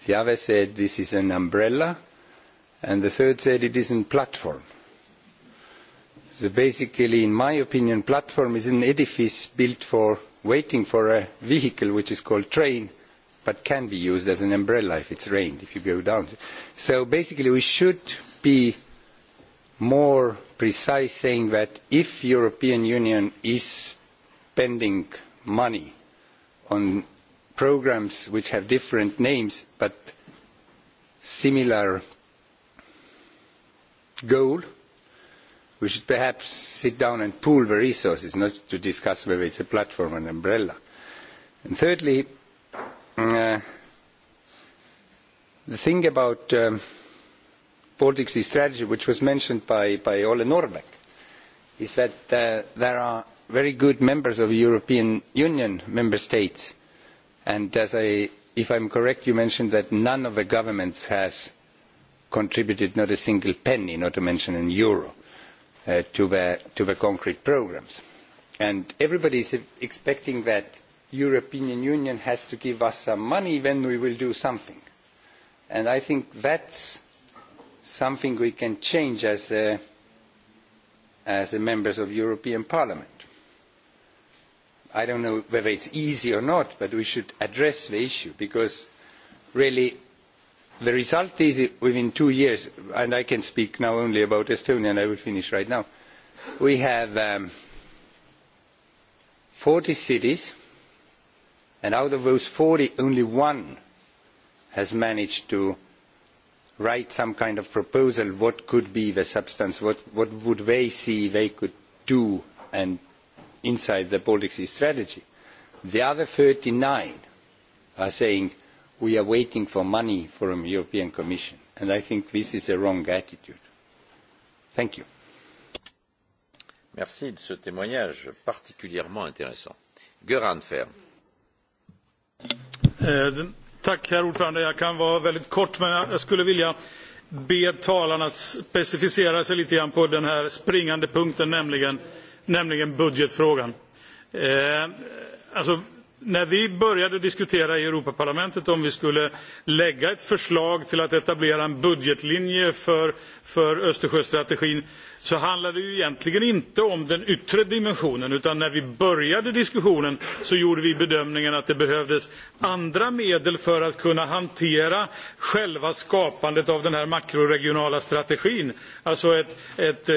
the other said this is an umbrella, and the third said it is a platform basically in my opinion platform is an edifice built for waiting for a vehicle which is called train but can be used as an umbrella if it's rained if you go down so basically we should be more precise saying that if european union is spending money on programs which have different names but similar goal we should perhaps sit down and pool the resources, not to discuss whether it's a platform or an umbrella. And thirdly, the thing about Baltic Sea strategy, which was mentioned by Ole Norbeck, is that there are very good members of the European Union member states, and as I, if I'm correct, you mentioned that none of the governments has contributed not a single penny, not to mention an euro to the concrete programmes. And everybody is expecting that the European Union has to give us some money when we will do something. And I think that's something we can change as members of European Parliament. I don't know whether it's easy or not, but we should address the issue because really The result is within two years, and I can speak now only about Estonia, and I will finish right now. We have 40 cities, and out of those 40, only one has managed to write some kind of proposal what could be the substance, what would they see they could do inside the Baltic Sea strategy. The other 39 are saying we are waiting for money from the European Commission, and I think this is a wrong attitude. Thank you. Merci de ce témoignage particulièrement intéressant. Göran Färm. Tack, herr ordförande. Jag kan vara väldigt kort, men jag skulle vilja be talarna specificera sig lite grann på den här springande punkten, nämligen budgetfrågan. Alltså, när vi började diskutera i Europaparlamentet om vi skulle lägga ett förslag till att etablera en budgetlinje för Östersjöstrategin så handlar det ju egentligen inte om den yttre dimensionen utan när vi började diskussionen så gjorde vi bedömningen att det behövdes andra medel för att kunna hantera själva skapandet av den här makroregionala strategin. Alltså ett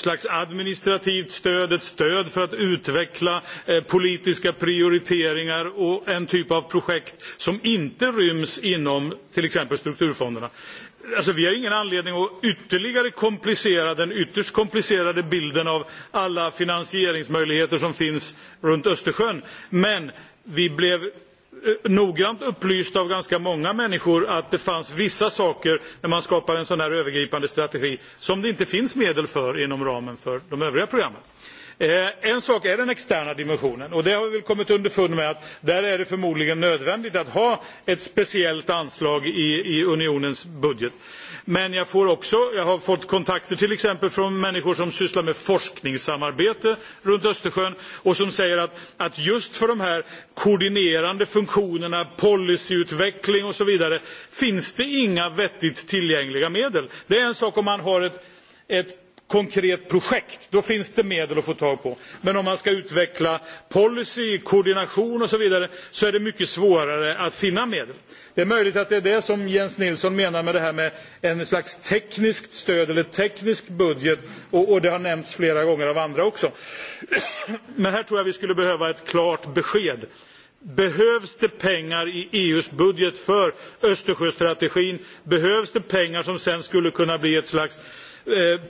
slags administrativt stöd, ett stöd för att utveckla politiska prioriteringar och en typ av projekt som inte ryms inom till exempel strukturfonderna. Alltså, vi har ingen anledning att ytterligare komplicera den ytterst komplicerade bilden av alla finansieringsmöjligheter som finns runt Östersjön. Men vi blev noggrant upplysta av ganska många människor att det fanns vissa saker när man skapar en sån här övergripande strategi som det inte finns medel för inom ramen för de övriga programmen. En sak är den externa dimensionen och det har vi kommit underfund med att där är det förmodligen nödvändigt att ha ett speciellt anslag i unionens budget. Men jag har fått kontakter till exempel från människor som sysslar med forskningssamarbete runt Östersjön och som säger att just för de här koordinerande funktionerna, policyutveckling och så vidare finns det inga vettigt tillgängliga medel. Det är en sak om man har ett konkret projekt då finns det medel att få tag på. Men om man ska utveckla policy, koordination och så vidare så är det mycket svårare att finna medel. Det är möjligt att det är det som Jens Nilsson menar med det här med en slags tekniskt stöd eller teknisk budget och det har nämnts flera gånger av andra också. Men här tror jag vi skulle behöva ett klart besked. Behövs det pengar i EU:s budget för Östersjöstrategin? Behövs det pengar som sedan skulle kunna bli ett slags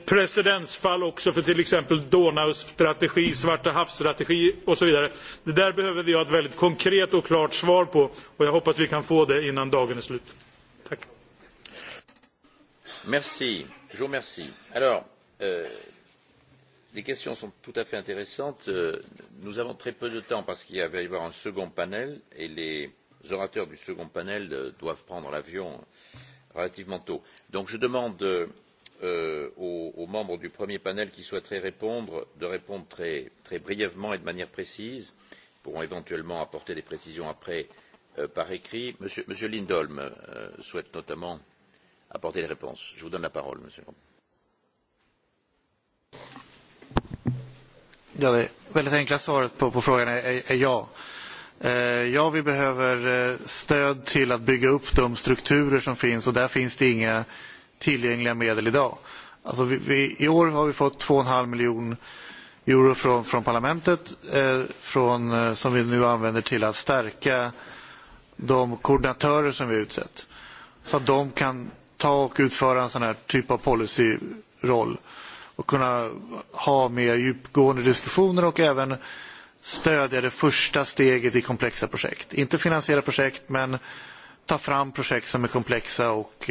precedensfall också för till exempel Donaustrategi, Svarta havsstrategi och så vidare. Det där behöver vi ha ett väldigt konkret och klart svar på och jag hoppas vi kan få det innan dagen är slut. Tack. Merci. Je vous remercie. Alors, euh, les questions sont tout à fait intéressantes. Nous avons très peu de temps parce qu'il va y avoir un second panel et les orateurs du second panel doivent prendre l'avion relativement tôt. Donc je demande aux membres du premier panel qui souhaiteraient répondre de répondre très très brièvement et de manière précise. Ils pourront éventuellement apporter des précisions après par écrit. Monsieur monsieur Lindholm souhaite notamment apporter les réponses. Je vous donne la parole, monsieur. Det väldigt enkla svaret på på frågan är ja. Ja, vi behöver stöd till att bygga upp de strukturer som finns och där finns det inga tillgängliga medel idag. I år har vi fått 2,5 miljoner euro från parlamentet som vi nu använder till att stärka de koordinatörer som vi utsett så att de kan ta och utföra en sån här typ av policyroll och kunna ha mer djupgående diskussioner och även stödja det första steget i komplexa projekt. Inte finansiera projekt men ta fram projekt som är komplexa och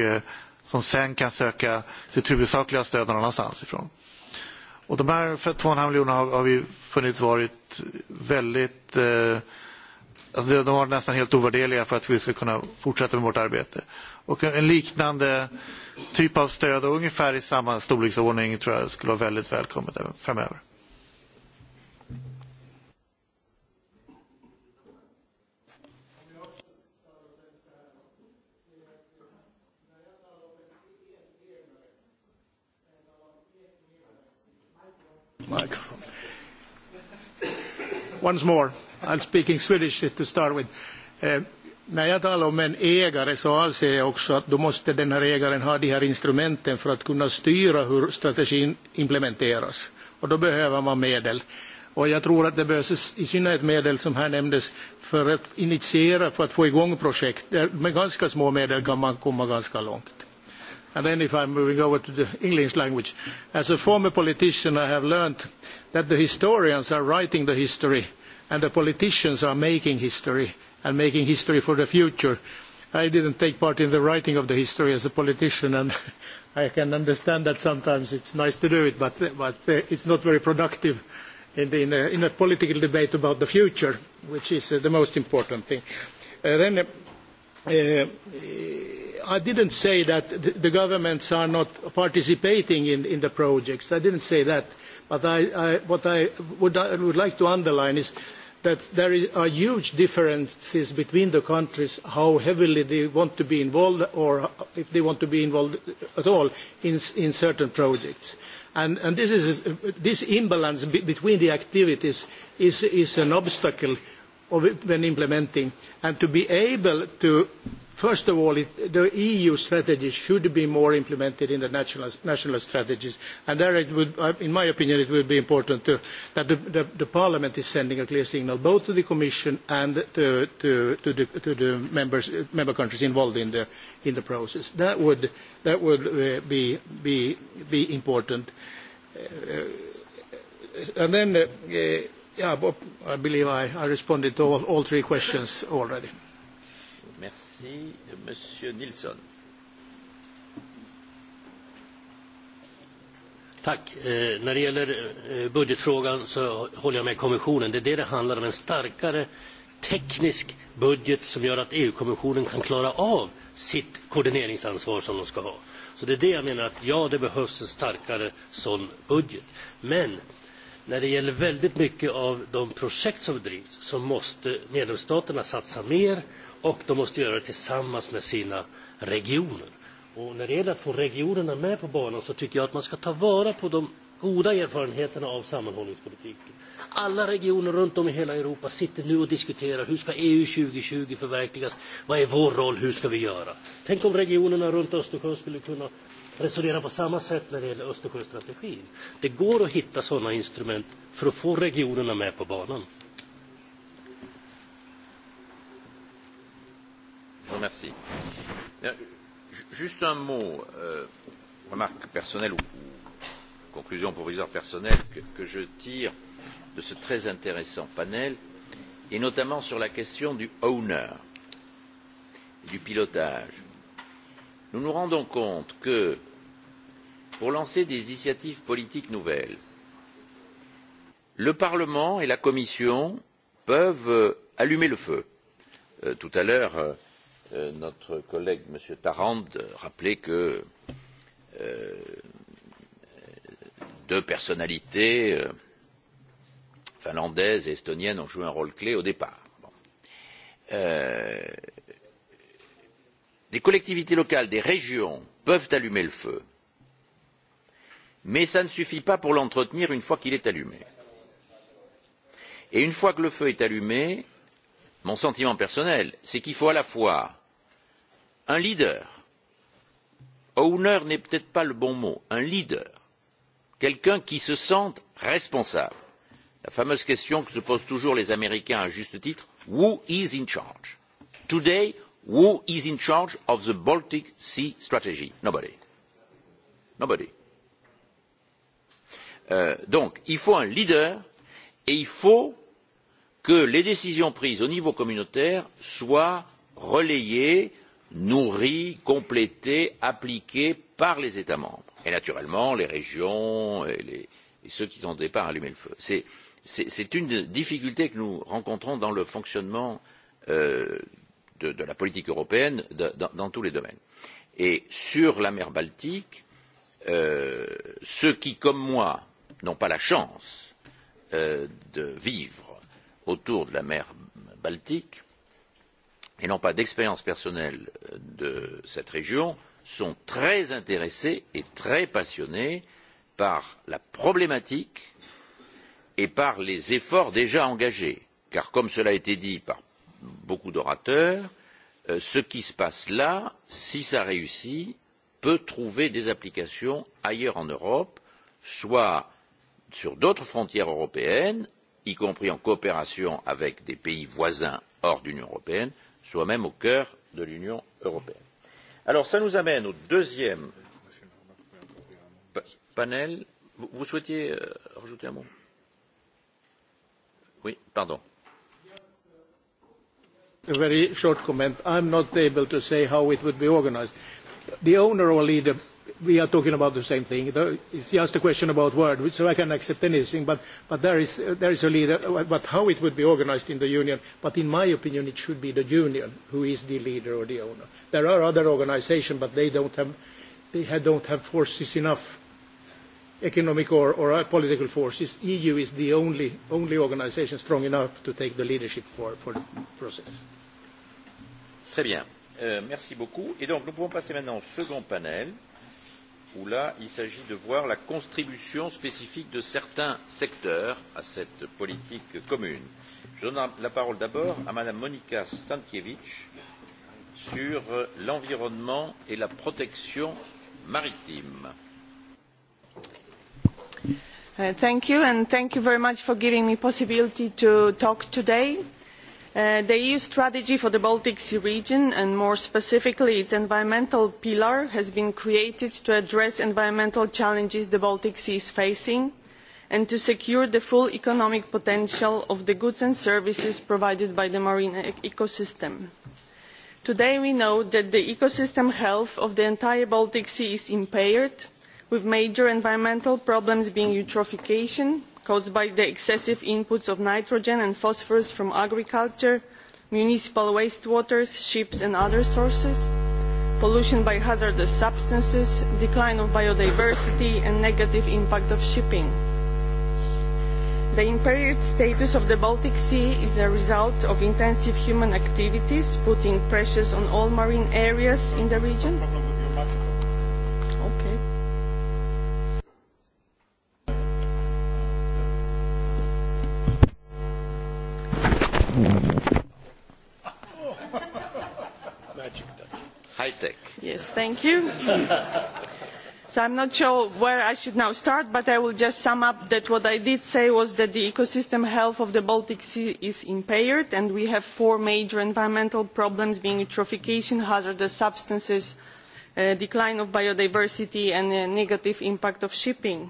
som sen kan söka sitt huvudsakliga stöd någon annanstans ifrån. Och de här 2,5 miljonerna har vi funnit varit väldigt... Alltså de var nästan helt ovärdeliga för att vi ska kunna fortsätta med vårt arbete. Och en liknande typ av stöd och ungefär i samma storleksordning tror jag skulle vara väldigt välkommet även framöver. microphone. Once more, I'm speaking Swedish to start with. När jag talar om en ägare så avser jag också att då måste den här ägaren ha de här instrumenten för att kunna styra hur strategin implementeras. Och då behöver man medel. Och jag tror att det behövs i synnerhet medel som här nämndes för att initiera, för att få igång projekt. Med ganska små medel kan man komma ganska långt and then if I'm moving over to the English language. As a former politician, I have learned that the historians are writing the history and the politicians are making history and making history for the future. I didn't take part in the writing of the history as a politician, and I can understand that sometimes it's nice to do it, but it's not very productive in a political debate about the future, which is the most important thing. Then I didn't say that the governments are not participating in the projects. I didn't say that. But what I would like to underline is that there are huge differences between the countries how heavily they want to be involved or if they want to be involved at all in certain projects. And this imbalance between the activities is an obstacle when implementing. And to be able to First of all, the EU strategy should be more implemented in the national strategies, and there, in my opinion, it would be important that the Parliament is sending a clear signal both to the Commission and to the member countries involved in the process. That would be important. And then, I believe I responded to all three questions already. Merci, Monsieur Tack. När det gäller budgetfrågan så håller jag med kommissionen. Det är det det handlar om, en starkare teknisk budget som gör att EU-kommissionen kan klara av sitt koordineringsansvar som de ska ha. Så det är det jag menar att ja, det behövs en starkare sån budget. Men när det gäller väldigt mycket av de projekt som drivs så måste medlemsstaterna satsa mer och de måste göra det tillsammans med sina regioner. Och när det gäller att få regionerna med på banan så tycker jag att man ska ta vara på de goda erfarenheterna av sammanhållningspolitiken. Alla regioner runt om i hela Europa sitter nu och diskuterar hur ska EU 2020 förverkligas, vad är vår roll, hur ska vi göra. Tänk om regionerna runt Östersjön skulle kunna resonera på samma sätt när det gäller Östersjöstrategin. Det går att hitta sådana instrument för att få regionerna med på banan. Juste un mot, remarque personnelle ou conclusion provisoire personnelle que je tire de ce très intéressant panel, et notamment sur la question du owner, du pilotage. Nous nous rendons compte que, pour lancer des initiatives politiques nouvelles, le Parlement et la Commission peuvent allumer le feu. Tout à l'heure, notre collègue M. Tarand rappeler que deux personnalités finlandaises et estoniennes ont joué un rôle clé au départ. Les collectivités locales des régions peuvent allumer le feu, mais ça ne suffit pas pour l'entretenir une fois qu'il est allumé. Et une fois que le feu est allumé, mon sentiment personnel, c'est qu'il faut à la fois un leader owner n'est peut être pas le bon mot un leader quelqu'un qui se sente responsable la fameuse question que se posent toujours les américains à juste titre who is in charge? today who is in charge of the baltic sea strategy? nobody. nobody. donc il faut un leader et il faut que les décisions prises au niveau communautaire soient relayées nourrie, complétée, appliquée par les États membres et naturellement les régions et ceux qui ont au départ allumé le feu. C'est une difficulté que nous rencontrons dans le fonctionnement de la politique européenne dans tous les domaines. Et sur la mer Baltique, ceux qui, comme moi, n'ont pas la chance de vivre autour de la mer Baltique et n'ont pas d'expérience personnelle de cette région, sont très intéressés et très passionnés par la problématique et par les efforts déjà engagés. Car, comme cela a été dit par beaucoup d'orateurs, ce qui se passe là, si cela réussit, peut trouver des applications ailleurs en Europe, soit sur d'autres frontières européennes, y compris en coopération avec des pays voisins hors de l'Union européenne, soit même au cœur de l'Union européenne. Alors, ça nous amène au deuxième panel. Vous souhaitiez rajouter un mot Oui, pardon. A very short comment. I'm not able to say how it would be organized. The owner or leader we are talking about the same thing. It's just a question about word, so I can accept anything. But there is a leader. But how it would be organised in the union. But in my opinion, it should be the union who is the leader or the owner. There are other organisations, but they don't have, they don't have forces enough, economic or or political forces. EU is the only only organisation strong enough to take the leadership for for the process. Très bien. Merci beaucoup. Et donc nous pouvons passer maintenant au second panel ou là il s'agit de voir la contribution spécifique de certains secteurs à cette politique commune. Je donne la parole d'abord à Madame Monika Stankiewicz sur l'environnement et la protection maritime. Thank you and thank you very much for giving me possibility to talk today the eu strategy for the baltic sea region and more specifically its environmental pillar has been created to address environmental challenges the baltic sea is facing and to secure the full economic potential of the goods and services provided by the marine ecosystem. today we know that the ecosystem health of the entire baltic sea is impaired with major environmental problems being eutrophication caused by the excessive inputs of nitrogen and phosphorus from agriculture, municipal wastewaters, ships and other sources, pollution by hazardous substances, decline of biodiversity and negative impact of shipping. The impaired status of the Baltic Sea is a result of intensive human activities putting pressures on all marine areas in the region high-tech. Yes, thank not sure where I should now start, but I will just sum up that what I did say was that the ecosystem health of the Baltic Sea is impaired, and we have four major environmental problems being eutrophication, hazardous substances, decline of biodiversity, and the negative impact of shipping.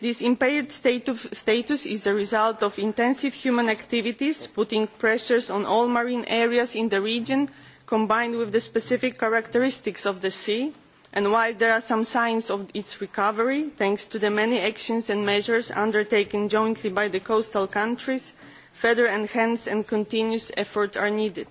This impaired status is the result of intensive human activities, putting pressures on all marine areas in the region, combined with the specific characteristics of the sea and while there are some signs of its recovery thanks to the many actions and measures undertaken jointly by the coastal countries further enhanced and continuous efforts are needed.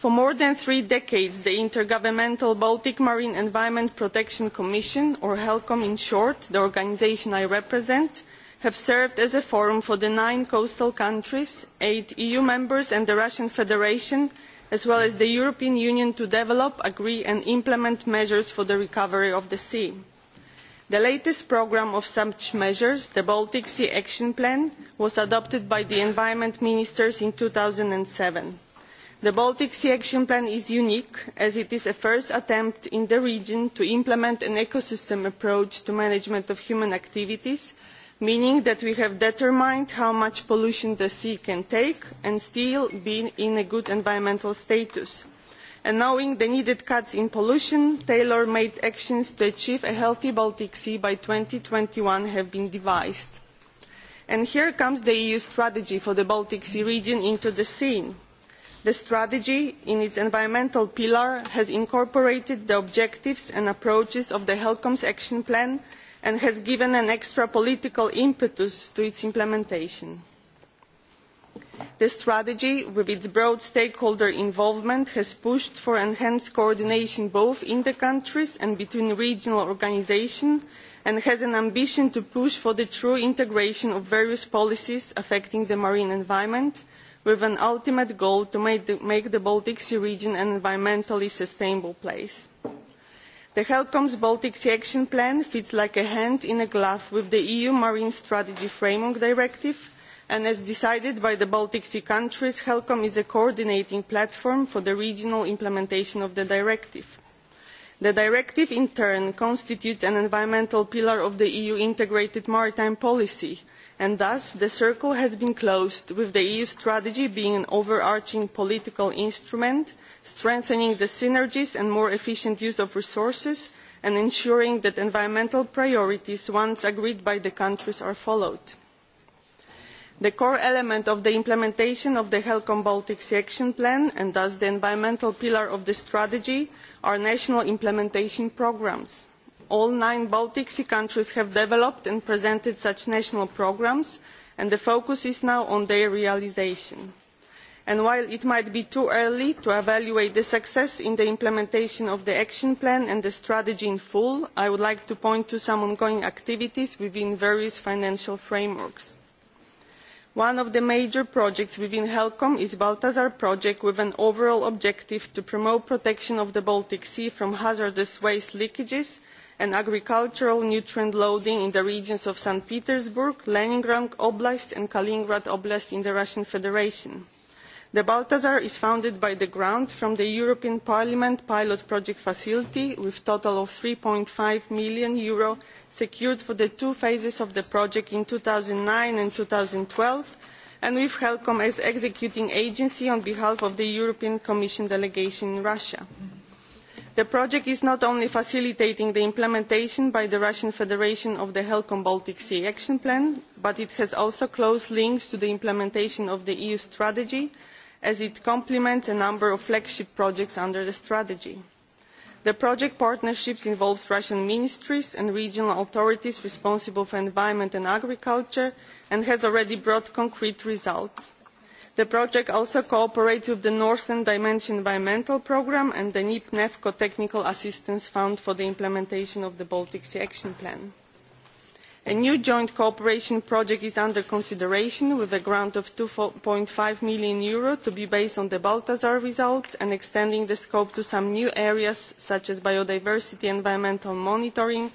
for more than three decades the intergovernmental baltic marine environment protection commission or helcom in short the organisation i represent have served as a forum for the nine coastal countries eight eu members and the russian federation as well as the European Union to develop, agree and implement measures for the recovery of the sea. The latest programme of such measures, the Baltic Sea Action Plan, was adopted by the Environment Ministers in 2007. The Baltic Sea Action Plan is unique as it is a first attempt in the region to implement an ecosystem approach to management of human activities meaning that we have determined how much pollution the sea can take and still be in a good environmental status. And knowing the needed cuts in pollution, tailor-made actions to achieve a healthy Baltic Sea by 2021 have been devised. And here comes the EU strategy for the Baltic Sea region into the scene. The strategy, in its environmental pillar, has incorporated the objectives and approaches of the HELCOM's action plan and has given an extra political impetus to its implementation. The strategy, with its broad stakeholder involvement, has pushed for enhanced coordination both in the countries and between regional organisations and has an ambition to push for the true integration of various policies affecting the marine environment, with an ultimate goal to make the Baltic Sea region an environmentally sustainable place the helcoms baltic sea action plan fits like a hand in a glove with the eu marine strategy framework directive and as decided by the baltic sea countries helcom is a coordinating platform for the regional implementation of the directive. the directive in turn constitutes an environmental pillar of the eu integrated maritime policy and thus the circle has been closed with the eu strategy being an overarching political instrument strengthening the synergies and more efficient use of resources and ensuring that environmental priorities once agreed by the countries are followed. the core element of the implementation of the helcom baltic action plan and thus the environmental pillar of the strategy are national implementation programmes all nine baltic sea countries have developed and presented such national programmes and the focus is now on their realisation. while it might be too early to evaluate the success in the implementation of the action plan and the strategy in full i would like to point to some ongoing activities within various financial frameworks. One of the major projects within HELCOM is the Baltazar project with an overall objective to promote protection of the Baltic Sea from hazardous waste leakages and agricultural nutrient loading in the regions of St. Petersburg, Leningrad Oblast and Kaliningrad Oblast in the Russian Federation. The Baltazar is founded by the grant from the European Parliament Pilot Project Facility with a total of EUR 3.5 million secured for the two phases of the project in 2009 and 2012 and with HELCOM as executing agency on behalf of the European Commission delegation in Russia. The project is not only facilitating the implementation by the Russian Federation of the Helcom Baltic Sea Action Plan, but it has also close links to the implementation of the EU strategy, as it complements a number of flagship projects under the strategy. The project partnerships involves Russian ministries and regional authorities responsible for environment and agriculture, and has already brought concrete results the project also cooperates with the northern dimension environmental programme and the nip nefco technical assistance fund for the implementation of the baltic sea action plan. a new joint cooperation project is under consideration with a grant of eur. two five million to be based on the Balthazar results and extending the scope to some new areas such as biodiversity environmental monitoring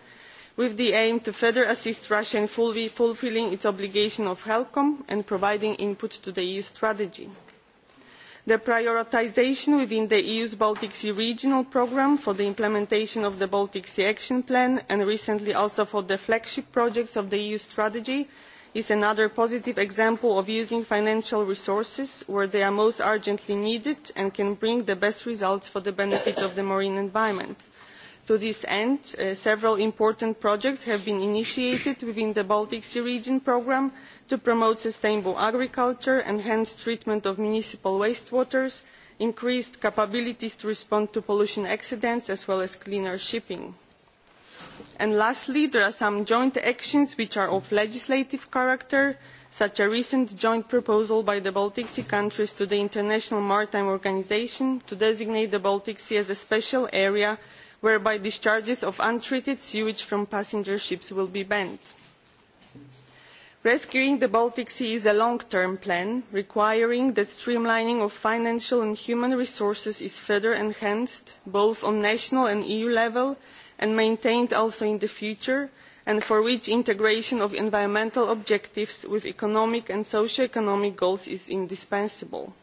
with the aim to further assist Russia in fulfilling its obligation of HELCOM and providing input to the EU strategy. The prioritisation within the EU's Baltic Sea Regional Programme for the implementation of the Baltic Sea Action Plan and recently also for the flagship projects of the EU strategy is another positive example of using financial resources where they are most urgently needed and can bring the best results for the benefit of the marine environment To this end, several important projects have been initiated within the Baltic Sea Region programme to promote sustainable agriculture, enhanced treatment of municipal wastewaters, increased capabilities to respond to pollution accidents, as well as cleaner shipping. And lastly, there are some joint actions which are of legislative character, such as a recent joint proposal by the Baltic Sea countries to the International Maritime Organisation to designate the Baltic Sea as a special area whereby discharges of untreated sewage from passenger ships will be banned. Rescuing the Baltic Sea is a long-term plan, requiring that streamlining of financial and human resources is further enhanced, both on national and EU level, and maintained also in the future, and for which integration of environmental objectives with economic and socio-economic goals is indispensable.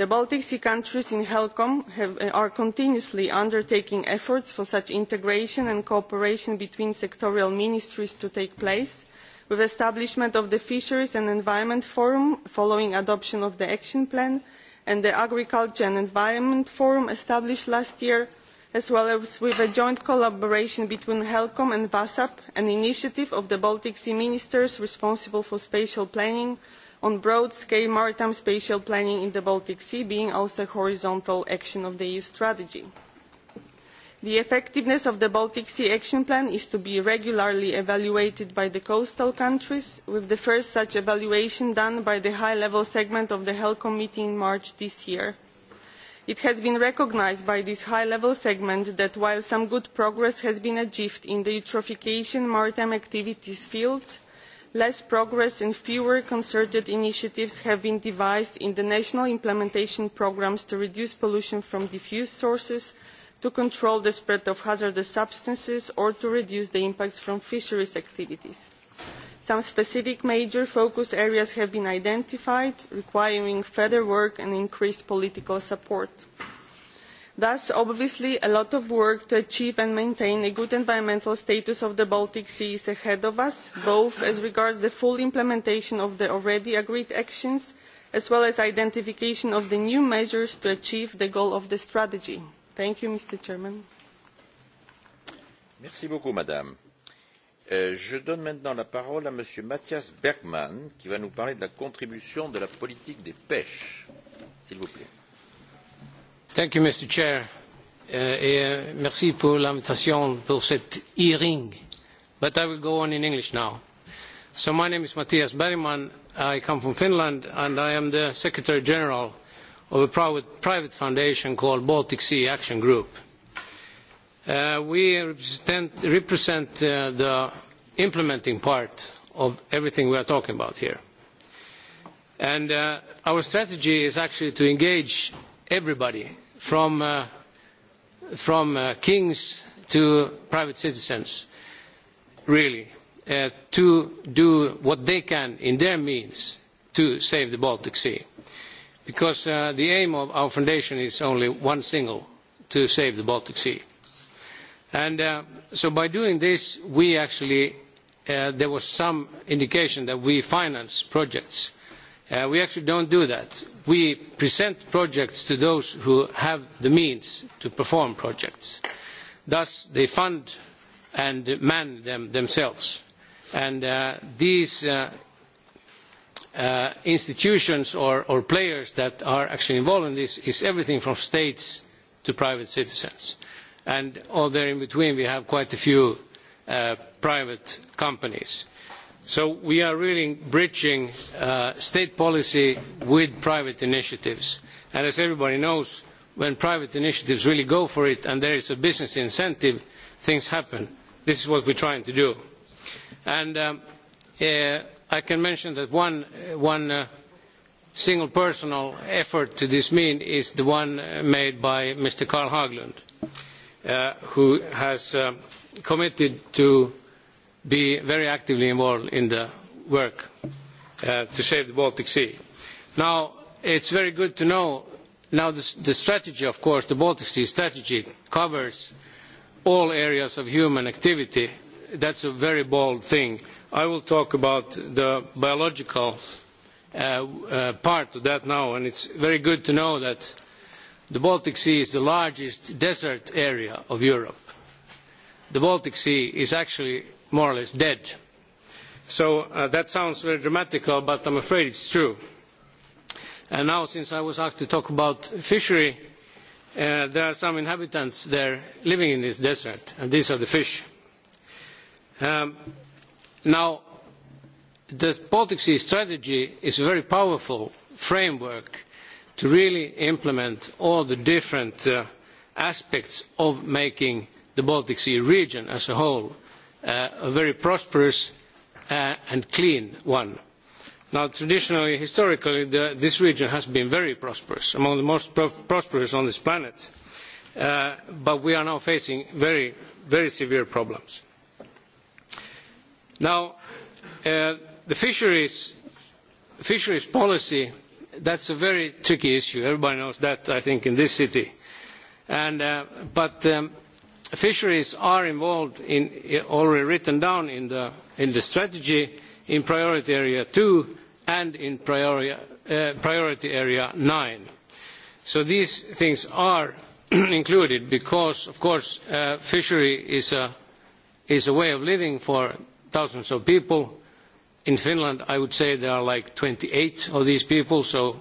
The Baltic Sea countries in HELCOM are continuously undertaking efforts for such integration and cooperation between sectoral ministries to take place, with the establishment of the Fisheries and Environment Forum following adoption of the Action Plan, and the Agriculture and Environment Forum established last year, as well as with a joint collaboration between HELCOM and VASAP, an initiative of the Baltic Sea ministers responsible for spatial planning on broad scale maritime spatial planning in the baltic sea being also a horizontal action of the eu strategy. the effectiveness of the baltic sea action plan is to be regularly evaluated by the coastal countries with the first such evaluation done by the high level segment of the helcom meeting in march this year. it has been recognised by this high level segment that while some good progress has been achieved in the eutrophication maritime activities field less progress and fewer concerted initiatives have been devised in the national implementation programmes to reduce pollution from diffuse sources to control the spread of hazardous substances or to reduce the impacts from fisheries activities. some specific major focus areas have been identified requiring further work and increased political support thus obviously a lot of work to achieve and maintain a good environmental status of the baltic sea is ahead of us both as regards the full implementation of the already agreed actions as well as identification of the new measures to achieve the goal of the strategy. thank you mr President. merci beaucoup madame. je donne maintenant la parole à Monsieur matthias bergmann qui va nous parler de la contribution de la politique des pêches s'il vous plaît. Thank you, Mr. Chair. Et merci pour l'invitation pour cette hearing. But I will go on in English now. So my name is Matthias Berryman. I come from Finland and I am the Secretary General of a private foundation called Baltic Sea Action Group. We represent the implementing part of everything we are talking about here. And our strategy is actually to engage everybody from kings to private citizens really to do what they can in their means to save the Baltic Sea because the aim of our foundation is only one single to save the Baltic Sea and so by doing this we actually there was some indication that we finance projects We actually don't do that. We present projects to those who have the means to perform projects. Thus, they fund and man them themselves. And these institutions or players that are actually involved in this is everything from states to private citizens. And all there in between, we have quite a few private companies So we are really bridging state policy with private initiatives. And as everybody knows, when private initiatives really go for it and there is a business incentive, things happen. This is what we are trying to do. And I can mention that one single personal effort to this mean is the one made by Mr. Carl Haglund, who has committed to be very actively involved in the work to save the Baltic Sea. Now, it's very good to know, now the strategy, of course, the Baltic Sea strategy covers all areas of human activity. That's a very bold thing. I will talk about the biological part of that now, and it's very good to know that the Baltic Sea is the largest desert area of Europe. The Baltic Sea is actually more or less dead. So that sounds very dramatic, but I'm afraid it's true. And now, since I was asked to talk about fishery, there are some inhabitants there living in this desert, and these are the fish. Now, the Baltic Sea strategy is a very powerful framework to really implement all the different aspects of making the Baltic Sea region as a whole a very prosperous and clean one. Now, traditionally, historically, this region has been very prosperous, among the most prosperous on this planet, but we are now facing very, very severe problems. Now, the fisheries policy, that's a very tricky issue. Everybody knows that, I think, in this city. But fisheries are involved in already written down in the strategy in priority area 2 and in priority area 9 so these things are included because of course fishery is a is a way of living for thousands of people in finland i would say there are like 28 of these people so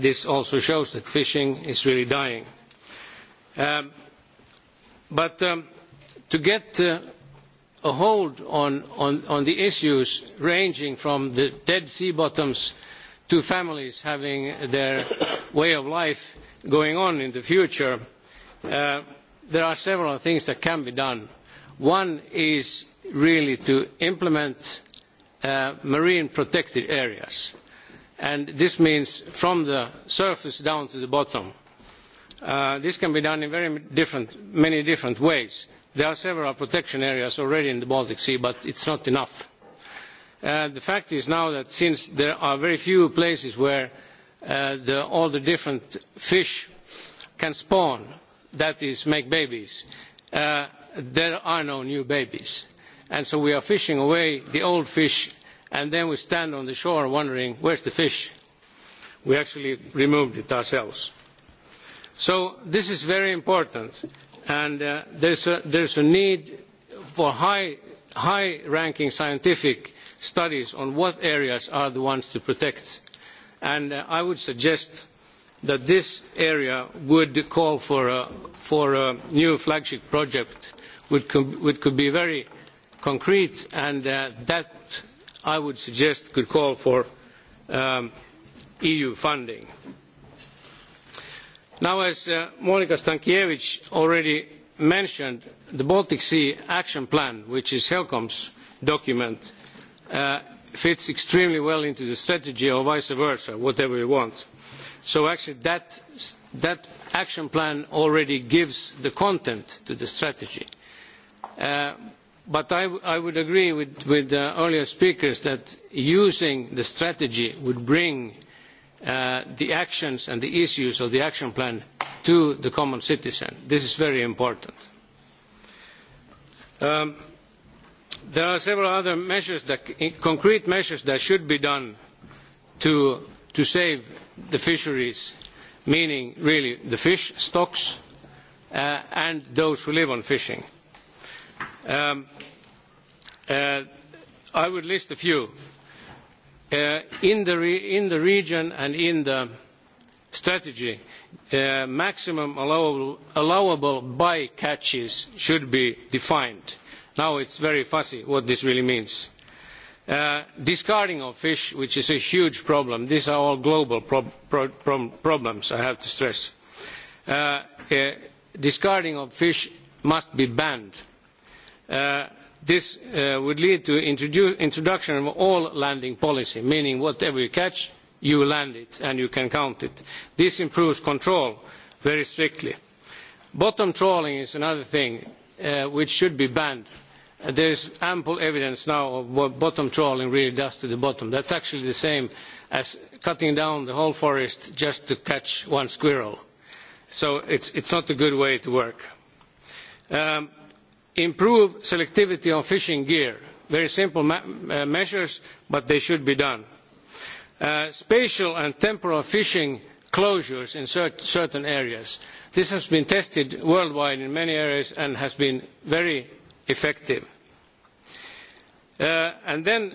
this also shows that fishing is really dying But to get a hold on the issues ranging from the dead sea bottoms to families having their way of life going on in the future, there are several things that can be done. One is really to implement marine protected areas, and this means from the surface down to the bottom This can be done in very different, many different ways. There are several protection areas already in the Baltic Sea, but it's not enough. The fact is now that since there are very few places where all the different fish can spawn, that is, make babies, there are no new babies. And so we are fishing away the old fish, and then we stand on the shore wondering, where's the fish? We actually removed it ourselves. So this is very important and there is a need for high ranking scientific studies on what areas are the ones to protect. And I would suggest that this area would call for a new flagship project which could be very concrete and that I would suggest could call for EU funding. Now, as Monika Stankiewicz already mentioned, the Baltic Sea Action Plan, which is HELCOM's document, fits extremely well into the strategy or vice versa, whatever you want. So actually that action plan already gives the content to the strategy. But I would agree with the earlier speakers that using the strategy would bring the actions and the issues of the action plan to the common citizen. This is very important. There are several other measures, concrete measures that should be done to save the fisheries, meaning really the fish stocks and those who live on fishing. I would list a few in the region and in the strategy maximum allowable by catches should be defined. now it's very fuzzy what this really means. discarding of fish which is a huge problem these are all global problems i have to stress discarding of fish must be banned. This would lead to introduction of all landing policy, meaning whatever you catch, you land it and you can count it. This improves control very strictly. Bottom trawling is another thing which should be banned. There is ample evidence now of what bottom trawling really does to the bottom. That's actually the same as cutting down the whole forest just to catch one squirrel. So it's not a good way to work improve selectivity of fishing gear very simple measures but they should be done spatial and temporal fishing closures in certain areas this has been tested worldwide in many areas and has been very effective and then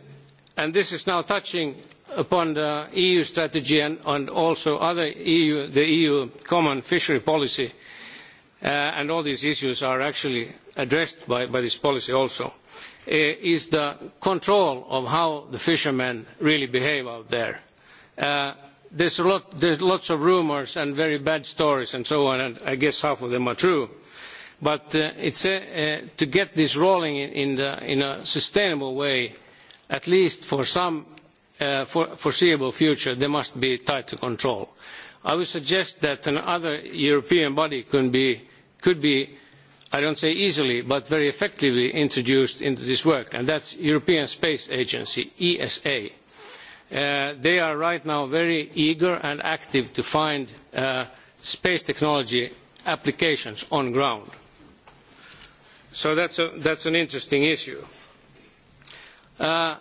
and this is now touching upon the eu strategy and also other the eu common fishery policy and all these issues are actually addressed by this policy also, is the control of how the fishermen really behave out there. There's lots of rumours and very bad stories and so on, and I guess half of them are true. But to get this rolling in a sustainable way, at least for some foreseeable future, there must be tighter control. I would suggest that another European body could be, I don't say easily, but very effectively introduced into this work, and that's European Space Agency, ESA. They are right now very eager and active to find space technology applications on ground. So that's an interesting issue. There are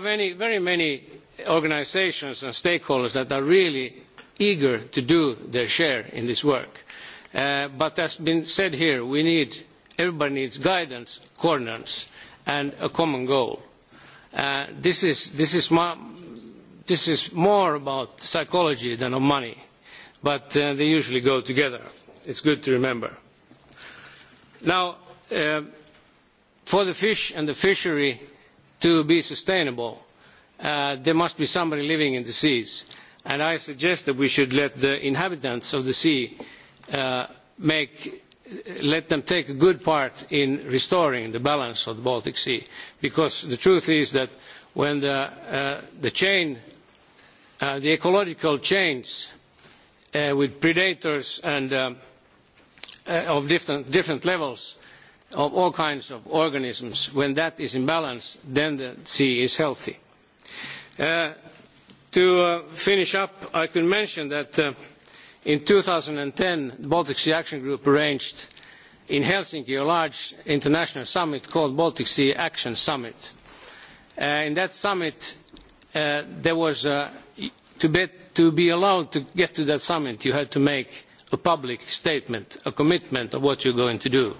very many organisations and stakeholders that are really eager to do their share in this work. But as has been said here, we need everybody needs guidance, coordinates and a common goal. This is more about psychology than of money, but they usually go together. It's good to remember. Now, for the fish and the fishery to be sustainable, there must be somebody living in the seas and I suggest that we should let the inhabitants of the sea let them take a good part in restoring the balance of the Baltic Sea, because the truth is that when the chain, the ecological chains with predators and of different levels of all kinds of organisms, when that is in balance, then the sea is healthy. To finish up, I could mention that in 2010 the Baltic Sea Action Group arranged in Helsinki a large international summit called Baltic Sea Action Summit. In that summit, there was to be allowed to get to that summit, you had to make a public statement, a commitment of what you are going to do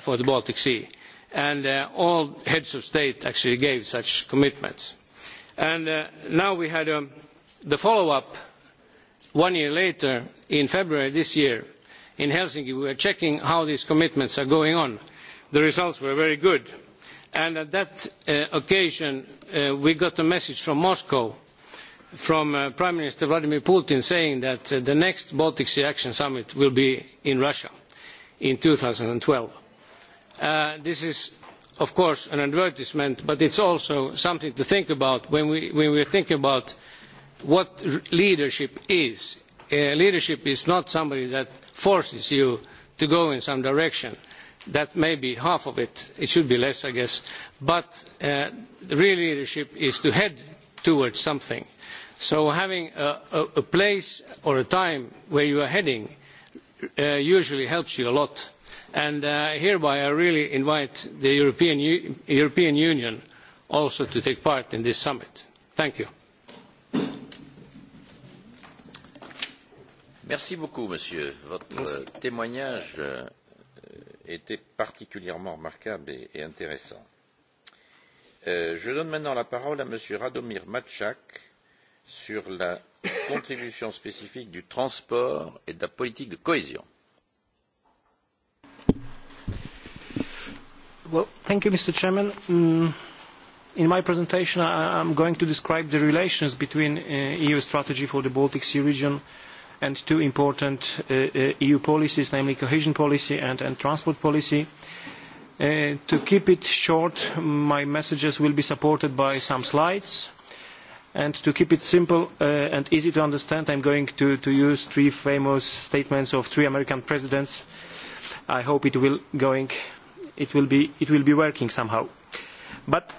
for the Baltic Sea, and all heads of state actually gave such commitments and now we had the follow up one year later in february this year in helsinki we were checking how these commitments are going on. the results were very good and on that occasion we got a message from moscow from prime minister vladimir putin saying that the next baltic sea action summit will be in russia in. two thousand and twelve this is of course an advertisement but it is also something to think about when we think about what leadership is. leadership is not somebody that forces you to go in some direction. that may be half of it it should be less i guess but real leadership is to head towards something. so having a place or a time where you are heading usually helps you a lot and hereby i really invite the european union also to take part in this summit. thank you. merci beaucoup monsieur. votre témoignage était particulièrement remarquable et intéressant. je donne maintenant la parole à monsieur radomir matchak sur la contribution spécifique du transport et de la politique de cohésion. Well, thank you, Mr. Chairman. In my presentation, I am going to describe the relations between EU strategy for the Baltic Sea region and two important EU policies, namely cohesion policy and transport policy. To keep it short, my messages will be supported by some slides. And to keep it simple and easy to understand, I am going to use three famous statements of three American presidents. I hope it will going it will be working somehow. But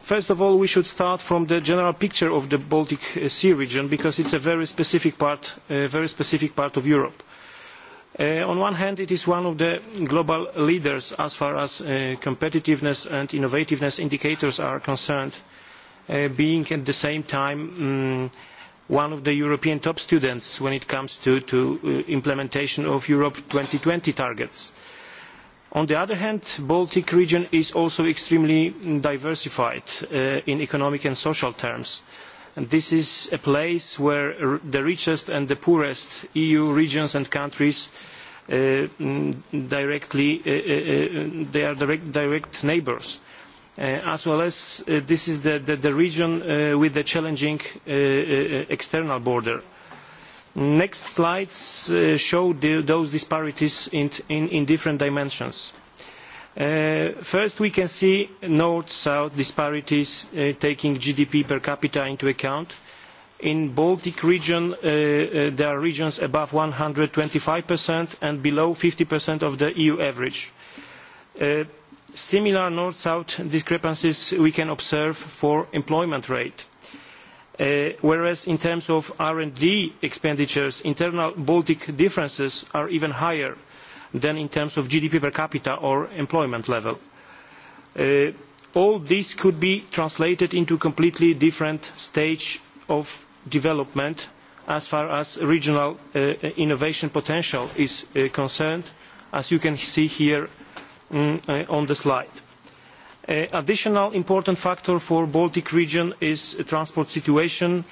first of all, we should start from the general picture of the Baltic Sea region because it's a very specific part, very specific part of Europe. On one hand, it is one of the global leaders as far as competitiveness and innovativeness indicators are concerned, being at the same time one of the European top students when it comes to implementation of Europe 2020 targets On the other hand, the Baltic region is also extremely diversified in economic and social terms. This is a place where the richest and the poorest EU regions and countries directly are direct neighbours, as well as this is the region with the challenging external border Next slides show those disparities in different dimensions. First, we can see north-south disparities taking GDP per capita into account. In Baltic region, there are regions above 125% and below 50% of the EU average. Similar north-south discrepancies we can observe for employment rate whereas in terms of R&D expenditures, internal Baltic differences are even higher than in terms of GDP per capita or employment level. All this could be translated into a completely different stage of development as far as regional innovation potential is concerned, as you can see here on the slide. An Additional important factor for the Baltic region is the transport situation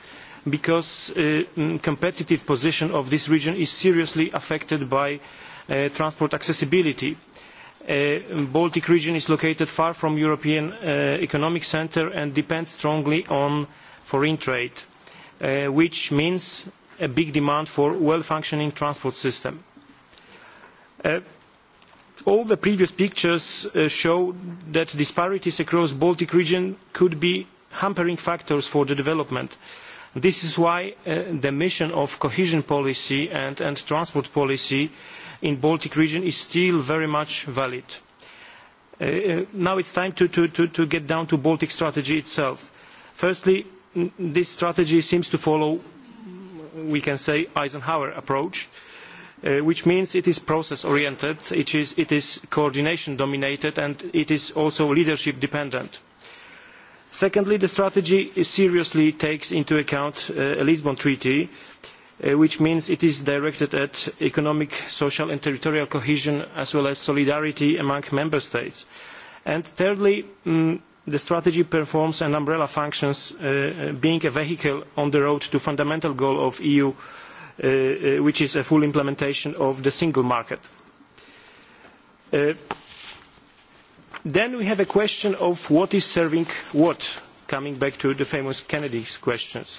because the competitive position of this region is seriously affected by transport accessibility. The Baltic region is located far from the European economic centre and depends strongly on foreign trade, which means a big demand for a well-functioning transport system all the previous pictures show that disparities across the baltic region could be hampering factors for the development. this is why the mission of cohesion policy and transport policy in the baltic region is still very much valid. now it is time to get down to the baltic strategy itself. firstly this strategy seems to follow we can say eisenhower approach which means it is process oriented it is coordination dominated and it is also leadership dependent. secondly the strategy seriously takes into account the lisbon treaty which means it is directed at economic social and territorial cohesion as well as solidarity among member states. and thirdly the strategy performs an umbrella function being a vehicle on the road to the fundamental goal of eu which is a full implementation of the single market. Then we have a question of what is serving what, coming back to the famous Kennedy's questions.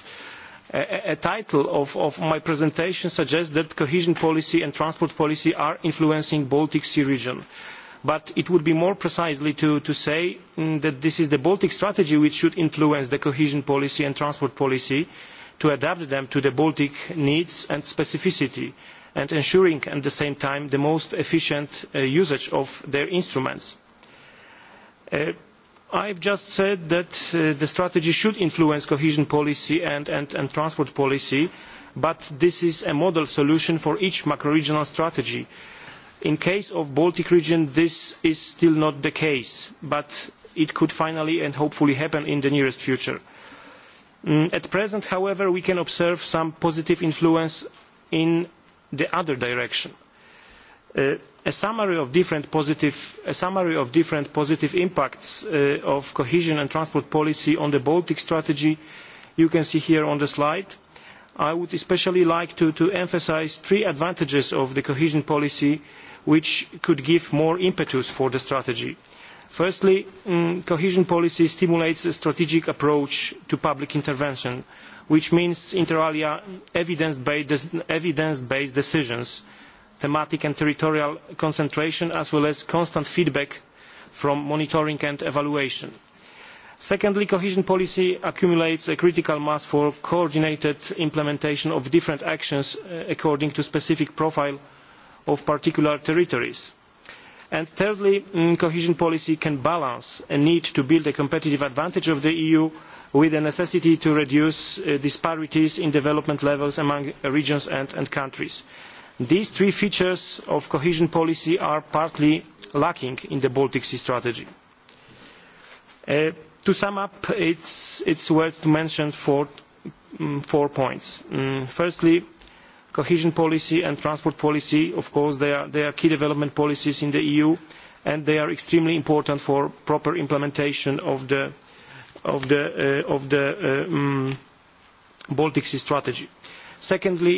A title of my presentation suggests that cohesion policy and transport policy are influencing Baltic Sea region. But it would be more precisely to say that this is the Baltic strategy which should influence the cohesion policy and transport policy to adapt them to the Baltic needs and specificity, and ensuring at the same time the most efficient usage of their instruments. I have just said that the strategy should influence cohesion policy and transport policy, but this is a model solution for each macro-regional strategy. In case of the Baltic region, this is still not the case, but it could finally and hopefully happen in the nearest future. At present, however, we can observe some positive influence in the other direction. A summary of different positive impacts of cohesion and transport policy on the Baltic strategy you can see here on the slide. I would especially like to emphasise three advantages of the cohesion policy which could give more impetus for the strategy. Firstly, cohesion policy stimulates a strategic approach to public intervention, which means inter alia evidence-based decisions, thematic and territorial concentration, as well as constant feedback from monitoring and evaluation. Secondly, cohesion policy accumulates a critical mass for coordinated implementation of different actions according to the specific profile of particular territories and thirdly cohesion policy can balance a need to build a competitive advantage of the eu with the necessity to reduce disparities in development levels among regions and countries. these three features of cohesion policy are partly lacking in the baltic sea strategy. to sum up it is worth mentioning four points. firstly cohesion policy and transport policy of course they are key development policies in the eu and they are extremely important for proper implementation of the baltic sea strategy. secondly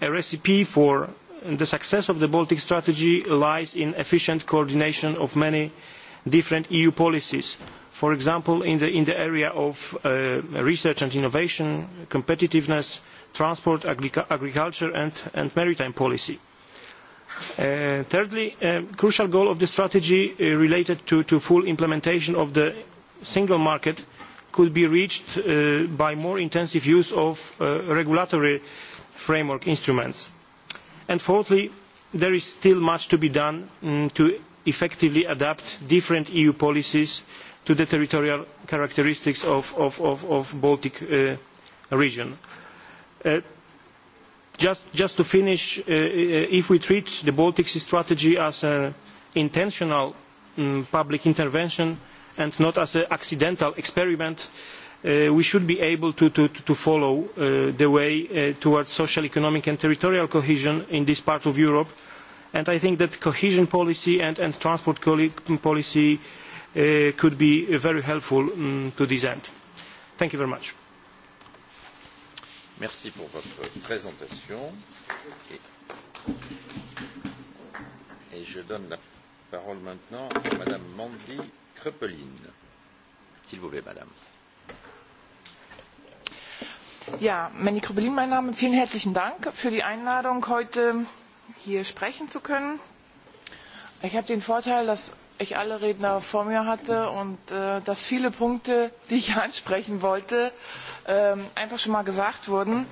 a recipe for the success of the baltic strategy lies in efficient coordination of many different eu policies for example in the area of research and innovation competitiveness transport, agriculture and maritime policy. Thirdly, a crucial goal of the strategy related to full implementation of the single market could be reached by more intensive use of regulatory framework instruments. And fourthly, there is still much to be done to effectively adapt different EU policies to the territorial characteristics of the Baltic region. Just to finish, if we treat the Baltic Sea strategy as an intentional public intervention and not as an accidental experiment, we should be able to follow the way towards social, economic and territorial cohesion in this part of Europe. And I think that cohesion policy and transport policy could be very helpful to this end. Thank you very much. Merci pour votre présentation. Et je donne la parole maintenant à Madame Mandy Kröppelin. S'il vous plaît, Madame. Ja, Mandy Kröppelin, mein Name. Vielen herzlichen Dank für die Einladung, heute hier sprechen zu können. Ich habe den Vorteil, dass ich alle Redner vor mir hatte und dass viele Punkte, die ich ansprechen wollte, einfach schon mal gesagt wurden.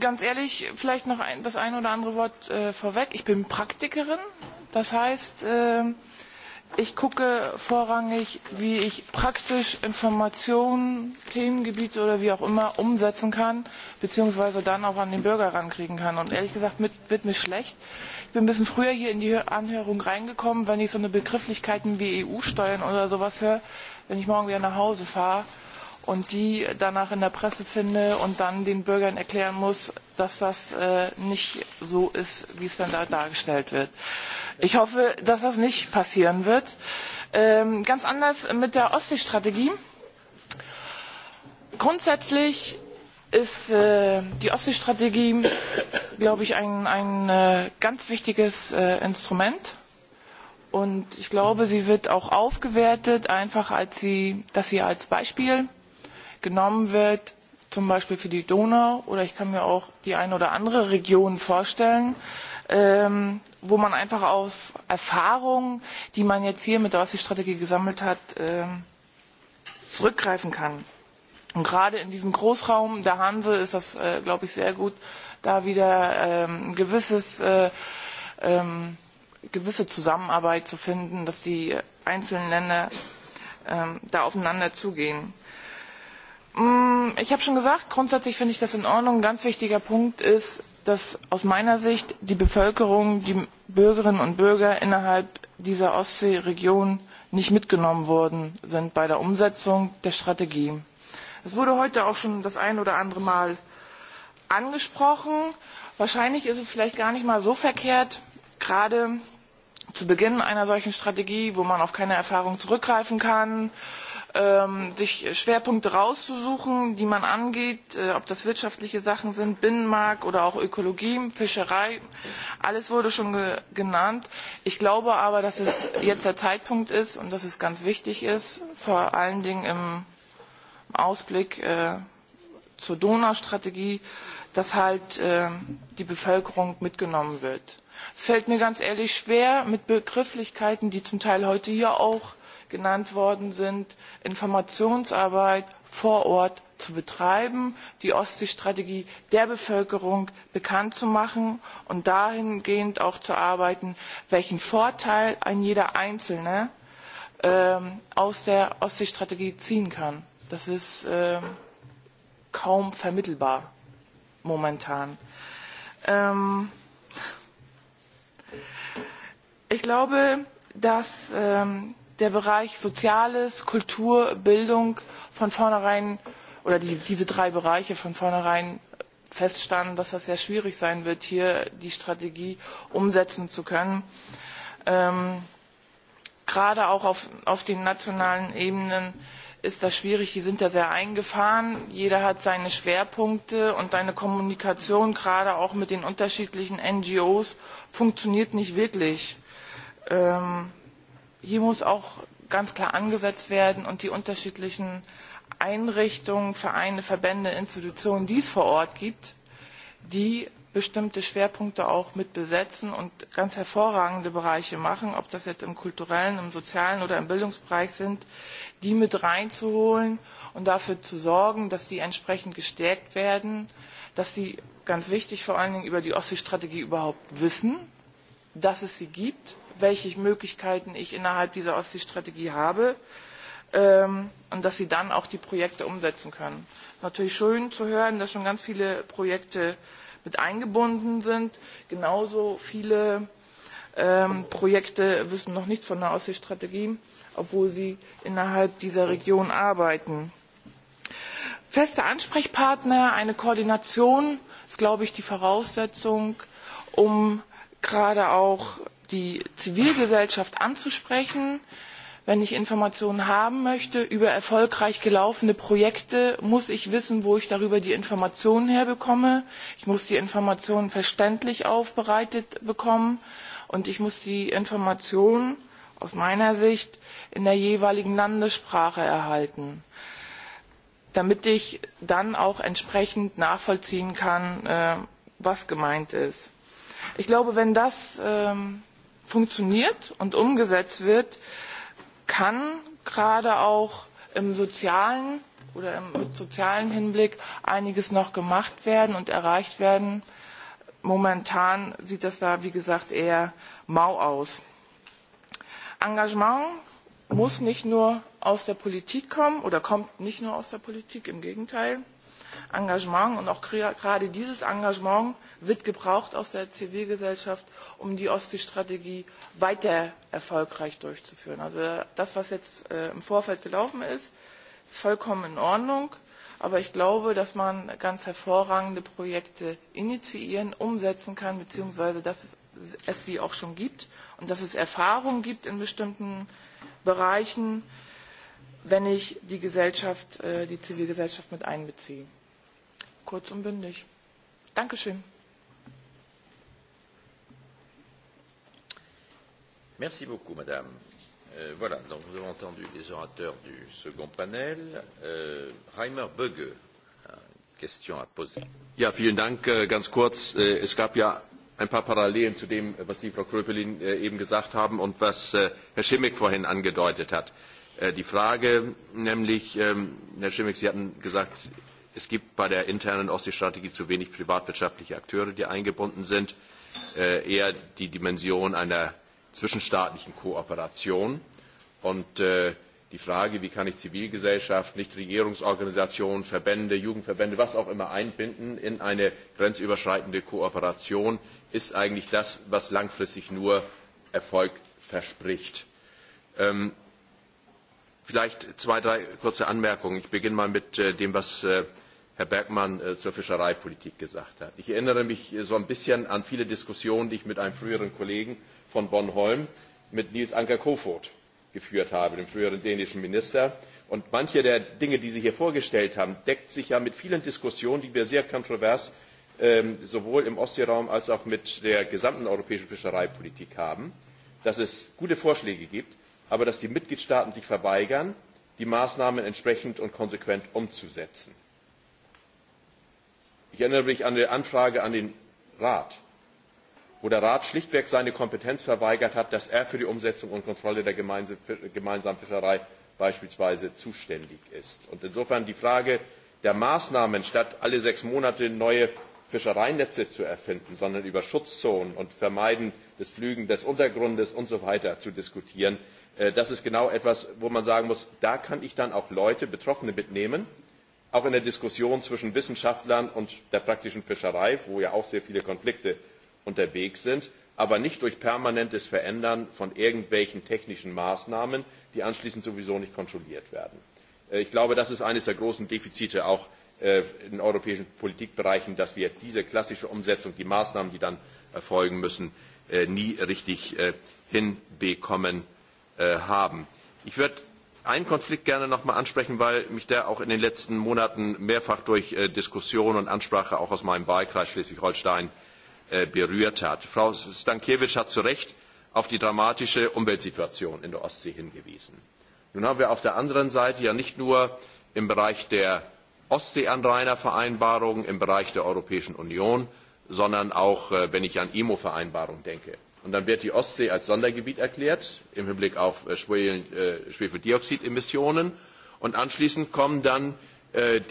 Ganz ehrlich, vielleicht noch das ein oder andere Wort vorweg. Ich bin Praktikerin. Das heißt, ich gucke vorrangig wie ich praktisch informationen themengebiete oder wie auch immer umsetzen kann beziehungsweise dann auch an den bürger rankriegen kann. und ehrlich gesagt wird mir schlecht. ich bin ein bisschen früher hier in die anhörung reingekommen wenn ich so eine begrifflichkeiten wie eu steuern oder sowas höre wenn ich morgen wieder nach hause fahre und die danach in der Presse finde und dann den Bürgern erklären muss, dass das nicht so ist, wie es dann da dargestellt wird. Ich hoffe, dass das nicht passieren wird. Ganz anders mit der Ostseestrategie. Grundsätzlich ist die Ostseestrategie, glaube ich, ein ganz wichtiges Instrument. Und ich glaube, sie wird auch aufgewertet, einfach als sie, dass sie als Beispiel genommen wird, zum Beispiel für die Donau oder ich kann mir auch die eine oder andere Region vorstellen, wo man einfach auf Erfahrungen, die man jetzt hier mit der Strategie gesammelt hat, zurückgreifen kann. Und gerade in diesem Großraum der Hanse ist das, glaube ich, sehr gut, da wieder gewisse Zusammenarbeit zu finden, dass die einzelnen Länder da aufeinander zugehen. Ich habe schon gesagt, grundsätzlich finde ich das in Ordnung. Ein ganz wichtiger Punkt ist, dass aus meiner Sicht die Bevölkerung, die Bürgerinnen und Bürger innerhalb dieser Ostseeregion nicht mitgenommen worden sind bei der Umsetzung der Strategie. Es wurde heute auch schon das ein oder andere Mal angesprochen. Wahrscheinlich ist es vielleicht gar nicht mal so verkehrt, gerade zu Beginn einer solchen Strategie, wo man auf keine Erfahrung zurückgreifen kann, sich Schwerpunkte rauszusuchen, die man angeht, ob das wirtschaftliche Sachen sind, Binnenmarkt oder auch Ökologie, Fischerei, alles wurde schon genannt. Ich glaube aber, dass es jetzt der Zeitpunkt ist und dass es ganz wichtig ist, vor allen Dingen im Ausblick zur Donaustrategie, dass halt die Bevölkerung mitgenommen wird. Es fällt mir ganz ehrlich schwer, mit Begrifflichkeiten, die zum Teil heute hier auch genannt worden sind, Informationsarbeit vor Ort zu betreiben, die ostsee der Bevölkerung bekannt zu machen und dahingehend auch zu arbeiten, welchen Vorteil ein jeder Einzelne aus der ostsee ziehen kann. Das ist kaum vermittelbar momentan. Ich glaube, dass der Bereich Soziales, Kultur, Bildung von vornherein oder diese drei Bereiche von vornherein feststanden, dass das sehr schwierig sein wird, hier die Strategie umsetzen zu können. Gerade auch auf den nationalen Ebenen ist das schwierig, die sind ja sehr eingefahren, jeder hat seine Schwerpunkte und deine Kommunikation, gerade auch mit den unterschiedlichen NGOs, funktioniert nicht wirklich hier muss auch ganz klar angesetzt werden und die unterschiedlichen Einrichtungen, Vereine, Verbände, Institutionen, die es vor Ort gibt, die bestimmte Schwerpunkte auch mit besetzen und ganz hervorragende Bereiche machen, ob das jetzt im kulturellen, im sozialen oder im Bildungsbereich sind, die mit reinzuholen und dafür zu sorgen, dass sie entsprechend gestärkt werden, dass sie ganz wichtig vor allen Dingen über die Ostsee-Strategie überhaupt wissen, dass es sie gibt welche Möglichkeiten ich innerhalb dieser Ostseestrategie habe und dass sie dann auch die Projekte umsetzen können. Es ist natürlich schön zu hören, dass schon ganz viele Projekte mit eingebunden sind. Genauso viele Projekte wissen noch nichts von der Ostseestrategie, obwohl sie innerhalb dieser Region arbeiten. Feste Ansprechpartner, eine Koordination ist, glaube ich, die Voraussetzung, um gerade auch die Zivilgesellschaft anzusprechen, wenn ich Informationen haben möchte über erfolgreich gelaufene Projekte, muss ich wissen, wo ich darüber die Informationen herbekomme. Ich muss die Informationen verständlich aufbereitet bekommen und ich muss die Informationen aus meiner Sicht in der jeweiligen Landessprache erhalten, damit ich dann auch entsprechend nachvollziehen kann, was gemeint ist. Ich glaube, wenn das funktioniert und umgesetzt wird, kann gerade auch im sozialen oder im sozialen Hinblick einiges noch gemacht werden und erreicht werden. Momentan sieht das da, wie gesagt, eher mau aus. Engagement muss nicht nur aus der Politik kommen oder kommt nicht nur aus der Politik, im Gegenteil. Engagement und auch gerade dieses Engagement wird gebraucht aus der Zivilgesellschaft, um die Ostsee-Strategie weiter erfolgreich durchzuführen. Also das, was jetzt im Vorfeld gelaufen ist, ist vollkommen in Ordnung. Aber ich glaube, dass man ganz hervorragende Projekte initiieren, umsetzen kann, beziehungsweise dass es sie auch schon gibt und dass es Erfahrungen gibt in bestimmten Bereichen, wenn ich die Zivilgesellschaft mit einbeziehe kurz und bündig. Dankeschön. Merci beaucoup, Madame. Voilà, donc vous avez entendu les orateurs du second panel. Reimer Böge, question à poser. Ja, vielen Dank. Ganz kurz, es gab ja ein paar Parallelen zu dem, was die Frau Kröpelin eben gesagt haben und was Herr Schimmick vorhin angedeutet hat. Die Frage nämlich, Herr Schimmick, Sie hatten gesagt, Es gibt bei der internen Ostseestrategie zu wenig privatwirtschaftliche Akteure, die eingebunden sind, eher die Dimension einer zwischenstaatlichen Kooperation. Und die Frage, wie kann ich Zivilgesellschaft, Nichtregierungsorganisationen, Verbände, Jugendverbände, was auch immer einbinden in eine grenzüberschreitende Kooperation, ist eigentlich das, was langfristig nur Erfolg verspricht. Vielleicht zwei, drei kurze Anmerkungen. Ich beginne mal mit dem, was Herr Bergmann zur Fischereipolitik gesagt hat. Ich erinnere mich so ein bisschen an viele Diskussionen, die ich mit einem früheren Kollegen von bonn mit Nils Anker Kofod, geführt habe, dem früheren dänischen Minister. Und manche der Dinge, die Sie hier vorgestellt haben, deckt sich ja mit vielen Diskussionen, die wir sehr kontrovers sowohl im Ostseeraum als auch mit der gesamten europäischen Fischereipolitik haben, dass es gute Vorschläge gibt, aber dass die Mitgliedstaaten sich verweigern, die Maßnahmen entsprechend und konsequent umzusetzen ich erinnere mich an die anfrage an den rat wo der rat schlichtweg seine kompetenz verweigert hat dass er für die umsetzung und kontrolle der gemeinsamen fischerei beispielsweise zuständig ist. insofern die frage der maßnahmen statt alle sechs monate neue fischereinetze zu erfinden sondern über schutzzonen und vermeiden des pflügens des untergrundes und so weiter zu diskutieren das ist genau etwas wo man sagen muss da kann ich dann auch leute betroffene mitnehmen auch in der Diskussion zwischen Wissenschaftlern und der praktischen Fischerei, wo ja auch sehr viele Konflikte unterwegs sind, aber nicht durch permanentes Verändern von irgendwelchen technischen Maßnahmen, die anschließend sowieso nicht kontrolliert werden. Ich glaube, das ist eines der großen Defizite auch in europäischen Politikbereichen, dass wir diese klassische Umsetzung, die Maßnahmen, die dann erfolgen müssen, nie richtig hinbekommen haben. Ich einen Konflikt gerne noch einmal ansprechen, weil mich der auch in den letzten Monaten mehrfach durch Diskussion und Ansprache auch aus meinem Wahlkreis Schleswig-Holstein berührt hat. Frau Stankiewicz hat zu Recht auf die dramatische Umweltsituation in der Ostsee hingewiesen. Nun haben wir auf der anderen Seite ja nicht nur im Bereich der Vereinbarungen, im Bereich der Europäischen Union, sondern auch, wenn ich an IMO-Vereinbarungen denke Und dann wird die Ostsee als Sondergebiet erklärt im Hinblick auf Schwefeldioxidemissionen. Und anschließend kommen dann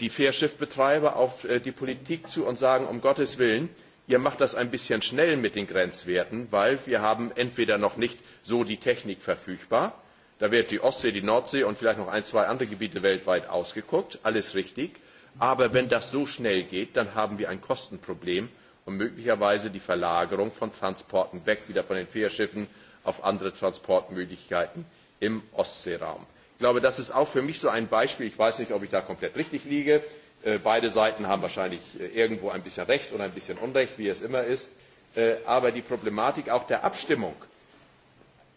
die Fährschiffbetreiber auf die Politik zu und sagen, um Gottes Willen, ihr macht das ein bisschen schnell mit den Grenzwerten, weil wir haben entweder noch nicht so die Technik verfügbar, da wird die Ostsee, die Nordsee und vielleicht noch ein, zwei andere Gebiete weltweit ausgeguckt, alles richtig. Aber wenn das so schnell geht, dann haben wir ein Kostenproblem und möglicherweise die Verlagerung von Transporten weg wieder von den Fährschiffen auf andere Transportmöglichkeiten im Ostseeraum. Ich glaube, das ist auch für mich so ein Beispiel. Ich weiß nicht, ob ich da komplett richtig liege. Beide Seiten haben wahrscheinlich irgendwo ein bisschen Recht und ein bisschen Unrecht, wie es immer ist. Aber die Problematik auch der Abstimmung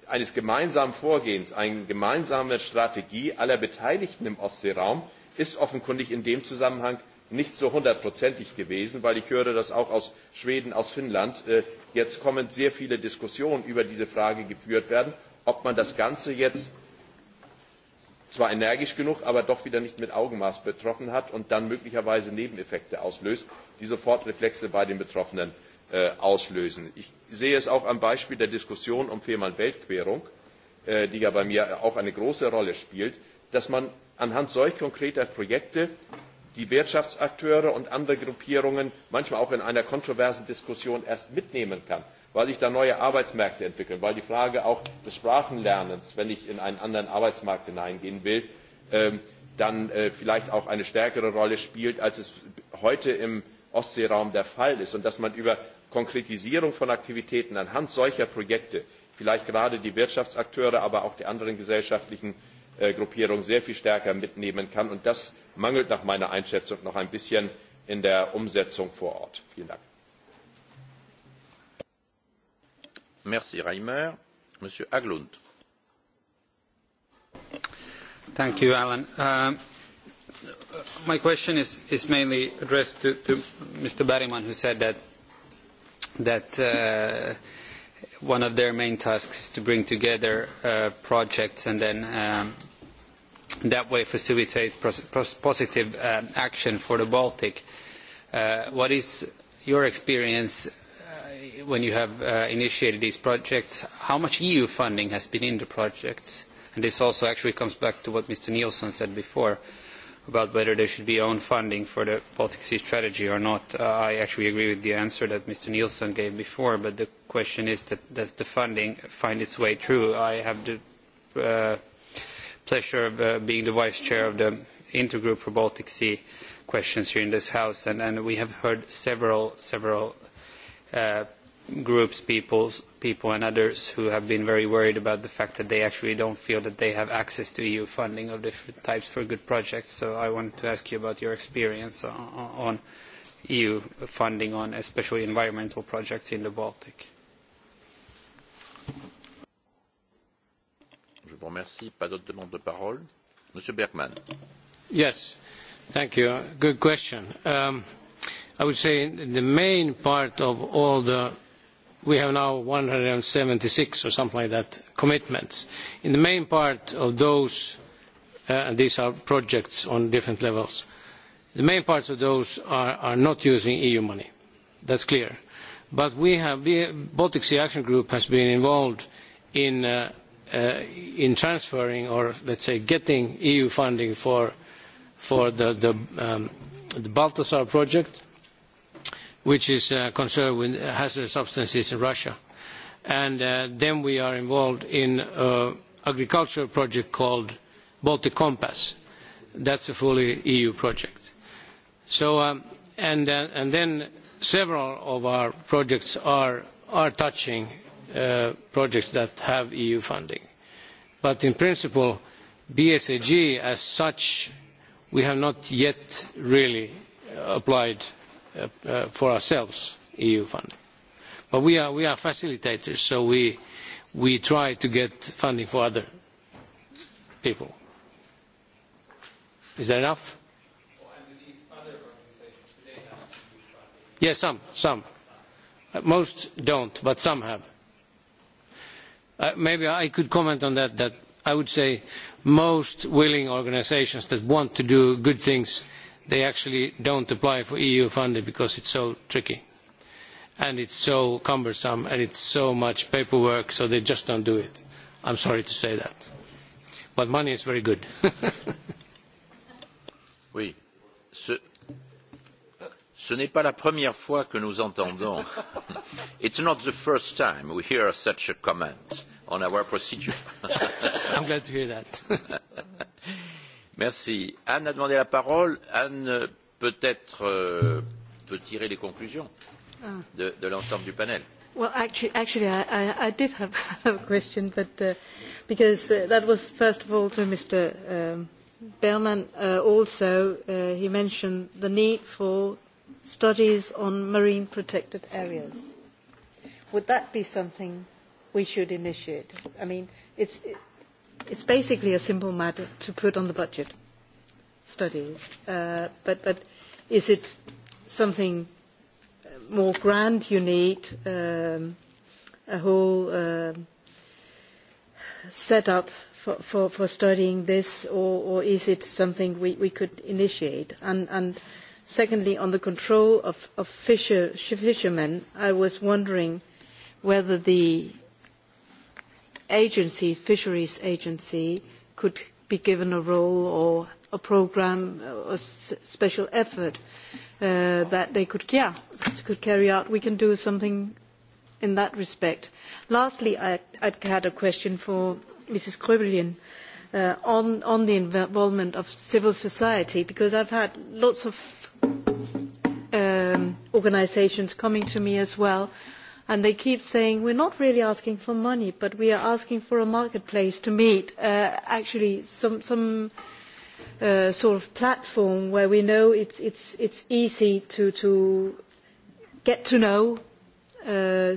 eines gemeinsamen Vorgehens, eine gemeinsame Strategie aller Beteiligten im Ostseeraum ist offenkundig in dem Zusammenhang nicht so hundertprozentig gewesen weil ich höre dass auch aus schweden aus finnland jetzt kommend sehr viele diskussionen über diese frage geführt werden ob man das ganze jetzt zwar energisch genug aber doch wieder nicht mit augenmaß betroffen hat und dann möglicherweise nebeneffekte auslöst die sofort reflexe bei den betroffenen auslösen. ich sehe es auch am beispiel der diskussion um fehmarn weltquerung die ja bei mir auch eine große rolle spielt dass man anhand solch konkreter projekte die wirtschaftsakteure und andere gruppierungen manchmal auch in einer kontroversen diskussion erst mitnehmen kann weil sich da neue arbeitsmärkte entwickeln weil die frage auch des sprachenlernens wenn ich in einen anderen arbeitsmarkt hineingehen will dann vielleicht auch eine stärkere rolle spielt als es heute im ostseeraum der fall ist und dass man über konkretisierung von aktivitäten anhand solcher projekte vielleicht gerade die wirtschaftsakteure aber auch die anderen gesellschaftlichen gruppierungen sehr viel stärker mitnehmen kann und mangelt nach meiner Einschätzung noch ein bisschen in der Umsetzung vor Ort. Vielen Dank. Merci, Reimer. Monsieur Haglund. Thank you, Alan. My question is mainly addressed to Mr. Berryman, who said that one of their main tasks is to bring together projects and then that way facilitate positive action for the Baltic. What is your experience when you have initiated these projects? How much EU funding has been in the projects? And this also actually comes back to what Mr. Nielsen said before about whether there should be own funding for the Baltic Sea strategy or not. I actually agree with the answer that Mr. Nielsen gave before, but the question is that does the funding find its way through? I have the pleasure of being the vice chair of the intergroup for baltic sea questions here in this house and we have heard several groups people and others who have been very worried about the fact that they actually don't feel that they have access to eu funding of different types for good projects so i wanted to ask you about your experience on eu funding on especially environmental projects in the baltic. vous remercie. Pas d'autres demandes de parole. Monsieur Bergman. Yes, thank you. Good question. I would say the main part of all the, we have now 176 or something like that commitments. In the main part of those, and these are projects on different levels, the main parts of those are not using EU money. That's clear. But we have, Baltic Sea Action Group has been involved in in transferring or let's say getting EU funding for the Baltasar project, which is concerned with hazardous substances in Russia. And then we are involved in an agricultural project called Baltic Compass. That's a fully EU project. So and then several of our projects are touching projects that have EU funding. But in principle, BSAG as such, we have not yet really applied for ourselves EU funding. But we are facilitators, so we try to get funding for other people. Is that enough? Yes, some. Most don't, but some have maybe i could comment on that that i would say most willing organisations that want to do good things they actually not apply for eu funding because it is so tricky and it is so cumbersome and it's so much paperwork so they just don't do it I am sorry to say that but money is very good Ce n'est pas la première fois que nous entendons. It's not the first time we hear such a comment on our procedure. I'm glad to hear that. Merci. Anne a demandé la parole. Anne, peut-être, peut tirer les conclusions de de l'ensemble du panel. Well, actually, actually I did have a question, but because that was first of all to Mr. Berman. Also, he mentioned the need for studies on marine protected areas. Would that be something we should initiate? I mean, it's it's basically a simple matter to put on the budget, studies. But but is it something more grand? You need a whole setup for for studying this, or is it something we we could initiate? And Secondly, on the control of fishermen, I was wondering whether the agency, fisheries agency, could be given a role or a program or special effort that they could carry out. We can do something in that respect. Lastly, I had a question for Mrs. Kröbelin on the involvement of civil society, because I've had lots of organisations coming to me as well and they keep saying we're not really asking for money but we are asking for a marketplace to meet actually some some sort of platform where we know it's it's easy to to get to know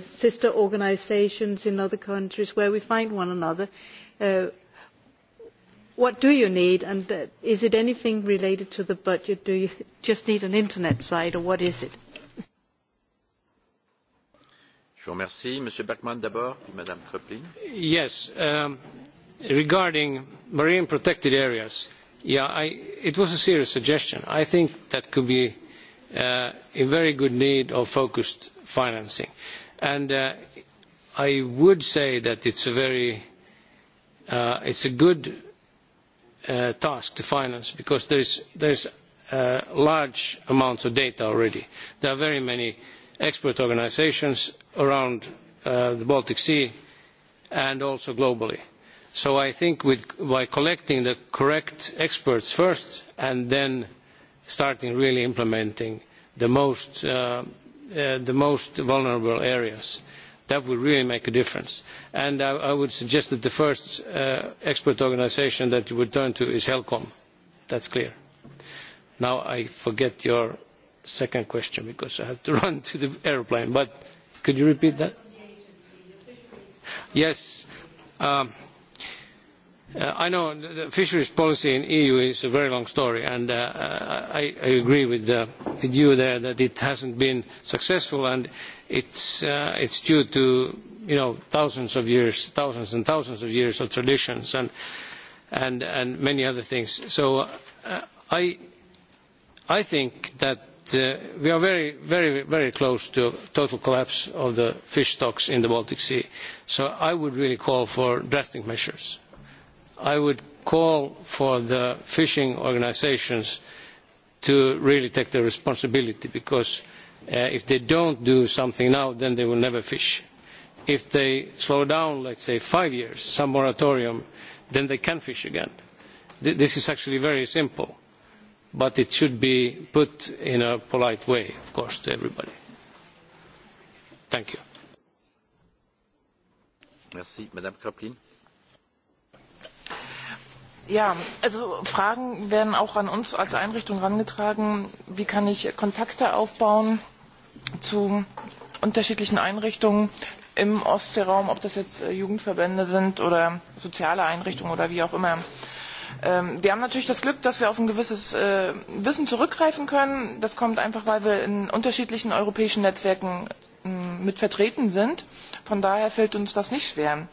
sister organisations in other countries where we find one another What do you need, and is it anything related to the budget? Do you just need an internet site, or what is it? Je vous remercie. Monsieur Bachmann d'abord, Madame Kreplin. Yes, regarding marine protected areas, yeah, it was a serious suggestion. I think that could be in very good need of focused financing, and I would say that it's a very, it's a good task to finance because there is large amounts of data already. There are very many expert organisations around the Baltic Sea and also globally. So I think by collecting the correct experts first and then starting really implementing the most vulnerable areas that would really make a difference. And I would suggest that the first expert organisation that you would turn to is HELCOM. That's clear. Now I forget your second question because I have to run to the airplane, But could you repeat that? Yes. I know the fisheries policy in the EU is a very long story, and I agree with you there that it hasn't been successful, and it's due to, thousands of years, thousands and thousands of years of traditions and many other things. So I think that we are very, very, very close to total collapse of the fish stocks in the Baltic Sea. So I would really call for drastic measures I would call for the fishing organisations to really take the responsibility because if they don't do something now, then they will never fish. If they slow down, let's say, five years, some moratorium, then they can fish again. This is actually very simple, but it should be put in a polite way, of course, to everybody. Thank you. Merci. Madame Ja, also Fragen werden auch an uns als Einrichtung herangetragen. Wie kann ich Kontakte aufbauen zu unterschiedlichen Einrichtungen im Ostseeraum, ob das jetzt Jugendverbände sind oder soziale Einrichtungen oder wie auch immer. Wir haben natürlich das Glück, dass wir auf ein gewisses Wissen zurückgreifen können. Das kommt einfach, weil wir in unterschiedlichen europäischen Netzwerken mit vertreten sind. Von daher fällt uns das nicht schwer.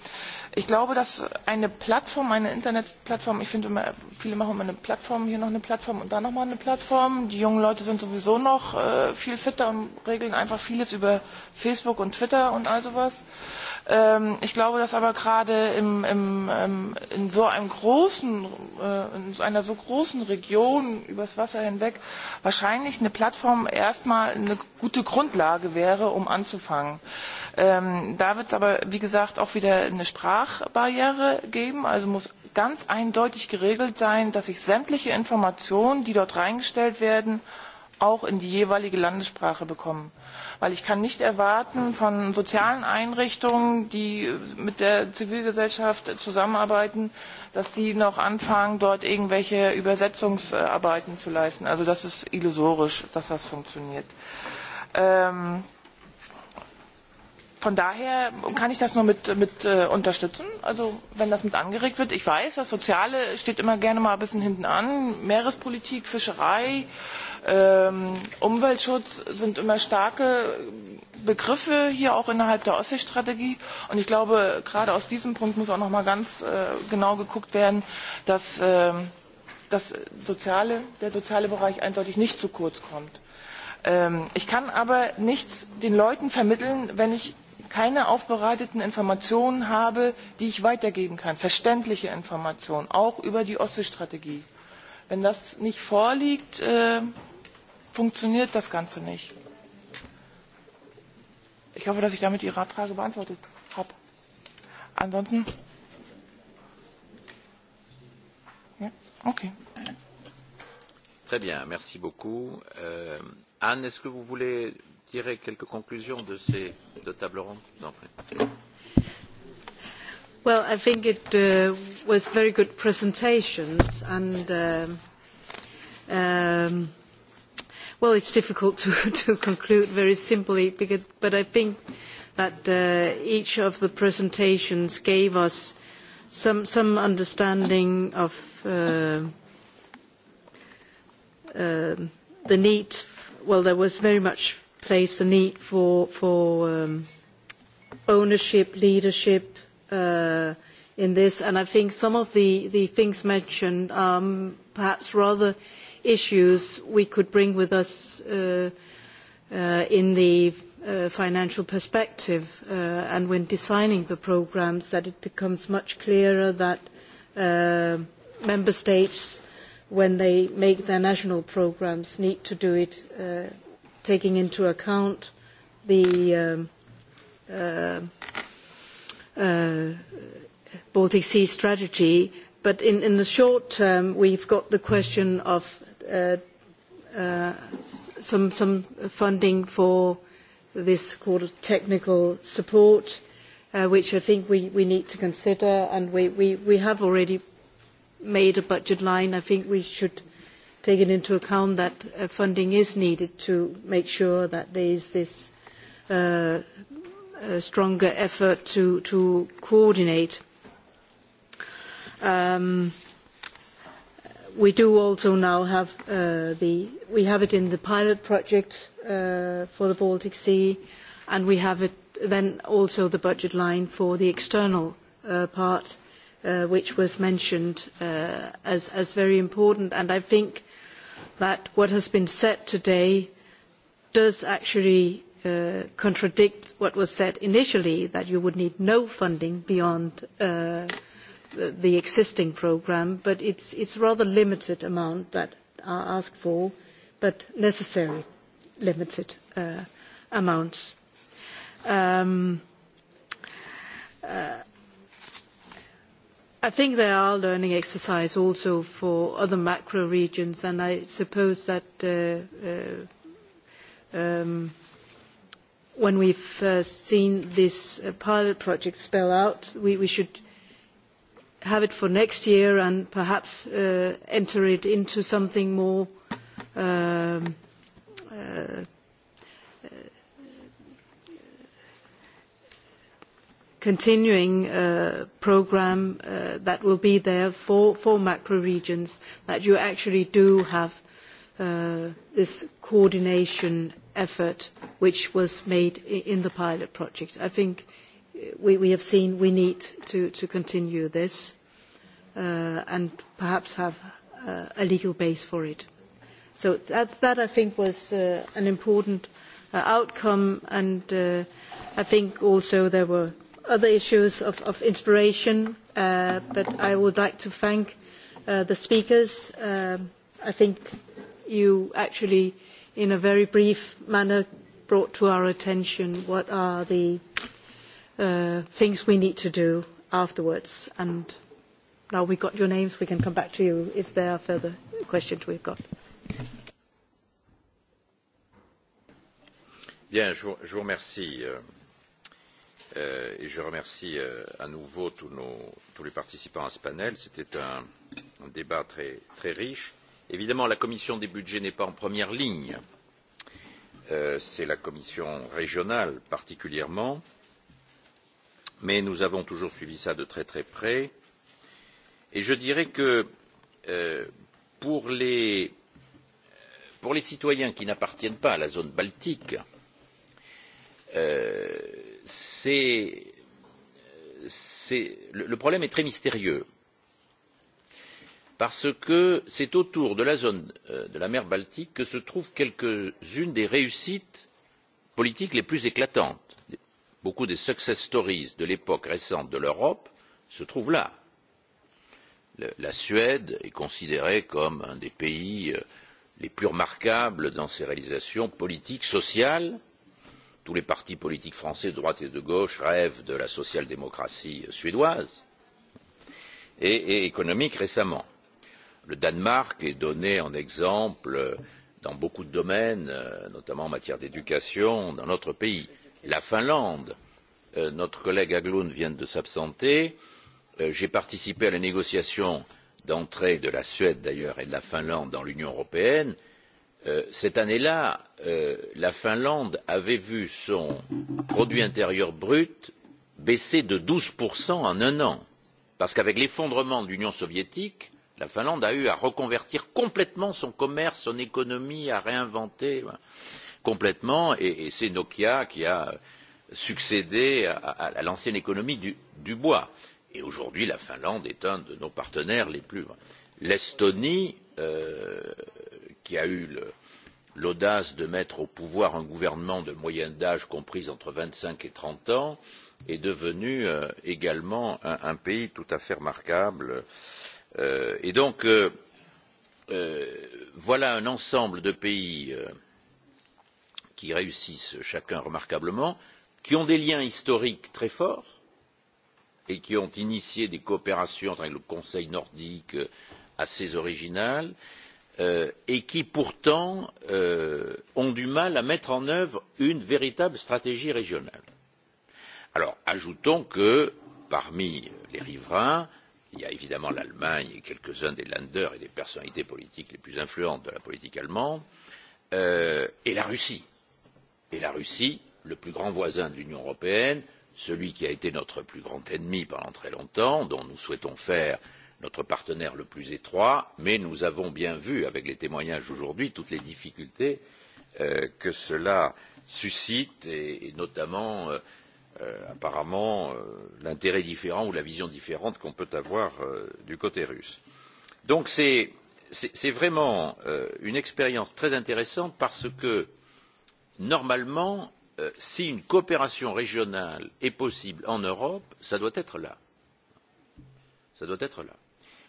Ich glaube, dass eine Plattform, eine Internetplattform, ich finde, viele machen immer eine Plattform, hier noch eine Plattform und da mal eine Plattform. Die jungen Leute sind sowieso noch viel fitter und regeln einfach vieles über Facebook und Twitter und all sowas. Ich glaube, dass aber gerade in so einem großen, in einer so großen Region übers Wasser hinweg wahrscheinlich eine Plattform erstmal eine gute Grundlage wäre, um anzufangen. Da wird es aber, wie gesagt, auch wieder eine Sprache Sprachbarriere geben. Also muss ganz eindeutig geregelt sein, dass ich sämtliche Informationen, die dort reingestellt werden, auch in die jeweilige Landessprache bekommen. Weil ich kann nicht erwarten von sozialen Einrichtungen, die mit der Zivilgesellschaft zusammenarbeiten, dass die noch anfangen, dort irgendwelche Übersetzungsarbeiten zu leisten. Also das ist illusorisch, dass das funktioniert von daher kann ich das nur mit unterstützen. Also wenn das mit angeregt wird, ich weiß, das Soziale steht immer gerne mal ein bisschen hinten an. Meerespolitik, Fischerei, Umweltschutz sind immer starke Begriffe hier auch innerhalb der Ostseestrategie. Und ich glaube, gerade aus diesem Punkt muss auch noch mal ganz genau geguckt werden, dass das soziale der soziale bereich eindeutig nicht zu kurz kommt. ich kann aber nichts den leuten vermitteln wenn ich keine aufbereiteten Informationen habe, die ich weitergeben kann, verständliche Informationen, auch über die Ostseestrategie. Wenn das nicht vorliegt, funktioniert das Ganze nicht. Ich hoffe, dass ich damit Ihre Frage beantwortet habe. Ansonsten. Ja, okay. Très bien, merci beaucoup. Anne, tirer quelques conclusions de ces deux tables rondes Well, I think it was very good presentations, and well, it's difficult to conclude very simply, but I think that each of the presentations gave us some some understanding of the need. Well, there was very much place the need for for ownership, leadership in this. And I think some of the the things mentioned are perhaps rather issues we could bring with us in the financial perspective and when designing the programmes that it becomes much clearer that member states when they make their national programmes need to do it taking into account the Baltic Sea strategy. But in the short term, we've got the question of some funding for this called technical support, which I think we need to consider. And we have already made a budget line. I think we should taken into account that funding is needed to make sure that there is this stronger effort to coordinate. We do also now have the, we have it in the pilot project for the Baltic Sea, and we have it then also the budget line for the external part, which was mentioned as very important. And I think that what has been said today does actually contradict what was said initially, that you would need no funding beyond the existing programme, but it's rather limited amount that are asked for, but necessary limited amounts. I think they are learning exercise also for other macro regions, and I suppose that when we've seen this pilot project spell out, we should have it for next year and perhaps enter it into something more continuing programme that will be there for macro regions, that you actually do have this coordination effort which was made in the pilot project. I think we have seen we need to continue this and perhaps have a legal base for it. So that, I think, was an important outcome and I think also there were other issues of inspiration, but I would like to thank the speakers. I think you actually, in a very brief manner, brought to our attention what are the things we need to do afterwards. And now we've got your names, we can come back to you if there are further questions we've got et je remercie à nouveau tous les participants à ce panel. C'était un débat très riche. Évidemment, la commission des budgets n'est pas en première ligne. C'est la commission régionale particulièrement. Mais nous avons toujours suivi ça de très très près. Et je dirais que pour les citoyens qui n'appartiennent pas à la zone baltique, le problème est très mystérieux parce que c'est autour de la zone de la mer Baltique que se trouvent quelques-unes des réussites politiques les plus éclatantes. Beaucoup des success stories de l'époque récente de l'Europe se trouvent là. La Suède est considérée comme un des pays les plus remarquables dans ses réalisations politiques, sociales, tous les partis politiques français de droite et de gauche rêvent de la social démocratie suédoise et économique récemment. le danemark est donné en exemple dans beaucoup de domaines notamment en matière d'éducation dans notre pays. la finlande notre collègue Haglund vient de s'absenter j'ai participé à la négociation d'entrée de la suède d'ailleurs et de la finlande dans l'union européenne cette année là la finlande avait vu son produit intérieur brut baisser de douze en un an parce qu'avec l'effondrement de l'union soviétique la finlande a eu à reconvertir complètement son commerce son économie à réinventer complètement et c'est nokia qui a succédé à l'ancienne économie du bois et aujourd'hui la finlande est un de nos partenaires les plus. l'estonie qui a eu le l'audace de mettre au pouvoir un gouvernement de moyenne d'âge comprise entre vingt cinq et trente ans est devenu également un pays tout à fait remarquable. et donc voilà un ensemble de pays qui réussissent chacun remarquablement qui ont des liens historiques très forts et qui ont initié des coopérations avec le conseil nordique assez originales et qui pourtant ont du mal à mettre en œuvre une véritable stratégie régionale. Alors, ajoutons que parmi les riverains, il y a évidemment l'Allemagne et quelques-uns des Länder et des personnalités politiques les plus influentes de la politique allemande, et la Russie. Et la Russie, le plus grand voisin de l'Union européenne, celui qui a été notre plus grand ennemi pendant très longtemps, dont nous souhaitons faire notre partenaire le plus étroit, mais nous avons bien vu, avec les témoignages d'aujourd'hui, toutes les difficultés que cela suscite, et notamment, apparemment, l'intérêt différent ou la vision différente qu'on peut avoir du côté russe. Donc c'est vraiment une expérience très intéressante parce que, normalement, si une coopération régionale est possible en Europe, ça doit être là. Ça doit être là.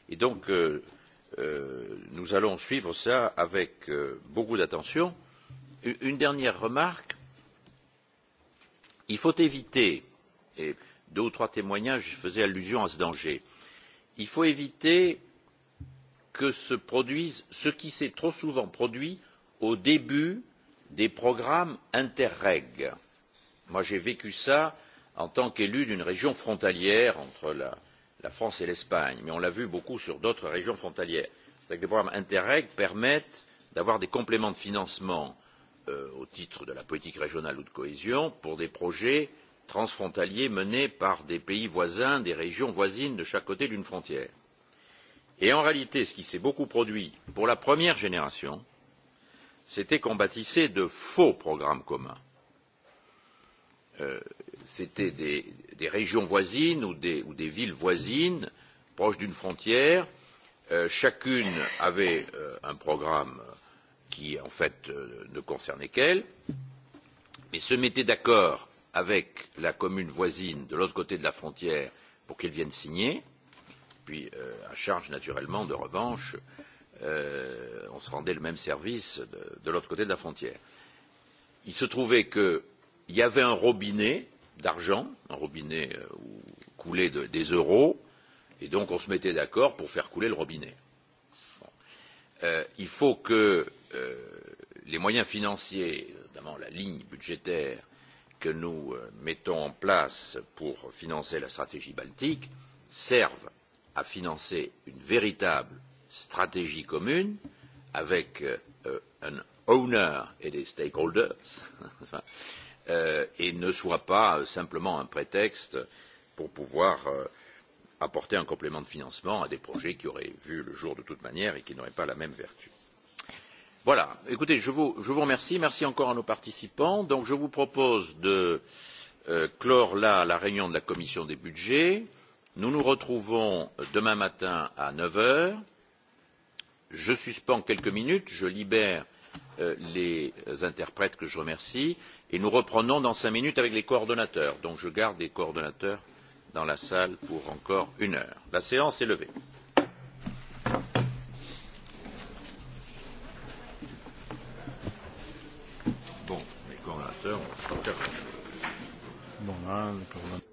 Et donc, nous allons suivre cela avec beaucoup d'attention. Une dernière remarque. Il faut éviter, et deux ou trois témoignages faisaient allusion à ce danger, il faut éviter que se produise ce qui s'est trop souvent produit au début des programmes interreg. Moi, j'ai vécu ça en tant qu'élu d'une région frontalière entre la la France et l'Espagne, mais on l'a vu beaucoup sur d'autres régions cest programmes Interreg permettent d'avoir des compléments de financement au titre de la politique régionale ou de cohésion pour des projets transfrontaliers menés par des pays voisins, des régions voisines de chaque côté d'une frontière. Et en réalité, ce qui s'est beaucoup produit pour la première génération, c'était qu'on bâtissait de faux programmes communs. C'était des des régions voisines ou des villes voisines proches d'une frontière chacune avait un programme qui en fait ne concernait qu'elle mais se mettait d'accord avec la commune voisine de l'autre côté de la frontière pour qu'elle vienne signer puis à charge naturellement de revanche on se rendait le même service de l'autre côté de la frontière. il se trouvait qu'il y avait un robinet d'argent, un robinet où coulait des euros, et donc on se mettait d'accord pour faire couler le robinet. Il faut que les moyens financiers, notamment la ligne budgétaire que nous mettons en place pour financer la stratégie baltique, servent à financer une véritable stratégie commune avec un owner et des stakeholders et ne soit pas simplement un prétexte pour pouvoir apporter un complément de financement à des projets qui auraient vu le jour de toute manière et qui n'auraient pas la même vertu. Voilà, écoutez, je vous remercie, merci encore à nos participants. Donc je vous propose de clore là la réunion de la commission des budgets. Nous nous retrouvons demain matin à 9h. Je suspends quelques minutes, je libère les interprètes que je remercie Et nous reprenons dans cinq minutes avec les coordonnateurs. Donc je garde les coordonnateurs dans la salle pour encore une heure. La séance est levée. Bon,